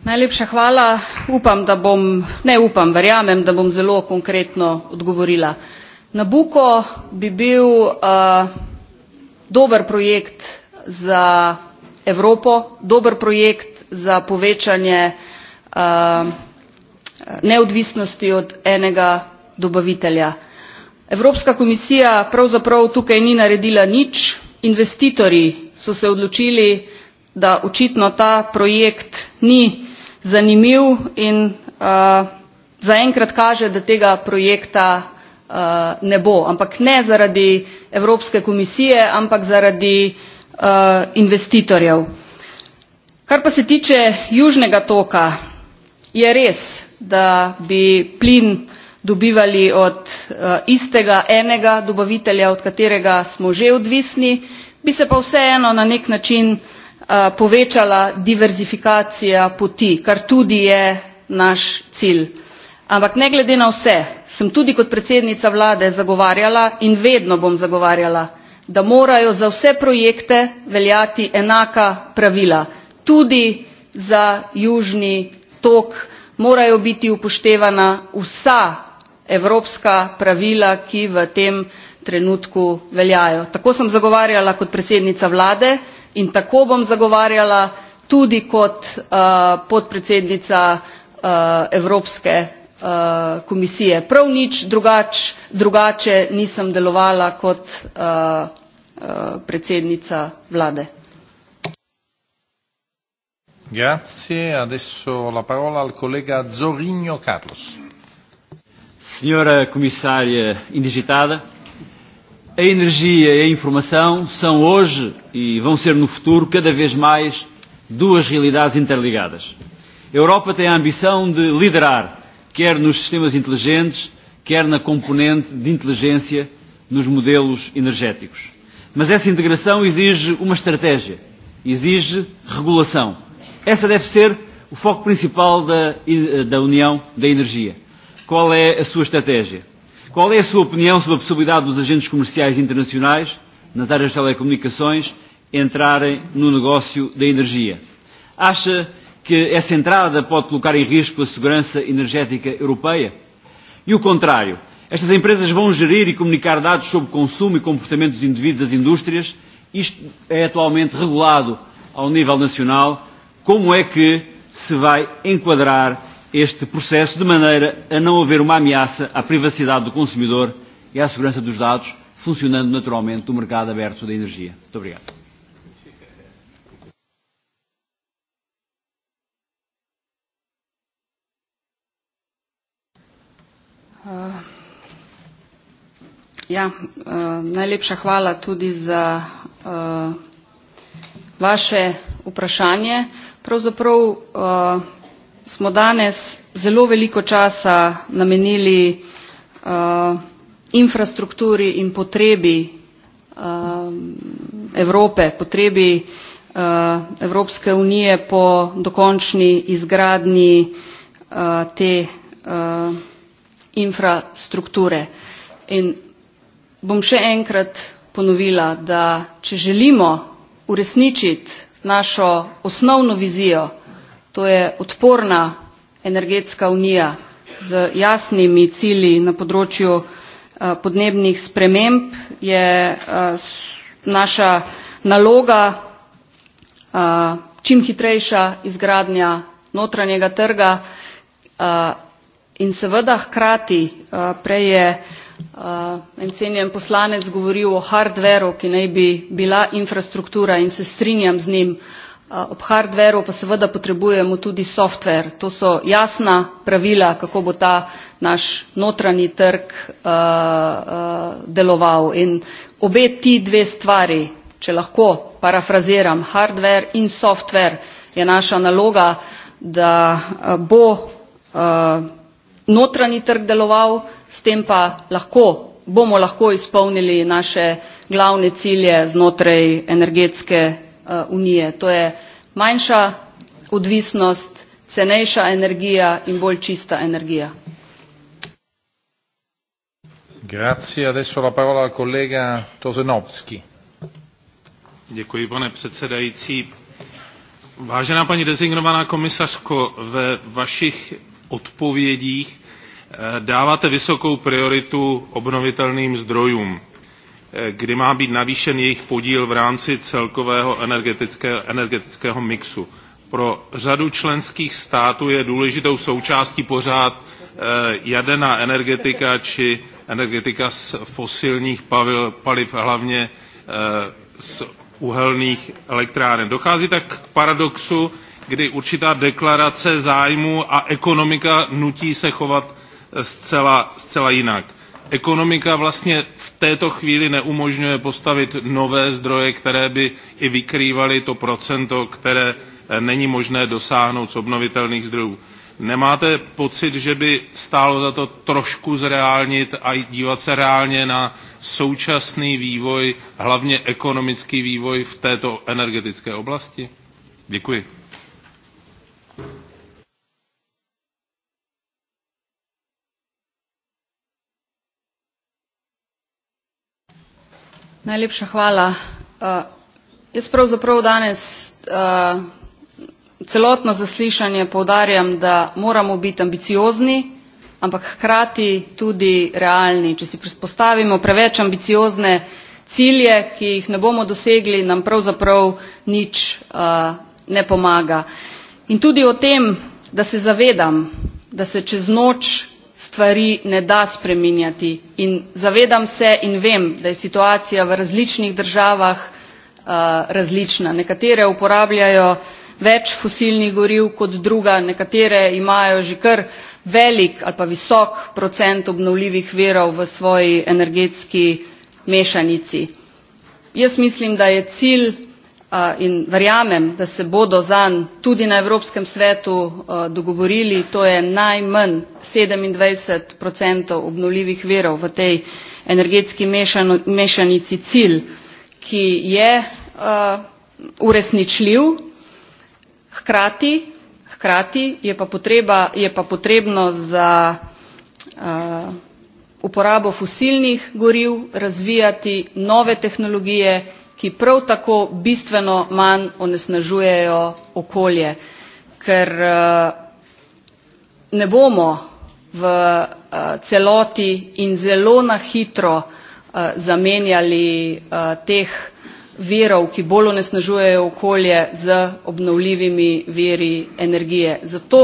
Najlepša hvala. Upam, da bom, ne upam, verjamem, da bom zelo konkretno odgovorila. Nabuko bi bil uh, dober projekt za Evropo, dober projekt za povečanje uh, neodvisnosti od enega dobavitelja. Evropska komisija pravzaprav tukaj ni naredila nič, investitorji so se odločili, da očitno ta projekt ni zanimiv in uh, zaenkrat kaže, da tega projekta uh, ne bo. Ampak ne zaradi Evropske komisije, ampak zaradi uh, investitorjev. Kar pa se tiče južnega toka, je res, da bi plin dobivali od uh, istega enega dobavitelja, od katerega smo že odvisni, bi se pa vseeno na nek način Eh, povečala diverzifikacija poti, kar tudi je naš cilj. Ampak ne glede na vse, sem tudi kot predsednica vlade zagovarjala in vedno bom zagovarjala, da morajo za vse projekte veljati enaka pravila. Tudi za južni tok morajo biti upoštevana vsa evropska pravila, ki v tem trenutku veljajo. Tako sem zagovarjala kot predsednica vlade in tako bom zagovarjala tudi kot uh, podpredsednica uh, Evropske uh, komisije. Prav nič drugač, drugače nisem delovala kot uh, uh, predsednica vlade. Grazie, adesso la parola al collega Zorigno Carlos. Signora commissaria indigitada, A energia e a informação são hoje e vão ser no futuro cada vez mais duas realidades interligadas. A Europa tem a ambição de liderar, quer nos sistemas inteligentes, quer na componente de inteligência nos modelos energéticos. Mas essa integração exige uma estratégia, exige regulação. Essa deve ser o foco principal da, eh, da União da Energia. Qual é a sua estratégia? Qual é a sua opinião sobre a possibilidade dos agentes comerciais internacionais, nas áreas de telecomunicações, entrarem no negócio da energia? Acha que essa entrada pode colocar em risco a segurança energética europeia? E o contrário, estas empresas vão gerir e comunicar dados sobre consumo e comportamento dos indivíduos das indústrias. Isto é atualmente regulado ao nível nacional. Como é que se vai enquadrar este processo de maneira a não haver uma ameaça à privacidade do consumidor e à segurança dos dados, funcionando naturalmente o mercado aberto da energia. Muito obrigado. Uh, ja, uh, najlepša hvala tudi za uh, vaše vprašanje. Pravzaprav uh, smo danes zelo veliko časa namenili uh, infrastrukturi in potrebi uh, Evrope, potrebi uh, Evropske unije po dokončni izgradnji uh, te uh, infrastrukture. In bom še enkrat ponovila, da če želimo uresničiti našo osnovno vizijo, To je odporna energetska unija z jasnimi cilji na področju eh, podnebnih sprememb je eh, naša naloga eh, čim hitrejša izgradnja notranjega trga in seveda hkrati prej je en cenjen poslanec govoril o hardveru, ki naj bi bila infrastruktura in se strinjam z njim, Ob hardveru pa seveda potrebujemo tudi software. To so jasna pravila, kako bo ta naš notranji trg uh, uh, deloval. In obe ti dve stvari, če lahko parafraziram, hardware in software, je naša naloga, da bo uh, notranji trg deloval, s tem pa lahko, bomo lahko izpolnili naše glavne cilje znotraj energetske Eh, unije. To je manjša odvisnost, cenejša energija in bolj čista energija. Grazie. Adesso la parola al collega Tosenovski. Děkuji, pane předsedající. Vážená paní rezignovaná komisařko, ve vašich odpovědích eh, dáváte vysokou prioritu obnovitelným zdrojům. Eh, kdy má být navýšen jejich podíl v rámci celkového energetického, energetického mixu. Pro řadu členských států je důležitou součástí pořád eh, jaderná energetika či energetika z fosilních paliv, hlavně eh, z uhelných elektráren. Dochází tak k paradoxu, kdy určitá deklarace zájmu a ekonomika nutí se chovat zcela, zcela jinak ekonomika vlastně v této chvíli neumožňuje postavit nové zdroje, které by i vykrývaly to procento, které eh, není možné dosáhnout z obnovitelných zdrojů. Nemáte pocit, že by stálo za to trošku zreálnit a dívat se reálně na současný vývoj, hlavně ekonomický vývoj v této energetické oblasti? Děkuji. Najlepša hvala. Uh, jaz pravzaprav danes uh, celotno zaslišanje povdarjam, da moramo biti ambiciozni, ampak hkrati tudi realni. Če si predpostavimo preveč ambiciozne cilje, ki jih ne bomo dosegli, nam pravzaprav nič uh, ne pomaga. In tudi o tem, da se zavedam, da se čez noč stvari ne da spreminjati. In zavedam se in vem, da je situacija v različnih državah uh, različna. Nekatere uporabljajo več fosilnih goriv kot druga, nekatere imajo že kar velik ali pa visok procent obnovljivih verov v svoji energetski mešanici. Jaz mislim, da je cilj in verjamem, da se bodo zanj tudi na Evropskem svetu dogovorili, to je najmanj 27% obnovljivih verov v tej energetski mešanici cilj, ki je uresničljiv, hkrati, hkrati je, pa potreba, je pa potrebno za uporabo fosilnih goriv razvijati nove tehnologije, ki prav tako bistveno manj onesnažujejo okolje, ker eh, ne bomo v eh, celoti in zelo na hitro eh, zamenjali teh virov, ki bolj onesnažujejo okolje z obnovljivimi viri energije. Zato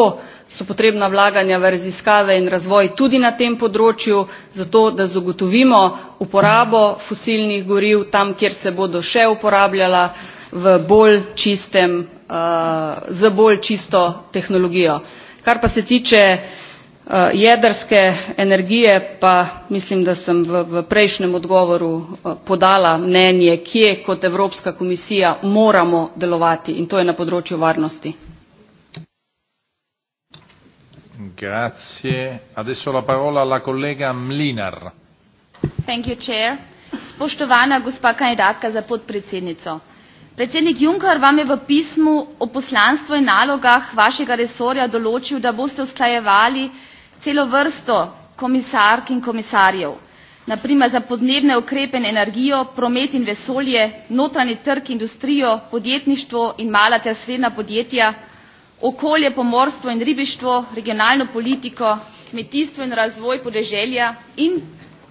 so potrebna vlaganja v raziskave in razvoj tudi na tem področju, zato da zagotovimo uporabo fosilnih goriv tam, kjer se bodo še uporabljala v bolj čistem, uh, z bolj čisto tehnologijo. Kar pa se tiče uh, jedrske energije, pa mislim, da sem v, v prejšnjem odgovoru uh, podala mnenje, kje kot Evropska komisija moramo delovati in to je na področju varnosti. Grazie. Adesso la parola alla collega Mlinar. Thank you, Chair. Spoštovana gospa kandidatka za podpredsednico. Predsednik Juncker vam je v pismu o poslanstvu in nalogah vašega resorja določil, da boste usklajevali celo vrsto komisark in komisarjev, naprimer za podnebne ukrepe in energijo, promet in vesolje, notranji trg, industrijo, podjetništvo in mala ter srednja podjetja, okolje, pomorstvo in ribištvo, regionalno politiko, kmetijstvo in razvoj podeželja in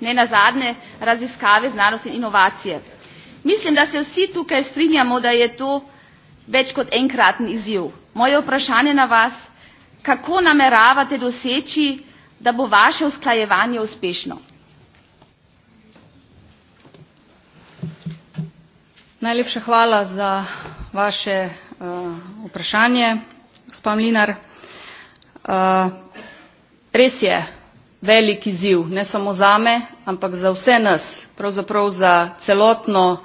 ne nazadnje raziskave, znanosti in inovacije. Mislim, da se vsi tukaj strinjamo, da je to več kot enkraten izziv. Moje vprašanje na vas, kako nameravate doseči, da bo vaše usklajevanje uspešno? Najlepša hvala za vaše uh, vprašanje gospa Mlinar. Uh, res je velik izziv, ne samo zame, ampak za vse nas, pravzaprav za celotno uh,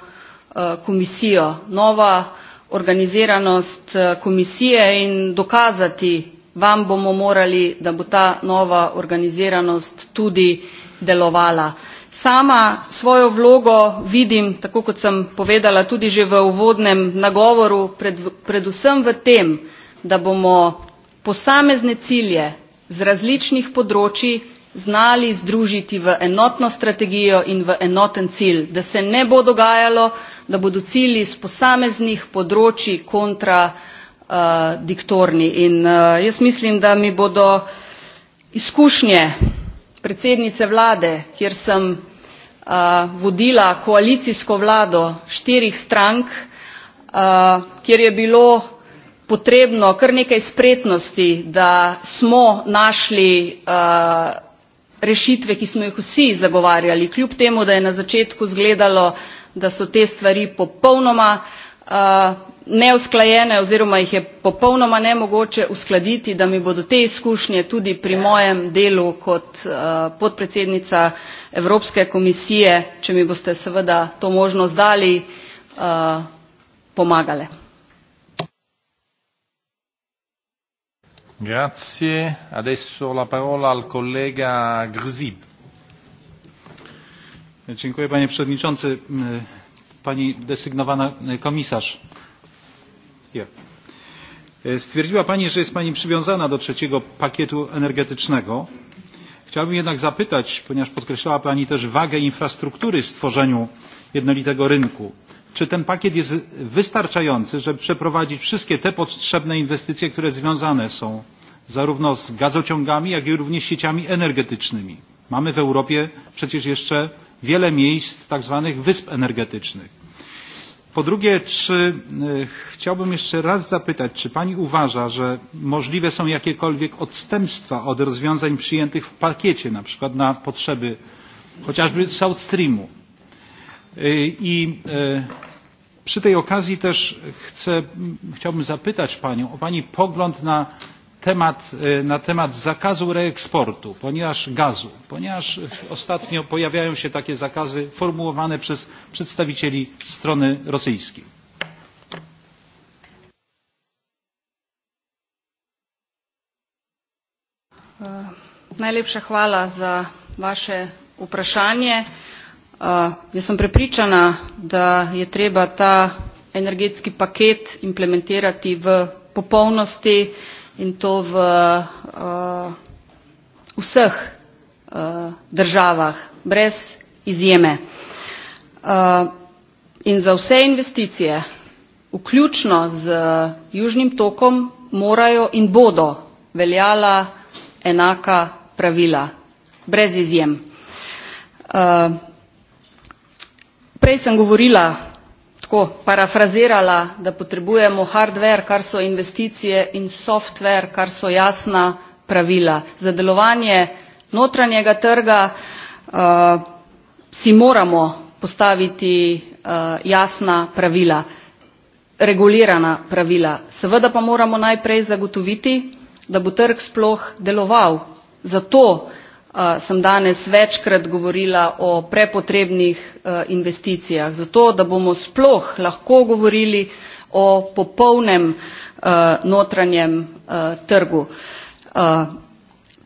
komisijo. Nova organiziranost uh, komisije in dokazati vam bomo morali, da bo ta nova organiziranost tudi delovala. Sama svojo vlogo vidim, tako kot sem povedala tudi že v uvodnem nagovoru, pred, predvsem v tem, da bomo posamezne cilje z različnih področji znali združiti v enotno strategijo in v enoten cilj, da se ne bo dogajalo, da bodo cilji z posameznih področji kontra uh, diktorni. In uh, jaz mislim, da mi bodo izkušnje predsednice vlade, kjer sem uh, vodila koalicijsko vlado štirih strank, uh, kjer je bilo potrebno kar nekaj spretnosti, da smo našli uh, rešitve, ki smo jih vsi zagovarjali, kljub temu, da je na začetku zgledalo, da so te stvari popolnoma uh, neusklajene oziroma jih je popolnoma nemogoče uskladiti, da mi bodo te izkušnje tudi pri mojem delu kot uh, podpredsednica Evropske komisije, če mi boste seveda to možnost dali, uh, pomagale. Grazie. Adesso la parola al collega Grzib. Dziękuję panie przewodniczący. Pani desygnowana e, komisarz. Yeah. Stwierdziła Pani, że jest Pani przywiązana do trzeciego pakietu energetycznego. Chciałbym jednak zapytać, ponieważ podkreślała Pani też wagę infrastruktury w stworzeniu jednolitego rynku czy ten pakiet jest wystarczający, żeby przeprowadzić wszystkie te potrzebne inwestycje, które związane są zarówno z gazociągami, jak i również sieciami energetycznymi. Mamy w Europie przecież jeszcze wiele miejsc tak zwanych wysp energetycznych. Po drugie, czy y, e, chciałbym jeszcze raz zapytać, czy Pani uważa, że możliwe są jakiekolwiek odstępstwa od rozwiązań przyjętych w pakiecie, na przykład na potrzeby chociażby South Streamu? E, I e, przy tej okazji też chcę, chciałbym zapytać Panią o Pani pogląd na temat, e, na temat zakazu reeksportu, ponieważ gazu, ponieważ ostatnio pojawiają się takie zakazy formułowane przez przedstawicieli strony rosyjskiej. najlepsza chwala za Wasze vprašanje. Uh, jaz sem prepričana, da je treba ta energetski paket implementirati v popolnosti in to v uh, vseh uh, državah, brez izjeme. Uh, in za vse investicije, vključno z južnim tokom, morajo in bodo veljala enaka pravila, brez izjem. Uh, prej sem govorila, tako parafrazirala, da potrebujemo hardware, kar so investicije, in software, kar so jasna pravila. Za delovanje notranjega trga uh, si moramo postaviti uh, jasna pravila, regulirana pravila. Seveda pa moramo najprej zagotoviti, da bo trg sploh deloval. Zato Eh, sem danes večkrat govorila o prepotrebnih eh, investicijah, zato da bomo sploh lahko govorili o popolnem eh, notranjem trgu.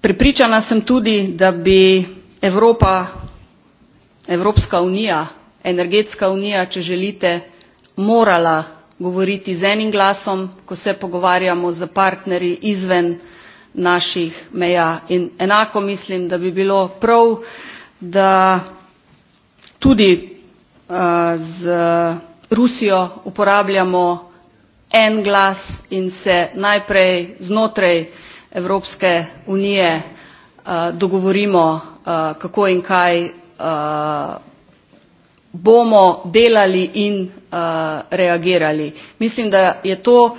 Pripričana sem tudi, da bi Evropa, Evropska unija, energetska unija, če želite, morala govoriti z enim glasom, ko se pogovarjamo z partnerji izven naših meja. In enako mislim, da bi bilo prav, da tudi uh, z Rusijo uporabljamo en glas in se najprej znotraj Evropske unije uh, dogovorimo, uh, kako in kaj uh, bomo delali in uh, reagirali. Mislim, da je to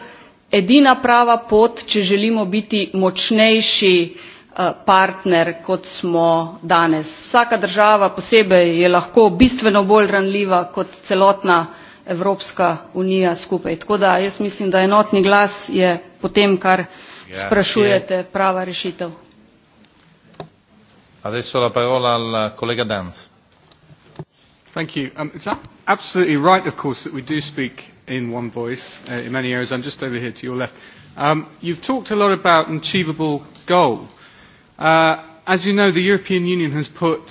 edina prava pot, če želimo biti močnejši eh, partner, kot smo danes. Vsaka država posebej je lahko bistveno bolj ranljiva kot celotna Evropska unija skupaj. Tako da jaz mislim, da enotni glas je po tem, kar sprašujete, prava rešitev. Adesso la parola al collega Danz. Thank you. Um, it's absolutely right, of course, that we do speak in one voice uh, in many areas. I'm just over here to your left. Um, you've talked a lot about an achievable goal. Uh, as you know, the European Union has put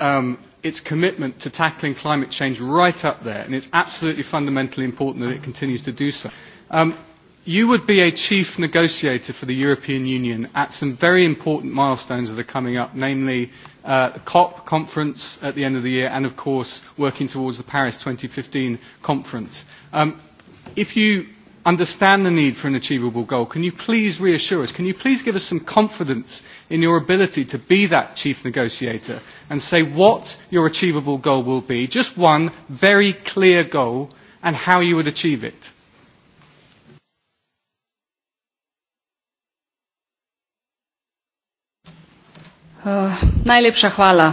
um, its commitment to tackling climate change right up there, and it's absolutely fundamentally important that it continues to do so. Um, you would be a chief negotiator for the European Union at some very important milestones that are coming up, namely uh, the COP conference at the end of the year, and of course, working towards the Paris 2015 conference. Um, if you understand the need for an achievable goal, can you please reassure us, can you please give us some confidence in your ability to be that chief negotiator and say what your achievable goal will be, just one very clear goal, and how you would achieve it? Uh, najlepša hvala.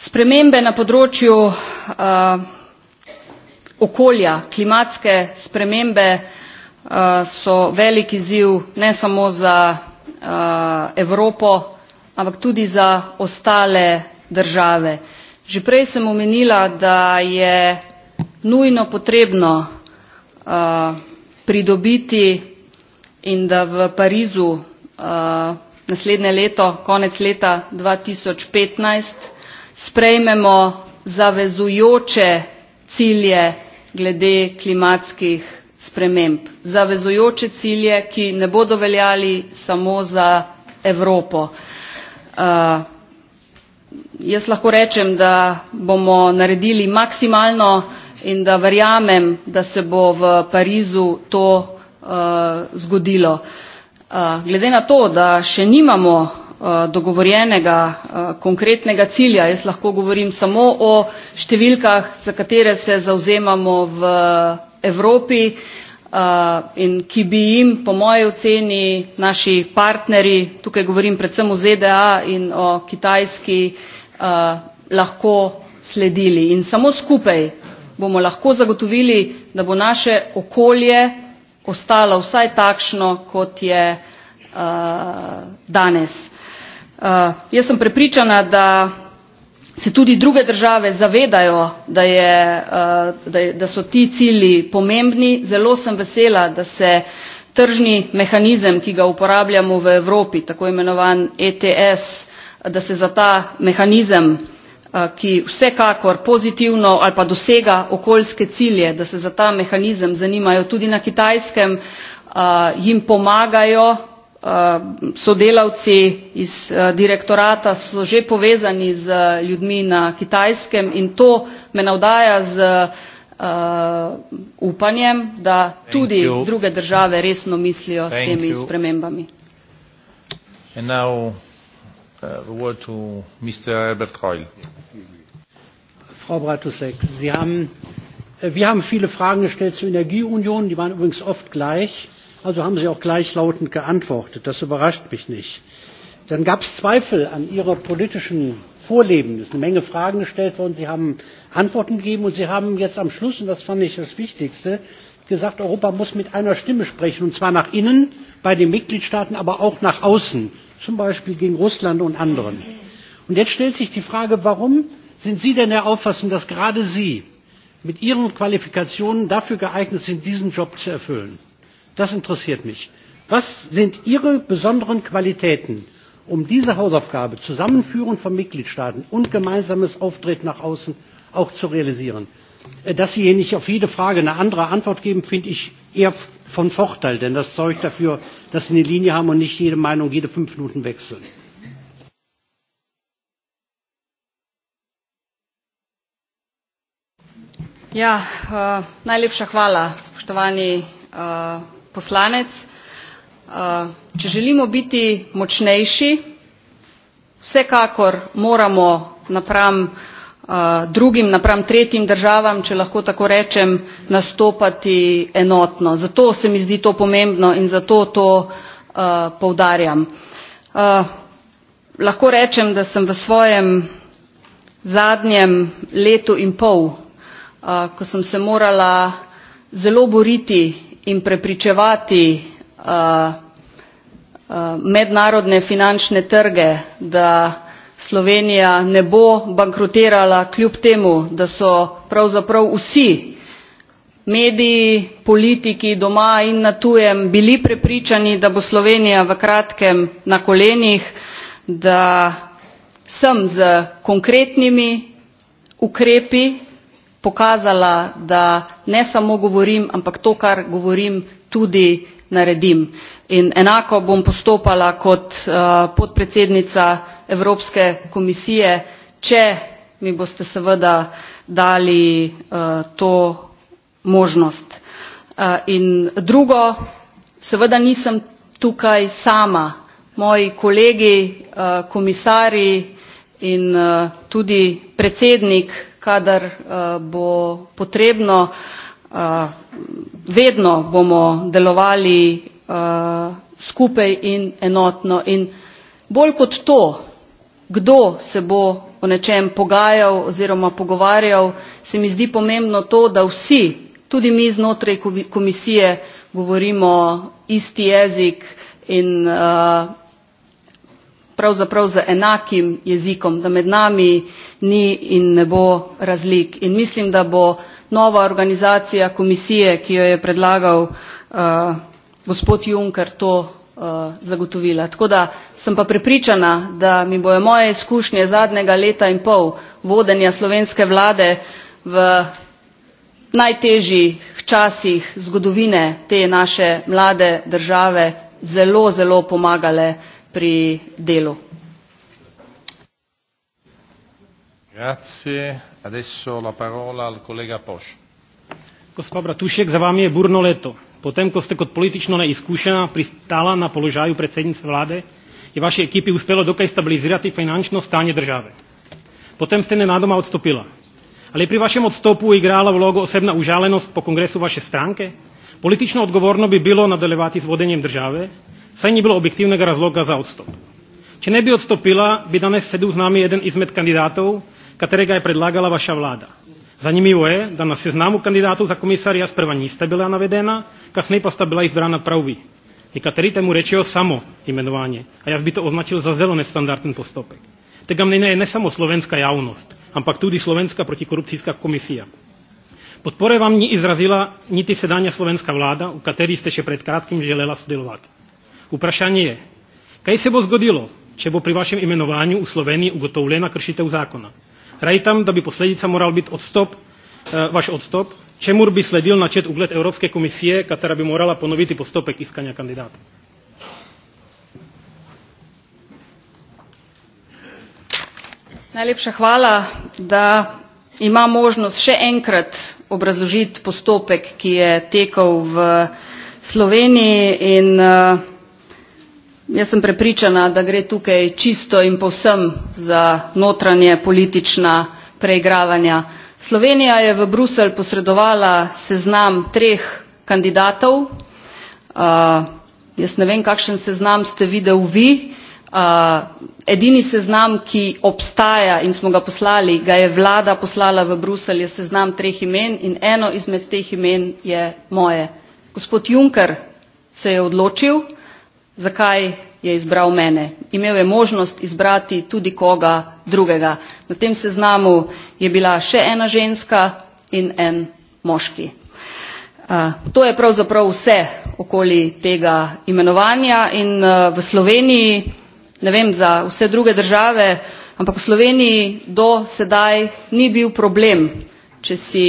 Spremembe na področju uh, okolja, klimatske spremembe uh, so veliki ziv ne samo za uh, Evropo, ampak tudi za ostale države. Že prej sem omenila, da je nujno potrebno uh, pridobiti in da v Parizu uh, naslednje leto, konec leta 2015, sprejmemo zavezujoče cilje glede klimatskih sprememb. Zavezujoče cilje, ki ne bodo veljali samo za Evropo. Uh, jaz lahko rečem, da bomo naredili maksimalno in da verjamem, da se bo v Parizu to uh, zgodilo. Uh, glede na to, da še nimamo Eh, dogovorjenega eh, konkretnega cilja. Jaz lahko govorim samo o številkah, za katere se zauzemamo v eh, Evropi in ki bi jim, po moji oceni, naši partneri, tukaj govorim predvsem o ZDA in o Kitajski, lahko sledili. In samo skupaj bomo lahko zagotovili, da bo naše okolje ostalo vsaj takšno, kot je danes. Eh, jaz sem prepričana, da se tudi druge države zavedajo, da, je, uh, da, je, da so ti cilji pomembni. Zelo sem vesela, da se tržni mehanizem, ki ga uporabljamo v Evropi, tako imenovan ETS, da se za ta mehanizem eh, ki vsekakor pozitivno ali pa dosega okoljske cilje, da se za ta mehanizem zanimajo tudi na kitajskem, jim pomagajo Eh, sodelavci iz eh, direktorata so že povezani z eh, ljudmi na kitajskem in to me navdaja z uh, upanjem, da Thank tudi you. druge države resno mislijo Thank s temi you. spremembami. Uh, Frau Bratusek, Sie haben, äh, wir haben viele Fragen gestellt zur Energieunion, die waren übrigens oft gleich. Also haben Sie auch gleichlautend geantwortet. Das überrascht mich nicht. Dann gab es Zweifel an Ihrer politischen Vorleben. Es ist eine Menge Fragen gestellt worden. Sie haben Antworten gegeben und Sie haben jetzt am Schluss, und das fand ich das Wichtigste, gesagt, Europa muss mit einer Stimme sprechen, und zwar nach innen, bei den Mitgliedstaaten, aber auch nach außen, zum Beispiel gegen Russland und anderen. Und jetzt stellt sich die Frage, warum sind Sie denn der Auffassung, dass gerade Sie mit Ihren Qualifikationen dafür geeignet sind, diesen Job zu erfüllen? Das interessiert mich. Was sind Ihre besonderen Qualitäten, um diese Hausaufgabe Zusammenführen von Mitgliedstaaten und gemeinsames Auftreten nach außen auch zu realisieren? Äh, dass Sie hier nicht auf jede Frage eine andere Antwort geben, finde ich eher von Vorteil, denn das zeugt dafür, dass Sie eine Linie haben und nicht jede Meinung jede fünf Minuten wechseln. Ja, äh, najlepša hvala, spoštovani äh, poslanec, eh, če želimo biti močnejši, vsekakor moramo napram eh, drugim, napram tretjim državam, če lahko tako rečem, nastopati enotno. Zato se mi zdi to pomembno in zato to eh, poudarjam. Lahko rečem, da sem v svojem zadnjem letu in pol, ko sem se morala zelo boriti in prepričevati uh, uh, mednarodne finančne trge, da Slovenija ne bo bankrotirala kljub temu, da so pravzaprav vsi mediji, politiki doma in na tujem bili prepričani, da bo Slovenija v kratkem na kolenih, da sem z konkretnimi ukrepi pokazala, da ne samo govorim, ampak to, kar govorim, tudi naredim. In enako bom postopala kot uh, podpredsednica Evropske komisije, če mi boste seveda dali uh, to možnost. Uh, in drugo, seveda nisem tukaj sama. Moji kolegi, uh, komisari in uh, tudi predsednik kadar eh, bo potrebno. Eh, vedno bomo delovali eh, skupaj in enotno in bolj kot to, kdo se bo o nečem pogajal oziroma pogovarjal, se mi zdi pomembno to, da vsi, tudi mi znotraj komisije, govorimo isti jezik in uh, pravzaprav za enakim jezikom, da med nami ni in ne bo razlik. In mislim, da bo nova organizacija komisije, ki jo je predlagal uh, gospod Juncker, to uh, zagotovila. Tako da sem pa prepričana, da mi bojo moje izkušnje zadnjega leta in pol vodenja slovenske vlade v najtežjih časih zgodovine te naše mlade države zelo, zelo pomagale pri delu. Grazie. Adesso la parola al collega Posch. Gospa Bratušek, za vami je burno leto. Potem, ko ste kot politično neizkušena pristala na položaju predsednice vlade, je vaše ekipi uspelo dokaj stabilizirati finančno stanje države. Potem ste nenadoma odstopila. Ali pri vašem odstopu igrala vlogo osebna užalenost po kongresu vaše stranke? Politično odgovorno bi bilo nadaljevati s vodenjem države, se ní bylo objektivného razloga za odstop. Če ne bi odstopila, by danes sedl z nami jeden izmed kandidátov, katerega je predlagala vaša vlada. Zanimivo je, da na seznamu kandidatov za komisarja sprva niste bila navedena, kasneje pa sta bila izbrana prav vi. Nekateri temu rečejo samo imenovanje, a jaz bi to označil za zelo nestandarden postopek. Tega mnenja je ne samo slovenska javnost, ampak tudi slovenska protikorupcijska komisija. Podpore vam ni izrazila niti sedanja slovenska vlada, v kateri ste še pred kratkim želela sodelovati. Uprašanje je, kaj se bo zgodilo, če bo pri vašem imenovanju v Sloveniji ugotovljena kršitev zakona? Rajtam, da bi posledica moral biti odstop, eh, vaš odstop, čemu bi sledil načet ugled Evropske komisije, katera bi morala ponoviti postopek iskanja kandidata. Najlepša hvala, da ima možnost še enkrat obrazložiti postopek, ki je tekel v Sloveniji in uh, Jaz sem prepričana, da gre tukaj čisto in povsem za notranje politična preigravanja. Slovenija je v Bruselj posredovala seznam treh kandidatov. Uh, jaz ne vem, kakšen seznam ste videl vi. Uh, edini seznam, ki obstaja in smo ga poslali, ga je vlada poslala v Bruselj, je seznam treh imen in eno izmed teh imen je moje. Gospod Juncker se je odločil, zakaj je izbral mene. Imel je možnost izbrati tudi koga drugega. Na tem seznamu je bila še ena ženska in en moški. Uh, to je pravzaprav vse okoli tega imenovanja in uh, v Sloveniji, ne vem za vse druge države, ampak v Sloveniji do sedaj ni bil problem, če si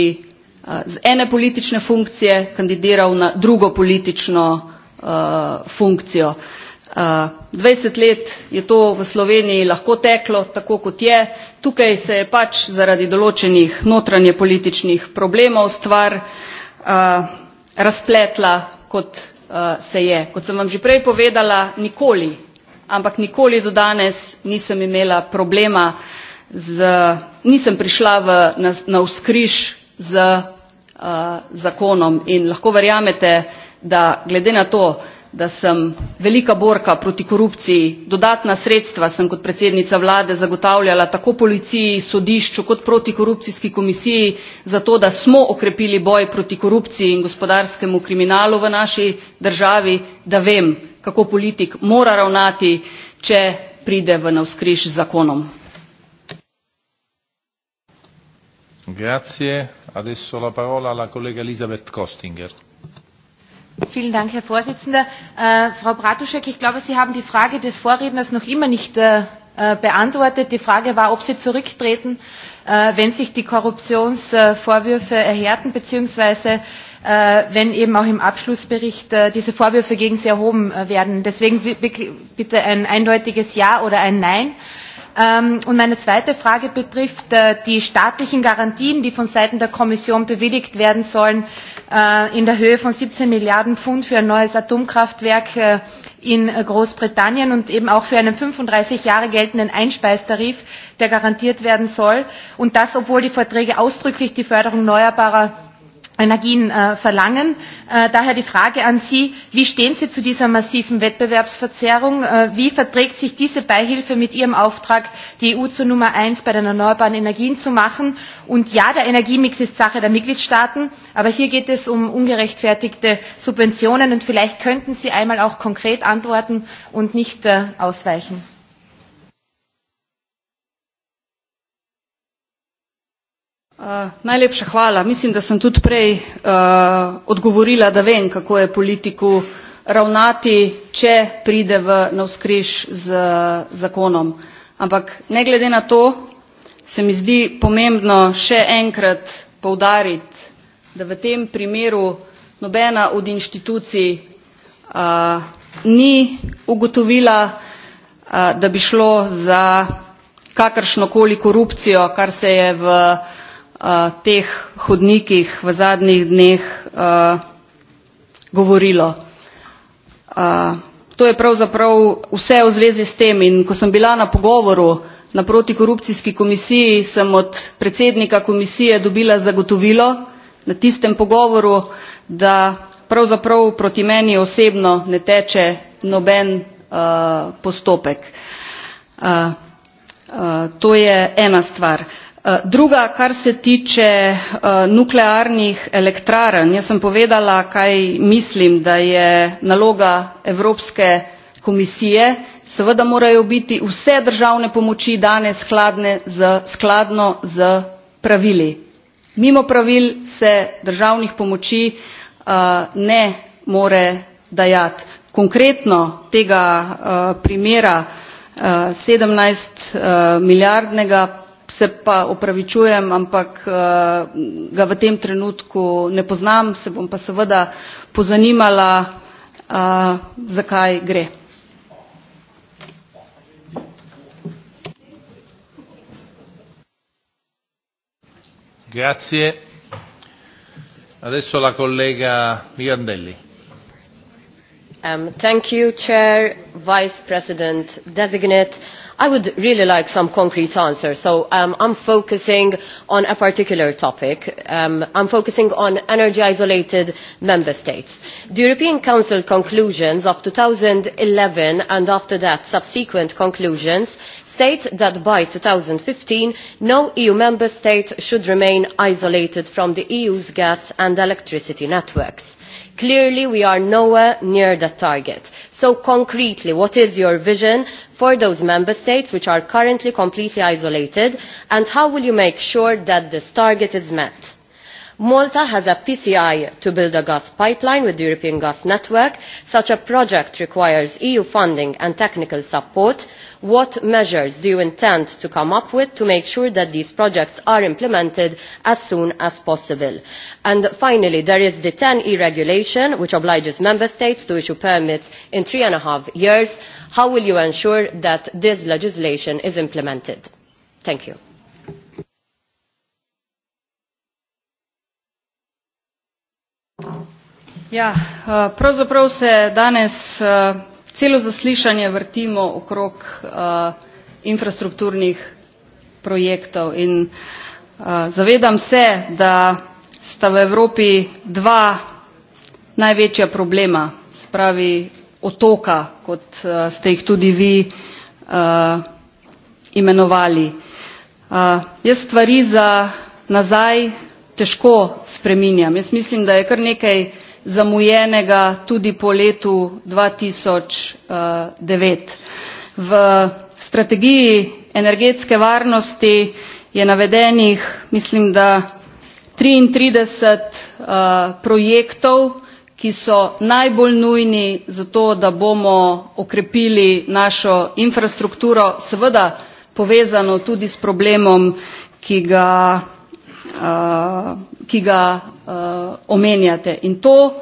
uh, z ene politične funkcije kandidiral na drugo politično Eh, funkcijo. 20 eh, let je to v Sloveniji lahko teklo tako kot je. Tukaj se je pač zaradi določenih notranje političnih problemov stvar eh, razpletla kot se je. Kot sem vam že prej povedala, nikoli, ampak nikoli do danes nisem imela problema z, nisem prišla v, na, na vzkriž z uh, zakonom in lahko verjamete, da glede na to, da sem velika borka proti korupciji, dodatna sredstva sem kot predsednica vlade zagotavljala tako policiji, sodišču kot protikorupcijski komisiji, zato da smo okrepili boj proti korupciji in gospodarskemu kriminalu v naši državi, da vem, kako politik mora ravnati, če pride v navskriž z zakonom. Grazie. Adesso la parola alla collega Elisabeth Kostinger. Vielen Dank, Herr Vorsitzender. Äh, Frau Bratuschek, ich glaube, Sie haben die Frage des Vorredners noch immer nicht äh, äh beantwortet. Die Frage war, ob Sie zurücktreten, äh, wenn sich die Korruptionsvorwürfe äh, erhärten, beziehungsweise äh, wenn eben auch im Abschlussbericht äh, diese Vorwürfe gegen Sie erhoben äh, werden. Deswegen bitte ein eindeutiges Ja oder ein Nein. Äh, Ähm, und meine zweite Frage betrifft äh, die staatlichen Garantien, die von Seiten der Kommission bewilligt werden sollen, äh, in der Höhe von 17 Milliarden Pfund für ein neues Atomkraftwerk äh, in Großbritannien und eben auch für einen 35 Jahre geltenden Einspeistarif, der garantiert werden soll. Und das, obwohl die Verträge ausdrücklich die Förderung erneuerbarer Energien äh, verlangen. Äh, daher die Frage an Sie, wie stehen Sie zu dieser massiven Wettbewerbsverzerrung? Äh, wie verträgt sich diese Beihilfe mit Ihrem Auftrag, die EU zur Nummer eins bei den erneuerbaren Energien zu machen? Und ja, der Energiemix ist Sache der Mitgliedstaaten, aber hier geht es um ungerechtfertigte Subventionen und vielleicht könnten Sie einmal auch konkret antworten und nicht äh, ausweichen. Eh, najlepša hvala. Mislim, da sem tudi prej uh, odgovorila, da vem, kako je politiku ravnati, če pride v navskriž z zakonom. Ampak ne glede na to, se mi zdi pomembno še enkrat poudariti, da v tem primeru nobena od inštitucij uh, ni ugotovila, uh, da bi šlo za kakršnokoli korupcijo, kar se je v uh, uh, teh hodnikih v zadnjih dneh uh, govorilo. Uh, to je pravzaprav vse v zvezi s tem in ko sem bila na pogovoru na protikorupcijski komisiji, sem od predsednika komisije dobila zagotovilo na tistem pogovoru, da pravzaprav proti meni osebno ne teče noben uh, postopek. Uh, uh, to je ena stvar. Uh, Eh, druga, kar se tiče eh, nuklearnih elektrarn, jaz sem povedala, kaj mislim, da je naloga Evropske komisije. Seveda morajo biti vse državne pomoči danes skladne z, skladno z pravili. Mimo pravil se državnih pomoči eh, ne more dajati. Konkretno tega primera 17 milijardnega se pa opravičujem, ampak uh, ga v tem trenutku ne poznam, se bom pa seveda pozanimala, uh, zakaj gre. Grazie. Adesso la collega Mirandelli. Um, thank you, Chair, Vice President, Designate. I would really like some concrete answers. So um, I'm focusing on a particular topic. Um, I'm focusing on energy-isolated member states. The European Council conclusions of 2011 and after that subsequent conclusions state that by 2015 no EU member state should remain isolated from the EU's gas and electricity networks clearly we are nowhere near that target. So concretely, what is your vision for those member states which are currently completely isolated and how will you make sure that this target is met? Malta has a PCI to build a gas pipeline with the European Gas Network. Such a project requires EU funding and technical support What measures do you intend to come up with to make sure that these projects are implemented as soon as possible? And finally, there is the 10E regulation, which obliges member states to issue permits in three and a half years. How will you ensure that this legislation is implemented? Thank you. Ja, eh, pravzaprav se danes eh, Celo zaslišanje vrtimo okrog uh, infrastrukturnih projektov in uh, zavedam se, da sta v Evropi dva največja problema, spravi otoka, kot uh, ste jih tudi vi uh, imenovali. Uh, jaz stvari za nazaj težko spreminjam. Jaz mislim, da je kar nekaj zamujenega tudi po letu 2009. Eh, v strategiji energetske varnosti je navedenih, mislim, da 33 uh, eh, projektov, ki so najbolj nujni za to, da bomo okrepili našo infrastrukturo, seveda povezano tudi s problemom, ki ga uh, ki ga uh, omenjate. In to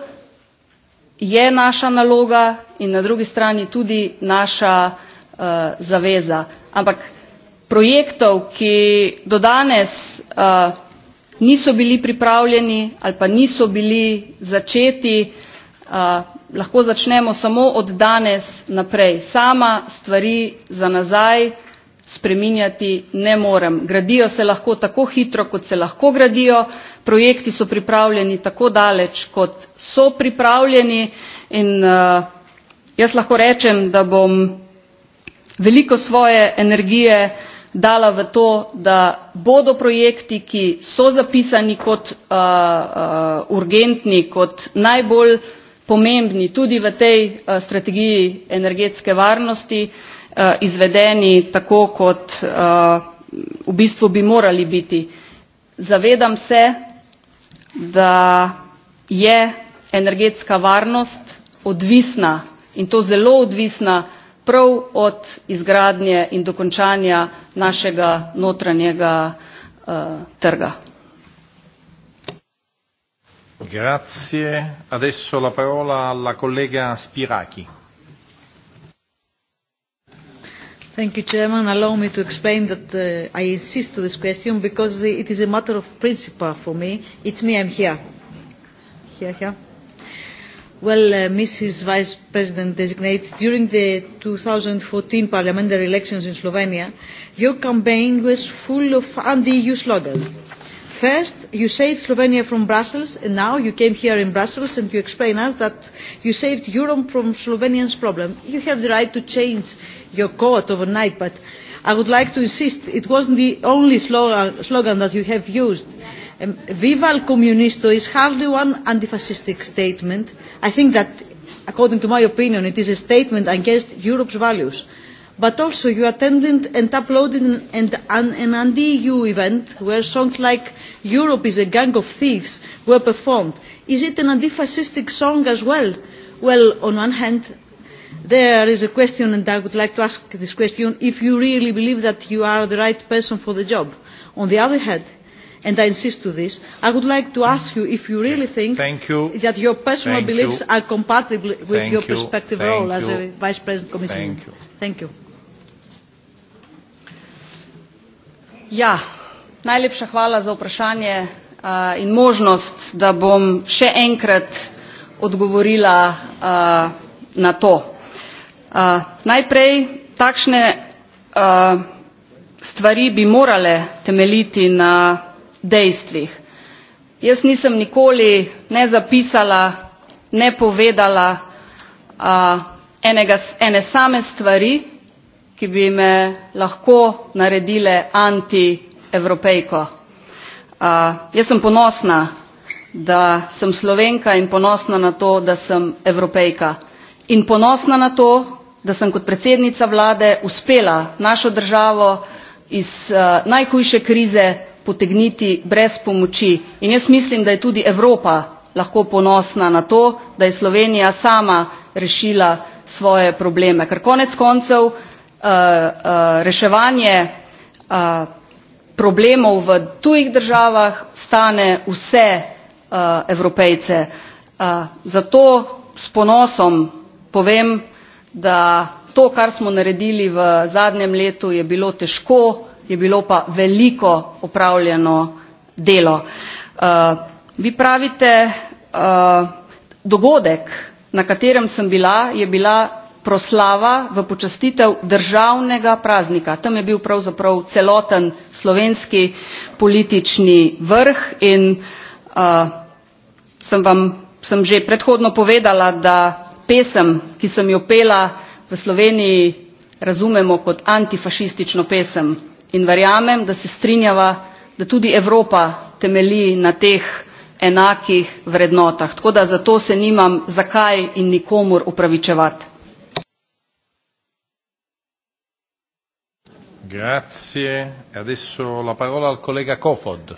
je naša naloga in na drugi strani tudi naša uh, zaveza. Ampak projektov, ki do danes uh, niso bili pripravljeni ali pa niso bili začeti, uh, lahko začnemo samo od danes naprej. Sama stvari za nazaj spreminjati ne morem. Gradijo se lahko tako hitro, kot se lahko gradijo, projekti so pripravljeni tako daleč, kot so pripravljeni in uh, jaz lahko rečem, da bom veliko svoje energije dala v to, da bodo projekti, ki so zapisani kot uh, uh, urgentni, kot najbolj pomembni tudi v tej uh, strategiji energetske varnosti, Eh, izvedeni tako, kot eh, v bistvu bi morali biti. Zavedam se, da je energetska varnost odvisna in to zelo odvisna prav od izgradnje in dokončanja našega notranjega uh, trga. Grazie. Adesso la parola alla collega Spiraki. Thank you, Chairman. Allow me to explain that uh, I insist to this question because it is a matter of principle for me. It's me, I'm here. Here, here. Well, uh, Mrs. Vice President designate, during the 2014 parliamentary elections in Slovenia, your campaign was full of anti-EU slogans First, you saved Slovenia from Brussels, and now you came here in Brussels and you explain us that you saved Europe from Slovenians' problem. You have the right to change your court overnight, but I would like to insist it wasn't the only slogan that you have used. Um, Viva el comunisto is hardly one anti-fascistic statement. I think that, according to my opinion, it is a statement against Europe's values but also you attended and uploaded an, an, an, anti-EU event where songs like Europe is a gang of thieves were performed. Is it an anti-fascistic song as well? Well, on one hand, there is a question and I would like to ask this question if you really believe that you are the right person for the job. On the other hand, and I insist to this, I would like to ask you if you really think Thank you. that your personal Thank beliefs you. are compatible with Thank your you. prospective Thank role you. as a Vice President Commissioner. Thank you. Thank you. Ja, najlepša hvala za vprašanje uh, in možnost, da bom še enkrat odgovorila uh, na to. Uh, najprej takšne uh, stvari bi morale temeljiti na dejstvih. Jaz nisem nikoli ne zapisala, ne povedala uh, enega, ene same stvari, ki bi me lahko naredile anti-evropejko. Uh, jaz sem ponosna, da sem slovenka in ponosna na to, da sem evropejka. In ponosna na to, da sem kot predsednica vlade uspela našo državo iz uh, najhujše krize potegniti brez pomoči. In jaz mislim, da je tudi Evropa lahko ponosna na to, da je Slovenija sama rešila svoje probleme. Ker konec koncev Eh, eh, reševanje eh, problemov v tujih državah stane vse evropejce. Zato s ponosom povem, da to, kar smo naredili v zadnjem letu, je bilo težko, je bilo pa veliko opravljeno delo. Vi pravite, dogodek, na katerem sem bila, je bila proslava v počastitev državnega praznika. Tam je bil pravzaprav celoten slovenski politični vrh in uh, sem vam sem že predhodno povedala, da pesem, ki sem jo pela v Sloveniji, razumemo kot antifašistično pesem in verjamem, da se strinjava, da tudi Evropa temelji na teh enakih vrednotah. Tako da zato se nimam zakaj in nikomur upravičevati. Grazie. E adesso la parola al collega Kofod.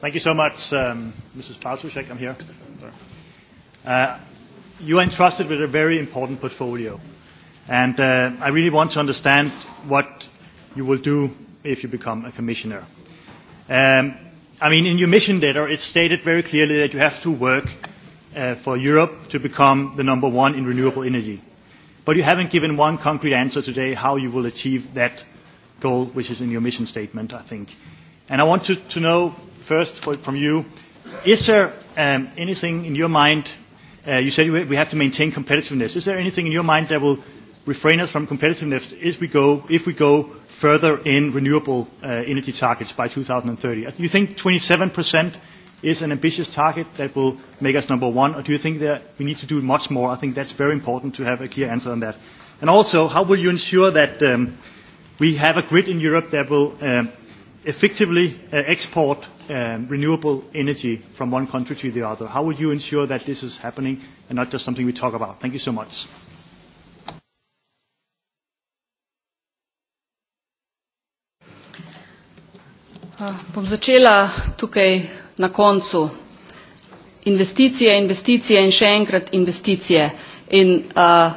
Thank you so much, um, Mrs. Paltrushek. I'm here. Uh, you are entrusted with a very important portfolio. And uh, I really want to understand what you will do if you become a commissioner. Um, I mean, in your mission letter, it's stated very clearly that you have to work uh, for Europe to become the number one in renewable energy. But you haven't given one concrete answer today how you will achieve that goal, which is in your mission statement, I think. And I want to, to know first for, from you, is there um, anything in your mind, uh, you said we have to maintain competitiveness, is there anything in your mind that will refrain us from competitiveness if we go, if we go further in renewable uh, energy targets by 2030? You think 27% is an ambitious target that will make us number one, or do you think that we need to do much more? I think that's very important to have a clear answer on that. And also, how will you ensure that um, we have a grid in Europe that will um, effectively uh, export um, renewable energy from one country to the other? How will you ensure that this is happening and not just something we talk about? Thank you so much. Uh, bom začela tukaj na koncu investicije, investicije in še enkrat investicije. In uh,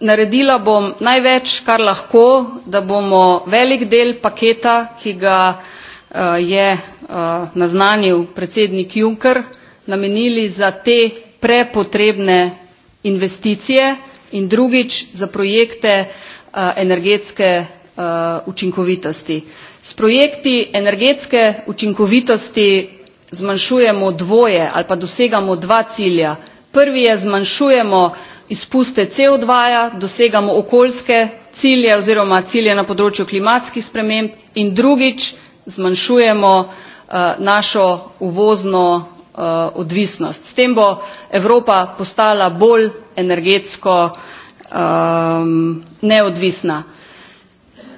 naredila bom največ, kar lahko, da bomo velik del paketa, ki ga uh, je uh, naznanil predsednik Juncker, namenili za te prepotrebne investicije in drugič za projekte uh, energetske uh, učinkovitosti. S projekti energetske učinkovitosti zmanjšujemo dvoje ali pa dosegamo dva cilja. Prvi je zmanjšujemo izpuste CO2, -ja, dosegamo okoljske cilje oziroma cilje na področju klimatskih sprememb in drugič zmanjšujemo uh, našo uvozno uh, odvisnost. S tem bo Evropa postala bolj energetsko um, neodvisna.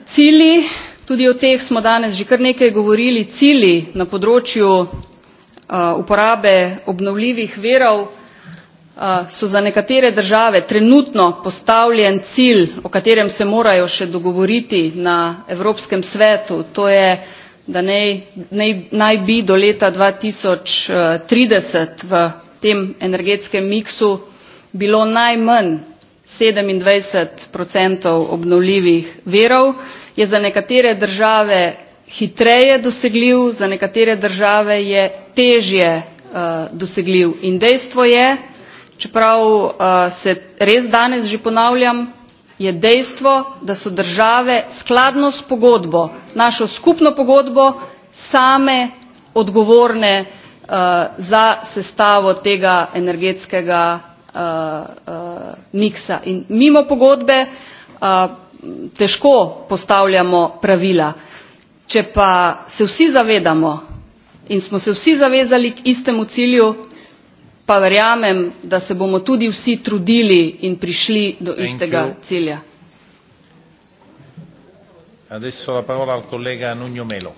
Cili Tudi o teh smo danes že kar nekaj govorili, cili na področju uh, uporabe obnovljivih verov uh, so za nekatere države trenutno postavljen cilj, o katerem se morajo še dogovoriti na Evropskem svetu. To je, da nej, nej, naj bi do leta 2030 v tem energetskem miksu bilo najmanj 27 obnovljivih verov je za nekatere države hitreje dosegljiv, za nekatere države je težje uh, dosegljiv. In dejstvo je, čeprav uh, se res danes že ponavljam, je dejstvo, da so države skladno s pogodbo, našo skupno pogodbo, same odgovorne uh, za sestavo tega energetskega uh, uh, miksa. In mimo pogodbe uh, težko postavljamo pravila. Če pa se vsi zavedamo in smo se vsi zavezali k istemu cilju, pa verjamem, da se bomo tudi vsi trudili in prišli do Thank istega you. cilja. Adesso la parola al collega Nuno Melo.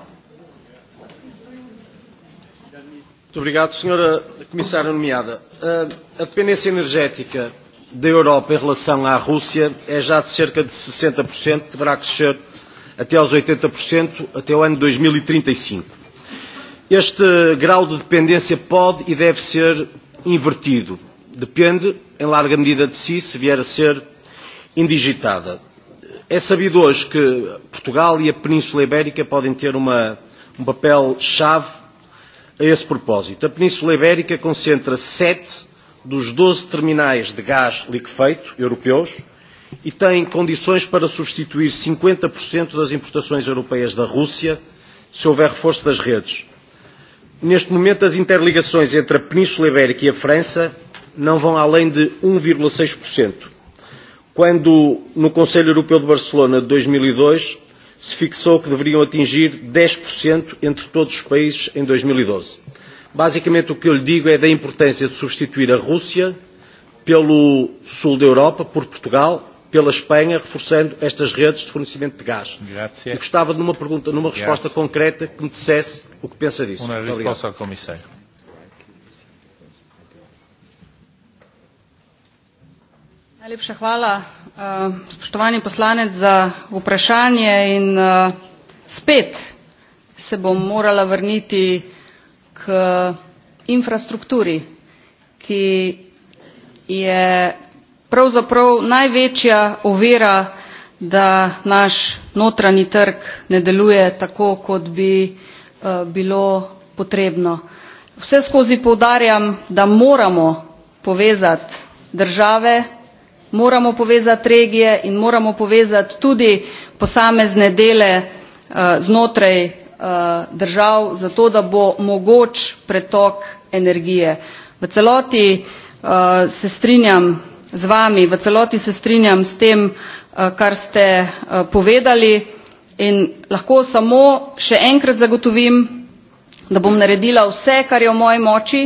Muito obrigado, Sra. Comissária Nomeada. Uh, A dependência energética da Europa em relação à Rússia é já de cerca de 60%, que deverá crescer até aos 80% até o ano 2035. E e este grau de dependência pode e deve ser invertido. Depende, em larga medida, de si, se vier a ser indigitada. É sabido hoje que Portugal e a Península Ibérica podem ter uma, um papel-chave a esse propósito. A Península Ibérica concentra sete dos 12 terminais de gás liquefeito europeus e tem condições para substituir 50% das importações europeias da Rússia se houver reforço das redes. Neste momento, as interligações entre a Península Ibérica e a França não vão além de 1,6%, um quando no Conselho Europeu de Barcelona de 2002 e se fixou que deveriam atingir 10% entre todos os países em 2012. Basicamente o que eu lhe digo é da importância de substituir a Rússia pelo sul da Europa, por Portugal, pela Espanha, reforçando estas redes de fornecimento de gás. Grazie. E gostava de uma pergunta, numa resposta Grazie. concreta que me dissesse o que pensa disso. Uma resposta Obrigado. ao Comissário. Najlepša hvala, uh, spoštovani poslanec, za vprašanje in uh, spet se bom morala vrniti k eh, infrastrukturi, ki je pravzaprav največja ovira, da naš notranji trg ne deluje tako, kot bi uh, bilo potrebno. Vse skozi povdarjam, da moramo povezati države, moramo povezati regije in moramo povezati tudi posamezne dele uh, znotraj Eh, držav, za to, da bo mogoč pretok energije. V celoti eh, se strinjam z vami, v celoti se strinjam s tem, eh, kar ste povedali in lahko samo še enkrat zagotovim, da bom naredila vse, kar je v moji moči,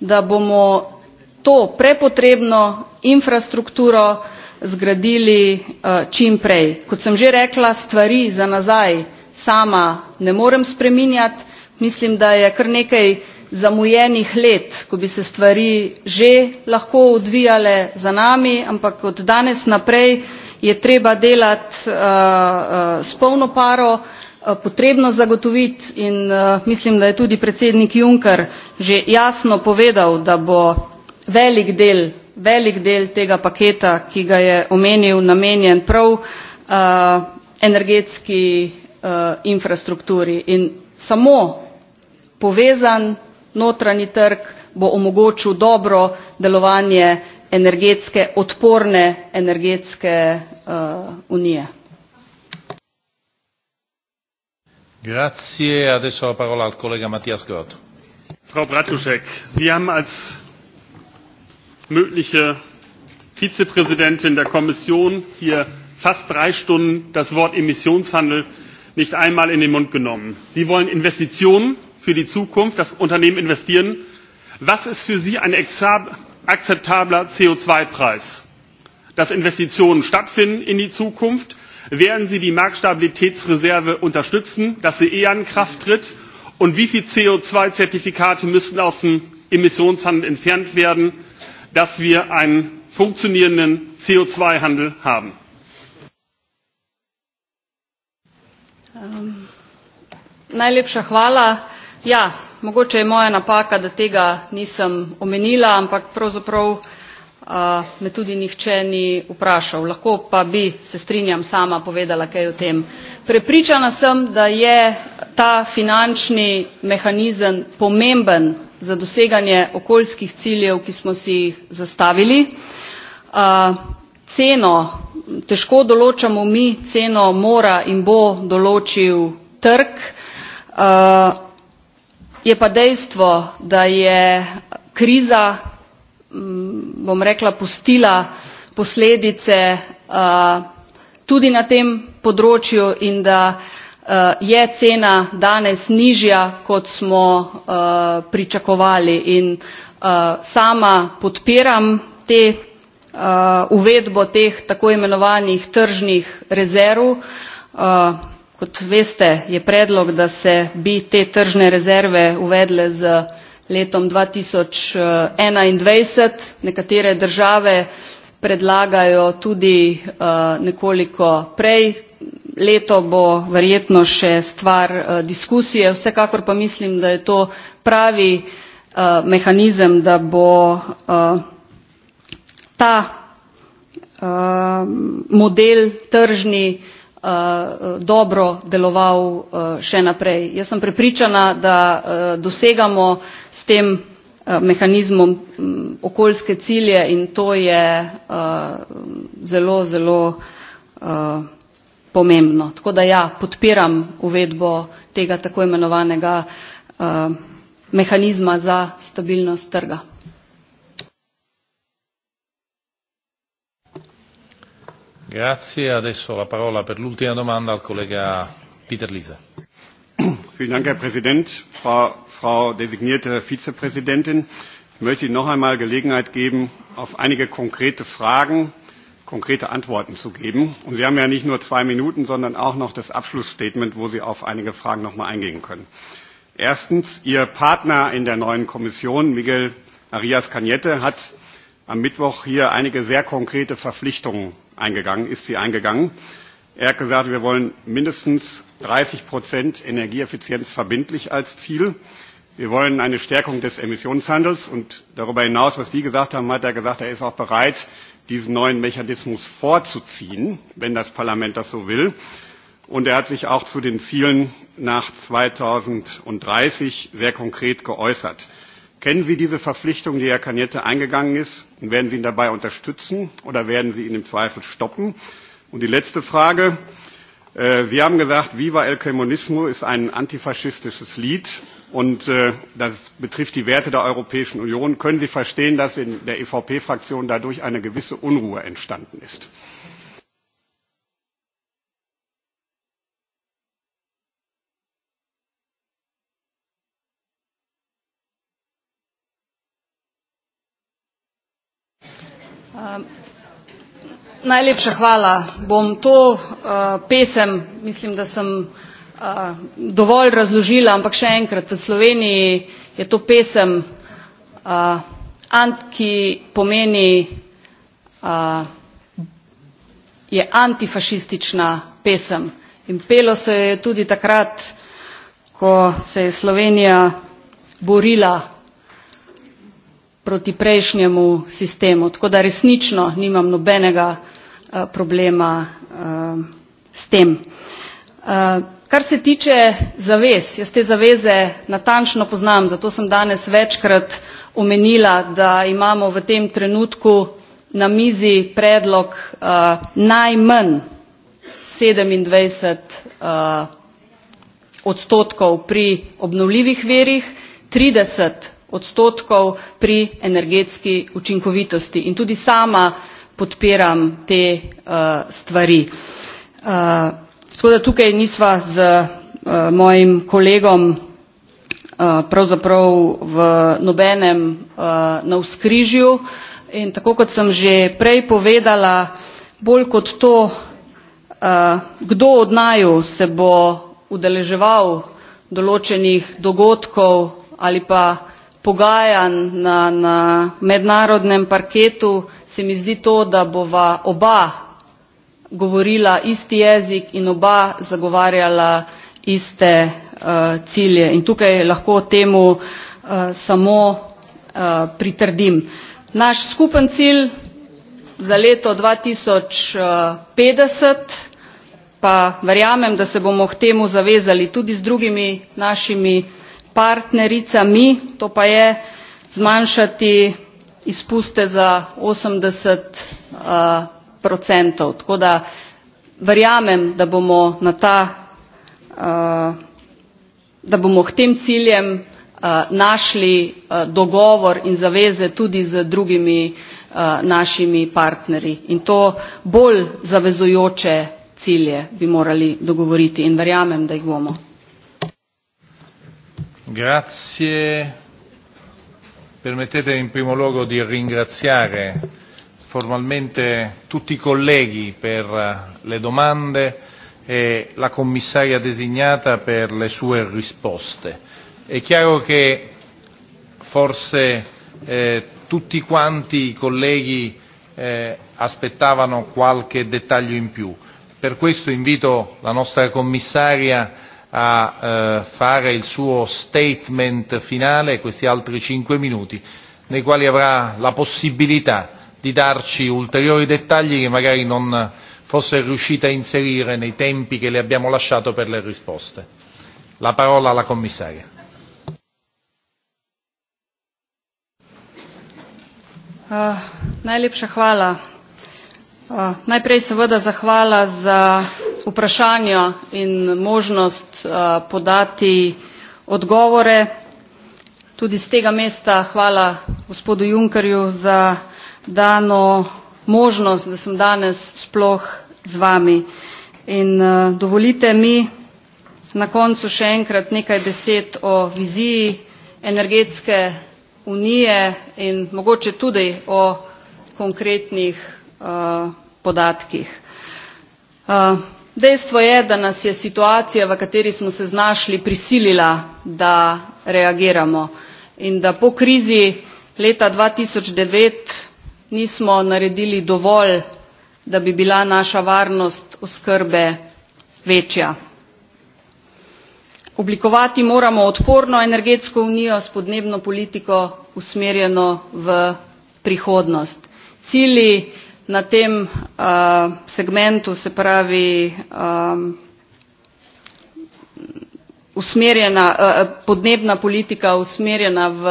da bomo to prepotrebno infrastrukturo zgradili čim prej. Kot sem že rekla, stvari za nazaj sama ne morem spreminjati. Mislim, da je kar nekaj zamujenih let, ko bi se stvari že lahko odvijale za nami, ampak od danes naprej je treba delati uh, uh, s polno paro, eh, potrebno zagotoviti in uh, mislim, da je tudi predsednik Juncker že jasno povedal, da bo velik del, velik del tega paketa, ki ga je omenil, namenjen prav uh, energetski Eh, infrastrukturi in samo povezan notranji trg bo omogočil dobro delovanje energetske, odporne energetske uh, unije. Grazie, adesso la parola al collega Mattias Gott. Frau Bratuschek, Sie haben als mögliche Vizepräsidentin der Kommission hier fast drei Stunden das Wort Emissionshandel nicht einmal in den Mund genommen. Sie wollen Investitionen für die Zukunft, dass Unternehmen investieren. Was ist für Sie ein akzeptabler CO2-Preis? Dass Investitionen stattfinden in die Zukunft? Werden Sie die Marktstabilitätsreserve unterstützen, dass sie eher in Kraft tritt? Und wie viele CO2-Zertifikate müssen aus dem Emissionshandel entfernt werden, dass wir einen funktionierenden CO2-Handel haben? Um, najlepša hvala. Ja, mogoče je moja napaka, da tega nisem omenila, ampak pravzaprav Uh, me tudi nihče ni vprašal. Lahko pa bi, se strinjam sama, povedala kaj o tem. Prepričana sem, da je ta finančni mehanizem pomemben za doseganje okoljskih ciljev, ki smo si jih zastavili. Uh, ceno težko določamo mi, ceno mora in bo določil trg. Uh, je pa dejstvo, da je kriza, mm, bom rekla, pustila posledice uh, tudi na tem področju in da uh, je cena danes nižja, kot smo uh, pričakovali. In sama podpiram te Uh, uvedbo teh tako imenovanih tržnih rezerv. Uh, kot veste, je predlog, da se bi te tržne rezerve uvedle z letom 2021. Eh, Nekatere države predlagajo tudi uh, nekoliko prej. Leto bo verjetno še stvar uh, diskusije, vsekakor pa mislim, da je to pravi uh, mehanizem, da bo uh, ta uh, model tržni uh, dobro deloval uh, še naprej. Jaz sem prepričana, da uh, dosegamo s tem uh, mehanizmom um, okoljske cilje in to je uh, zelo, zelo uh, pomembno. Tako da ja, podpiram uvedbo tega tako imenovanega uh, mehanizma za stabilnost trga. Grazie, adesso la parola per l'ultima domanda al collega Peter Lisa. Vielen Dank, Herr Präsident, Frau, Frau designierte Vizepräsidentin. Ich möchte Ihnen noch einmal Gelegenheit geben, auf einige konkrete Fragen konkrete Antworten zu geben. Und Sie haben ja nicht nur zwei Minuten, sondern auch noch das Abschlussstatement, wo Sie auf einige Fragen noch mal eingehen können. Erstens, Ihr Partner in der neuen Kommission, Miguel Arias Cañete, hat am Mittwoch hier einige sehr konkrete Verpflichtungen eingegangen, ist sie eingegangen. Er hat gesagt, wir wollen mindestens 30 Prozent Energieeffizienz verbindlich als Ziel. Wir wollen eine Stärkung des Emissionshandels und darüber hinaus, was Sie gesagt haben, hat er gesagt, er ist auch bereit, diesen neuen Mechanismus vorzuziehen, wenn das Parlament das so will. Und er hat sich auch zu den Zielen nach 2030 sehr konkret geäußert. Kennen Sie diese Verpflichtung, die Herr Cagnette eingegangen ist, und werden Sie ihn dabei unterstützen oder werden Sie ihn im Zweifel stoppen? Und die letzte Frage. Äh, Sie haben gesagt, Viva el Comunismo ist ein antifaschistisches Lied und äh, das betrifft die Werte der Europäischen Union. Können Sie verstehen, dass in der EVP-Fraktion dadurch eine gewisse Unruhe entstanden ist? Najlepša hvala. Bom to uh, pesem, mislim, da sem uh, dovolj razložila, ampak še enkrat, v Sloveniji je to pesem uh, ant, ki pomeni, uh, je antifašistična pesem. In pelo se je tudi takrat, ko se je Slovenija borila proti prejšnjemu sistemu. Tako da resnično nimam nobenega uh, problema uh, s tem. Uh, kar se tiče zavez, jaz te zaveze natančno poznam, zato sem danes večkrat omenila, da imamo v tem trenutku na mizi predlog uh, najmanj 27 uh, odstotkov pri obnovljivih verjih, 30 odstotkov pri energetski učinkovitosti. In tudi sama podpiram te uh, stvari. Uh, tako da tukaj nisva z uh, mojim kolegom pravzaprav v nobenem na navskrižju in tako kot sem že prej povedala, bolj kot to, kdo od naju se bo udeleževal določenih dogodkov ali pa pogajanj na, na mednarodnem parketu, se mi zdi to, da bova oba govorila isti jezik in oba zagovarjala iste uh, cilje. In tukaj lahko temu uh, samo uh, pritrdim. Naš skupen cilj za leto 2050 pa verjamem, da se bomo k temu zavezali tudi z drugimi našimi partnericami, to pa je zmanjšati izpuste za 80 uh, procentov. Tako da verjamem, da bomo na ta, uh, da bomo k tem ciljem uh, našli uh, dogovor in zaveze tudi z drugimi uh, našimi partnerji. In to bolj zavezujoče cilje bi morali dogovoriti in verjamem, da jih bomo. Grazie. Permettete in primo luogo di ringraziare formalmente tutti i colleghi per le domande e la commissaria designata per le sue risposte. È chiaro che forse eh, tutti quanti i colleghi eh, aspettavano qualche dettaglio in più. Per questo invito la nostra commissaria a eh, fare il suo statement finale, questi altri cinque minuti, nei quali avrà la possibilità di darci ulteriori dettagli che magari non fosse riuscita a inserire nei tempi che le abbiamo lasciato per le risposte. La parola alla commissaria. Uh, najlepša hvala. Uh, najprej seveda zahvala za vprašanja in možnost uh, podati odgovore. Tudi z tega mesta hvala gospodu Junkerju za dano možnost, da sem danes sploh z vami. In uh, dovolite mi na koncu še enkrat nekaj besed o viziji energetske unije in mogoče tudi o konkretnih uh, podatkih. Uh, Dejstvo je, da nas je situacija, v kateri smo se znašli, prisilila, da reagiramo in da po krizi leta 2009 nismo naredili dovolj, da bi bila naša varnost oskrbe večja. Oblikovati moramo odporno energetsko unijo s podnebno politiko usmerjeno v prihodnost. Cili na tem uh, segmentu, se pravi um, usmerjena, uh, podnebna politika usmerjena v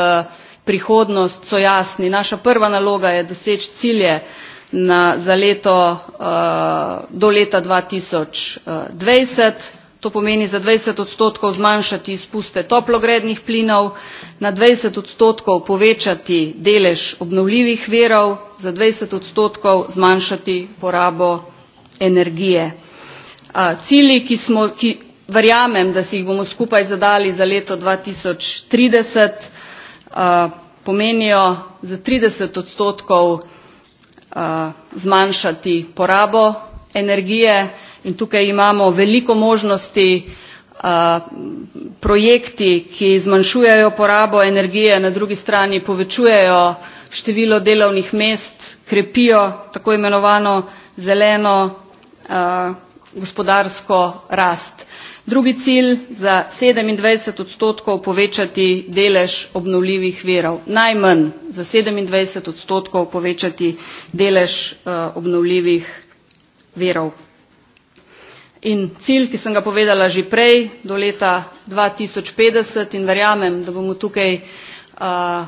prihodnost so jasni. Naša prva naloga je doseči cilje na, za leto uh, do leta 2020 To pomeni za 20 odstotkov zmanjšati izpuste toplogrednih plinov, na 20 odstotkov povečati delež obnovljivih verov, za 20 odstotkov zmanjšati porabo energije. Cilji, ki, smo, ki verjamem, da si jih bomo skupaj zadali za leto 2030, pomenijo za 30 odstotkov zmanjšati porabo energije, in tukaj imamo veliko možnosti Uh, projekti, ki zmanjšujejo porabo energije, na drugi strani povečujejo število delovnih mest, krepijo tako imenovano zeleno uh, gospodarsko rast. Drugi cilj za 27 odstotkov povečati delež obnovljivih virov. Najmanj za 27 odstotkov povečati delež uh, obnovljivih verov in cilj, ki sem ga povedala že prej, do leta 2050 in verjamem, da bomo tukaj uh,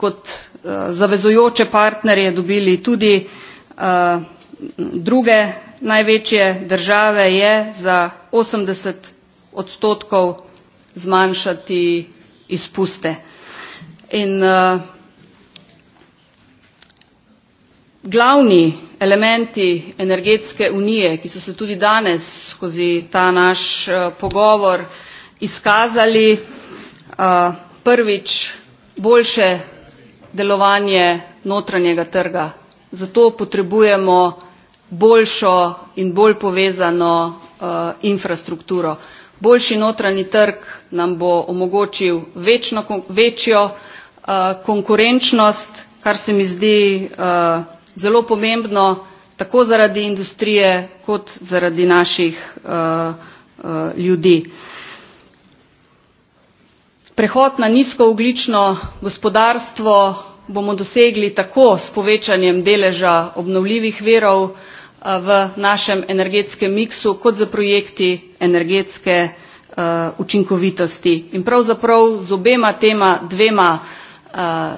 kot uh, zavezujoče partnerje dobili tudi uh, druge največje države je za 80 odstotkov zmanjšati izpuste. In uh, Glavni elementi energetske unije, ki so se tudi danes skozi ta naš uh, pogovor izkazali, uh, prvič boljše delovanje notranjega trga. Zato potrebujemo boljšo in bolj povezano uh, infrastrukturo. Boljši notranji trg nam bo omogočil večno, večjo uh, konkurenčnost, kar se mi zdi uh, zelo pomembno tako zaradi industrije kot zaradi naših uh, uh, ljudi. Prehod na nizkooglično gospodarstvo bomo dosegli tako s povečanjem deleža obnovljivih verov uh, eh, v našem energetskem miksu kot za projekti energetske učinkovitosti. In pravzaprav z obema tema dvema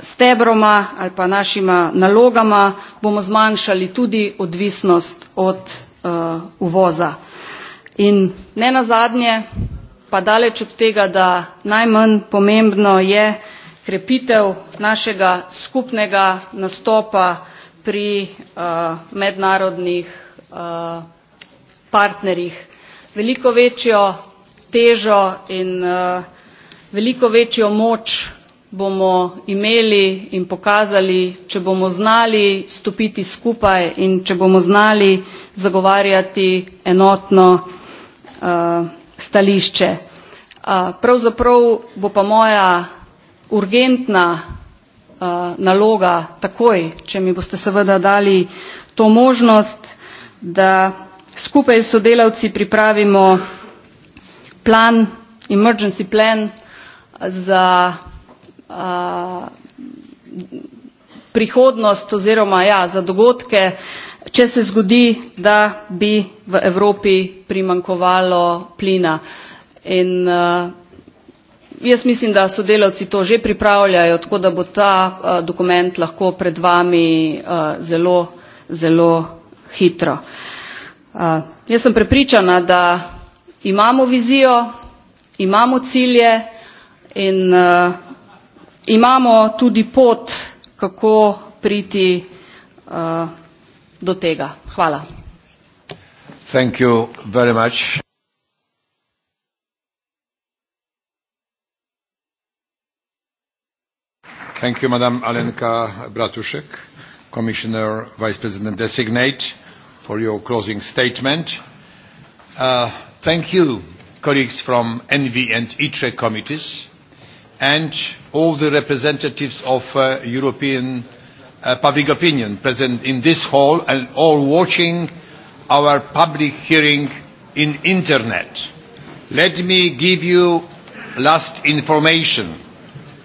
stebroma ali pa našima nalogama bomo zmanjšali tudi odvisnost od uh, uvoza. In ne nazadnje, pa daleč od tega, da najmanj pomembno je krepitev našega skupnega nastopa pri uh, mednarodnih uh, partnerjih. Veliko večjo težo in uh, veliko večjo moč bomo imeli in pokazali, če bomo znali stopiti skupaj in če bomo znali zagovarjati enotno uh, stališče. Uh, pravzaprav bo pa moja urgentna uh, naloga takoj, če mi boste seveda dali to možnost, da skupaj s sodelavci pripravimo plan, emergency plan za prihodnost oziroma ja, za dogodke, če se zgodi, da bi v Evropi primankovalo plina. In uh, jaz mislim, da sodelavci to že pripravljajo, tako da bo ta uh, dokument lahko pred vami uh, zelo, zelo hitro. Uh, jaz sem prepričana, da imamo vizijo, imamo cilje in uh, imamo tudi pot, kako priti uh, do tega. Hvala. Thank you very much. Thank you, Madam Alenka Bratushek, Commissioner Vice President Designate, for your closing statement. Uh, thank you, colleagues from Envy and ITRE committees and all the representatives of uh, European uh, public opinion present in this hall and all watching our public hearing in internet. Let me give you last information.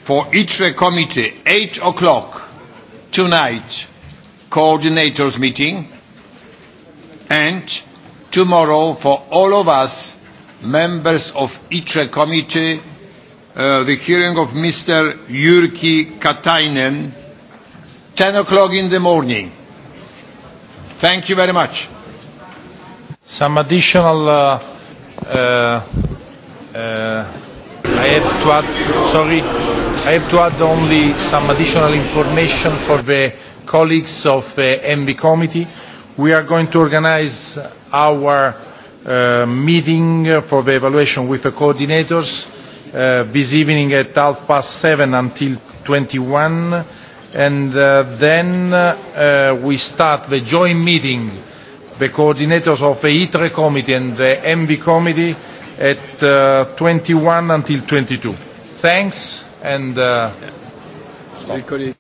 For ITRE committee, 8 o'clock tonight, coordinators meeting, and tomorrow for all of us, members of ITRE committee, Uh, the hearing of Mr. Jyrki Katainen, 10 o'clock in the morning. Thank you very much. Some additional uh, uh, uh, I have to add, sorry, I have to add only some additional information for the colleagues of the uh, MB committee. We are going to organize our uh, meeting for the evaluation with the coordinators uh, this evening at half past seven until 21, and uh, then uh, we start the joint meeting, the coordinators of the ITRE committee and the MV committee at uh, 21 until 22. Thanks, and uh, stop.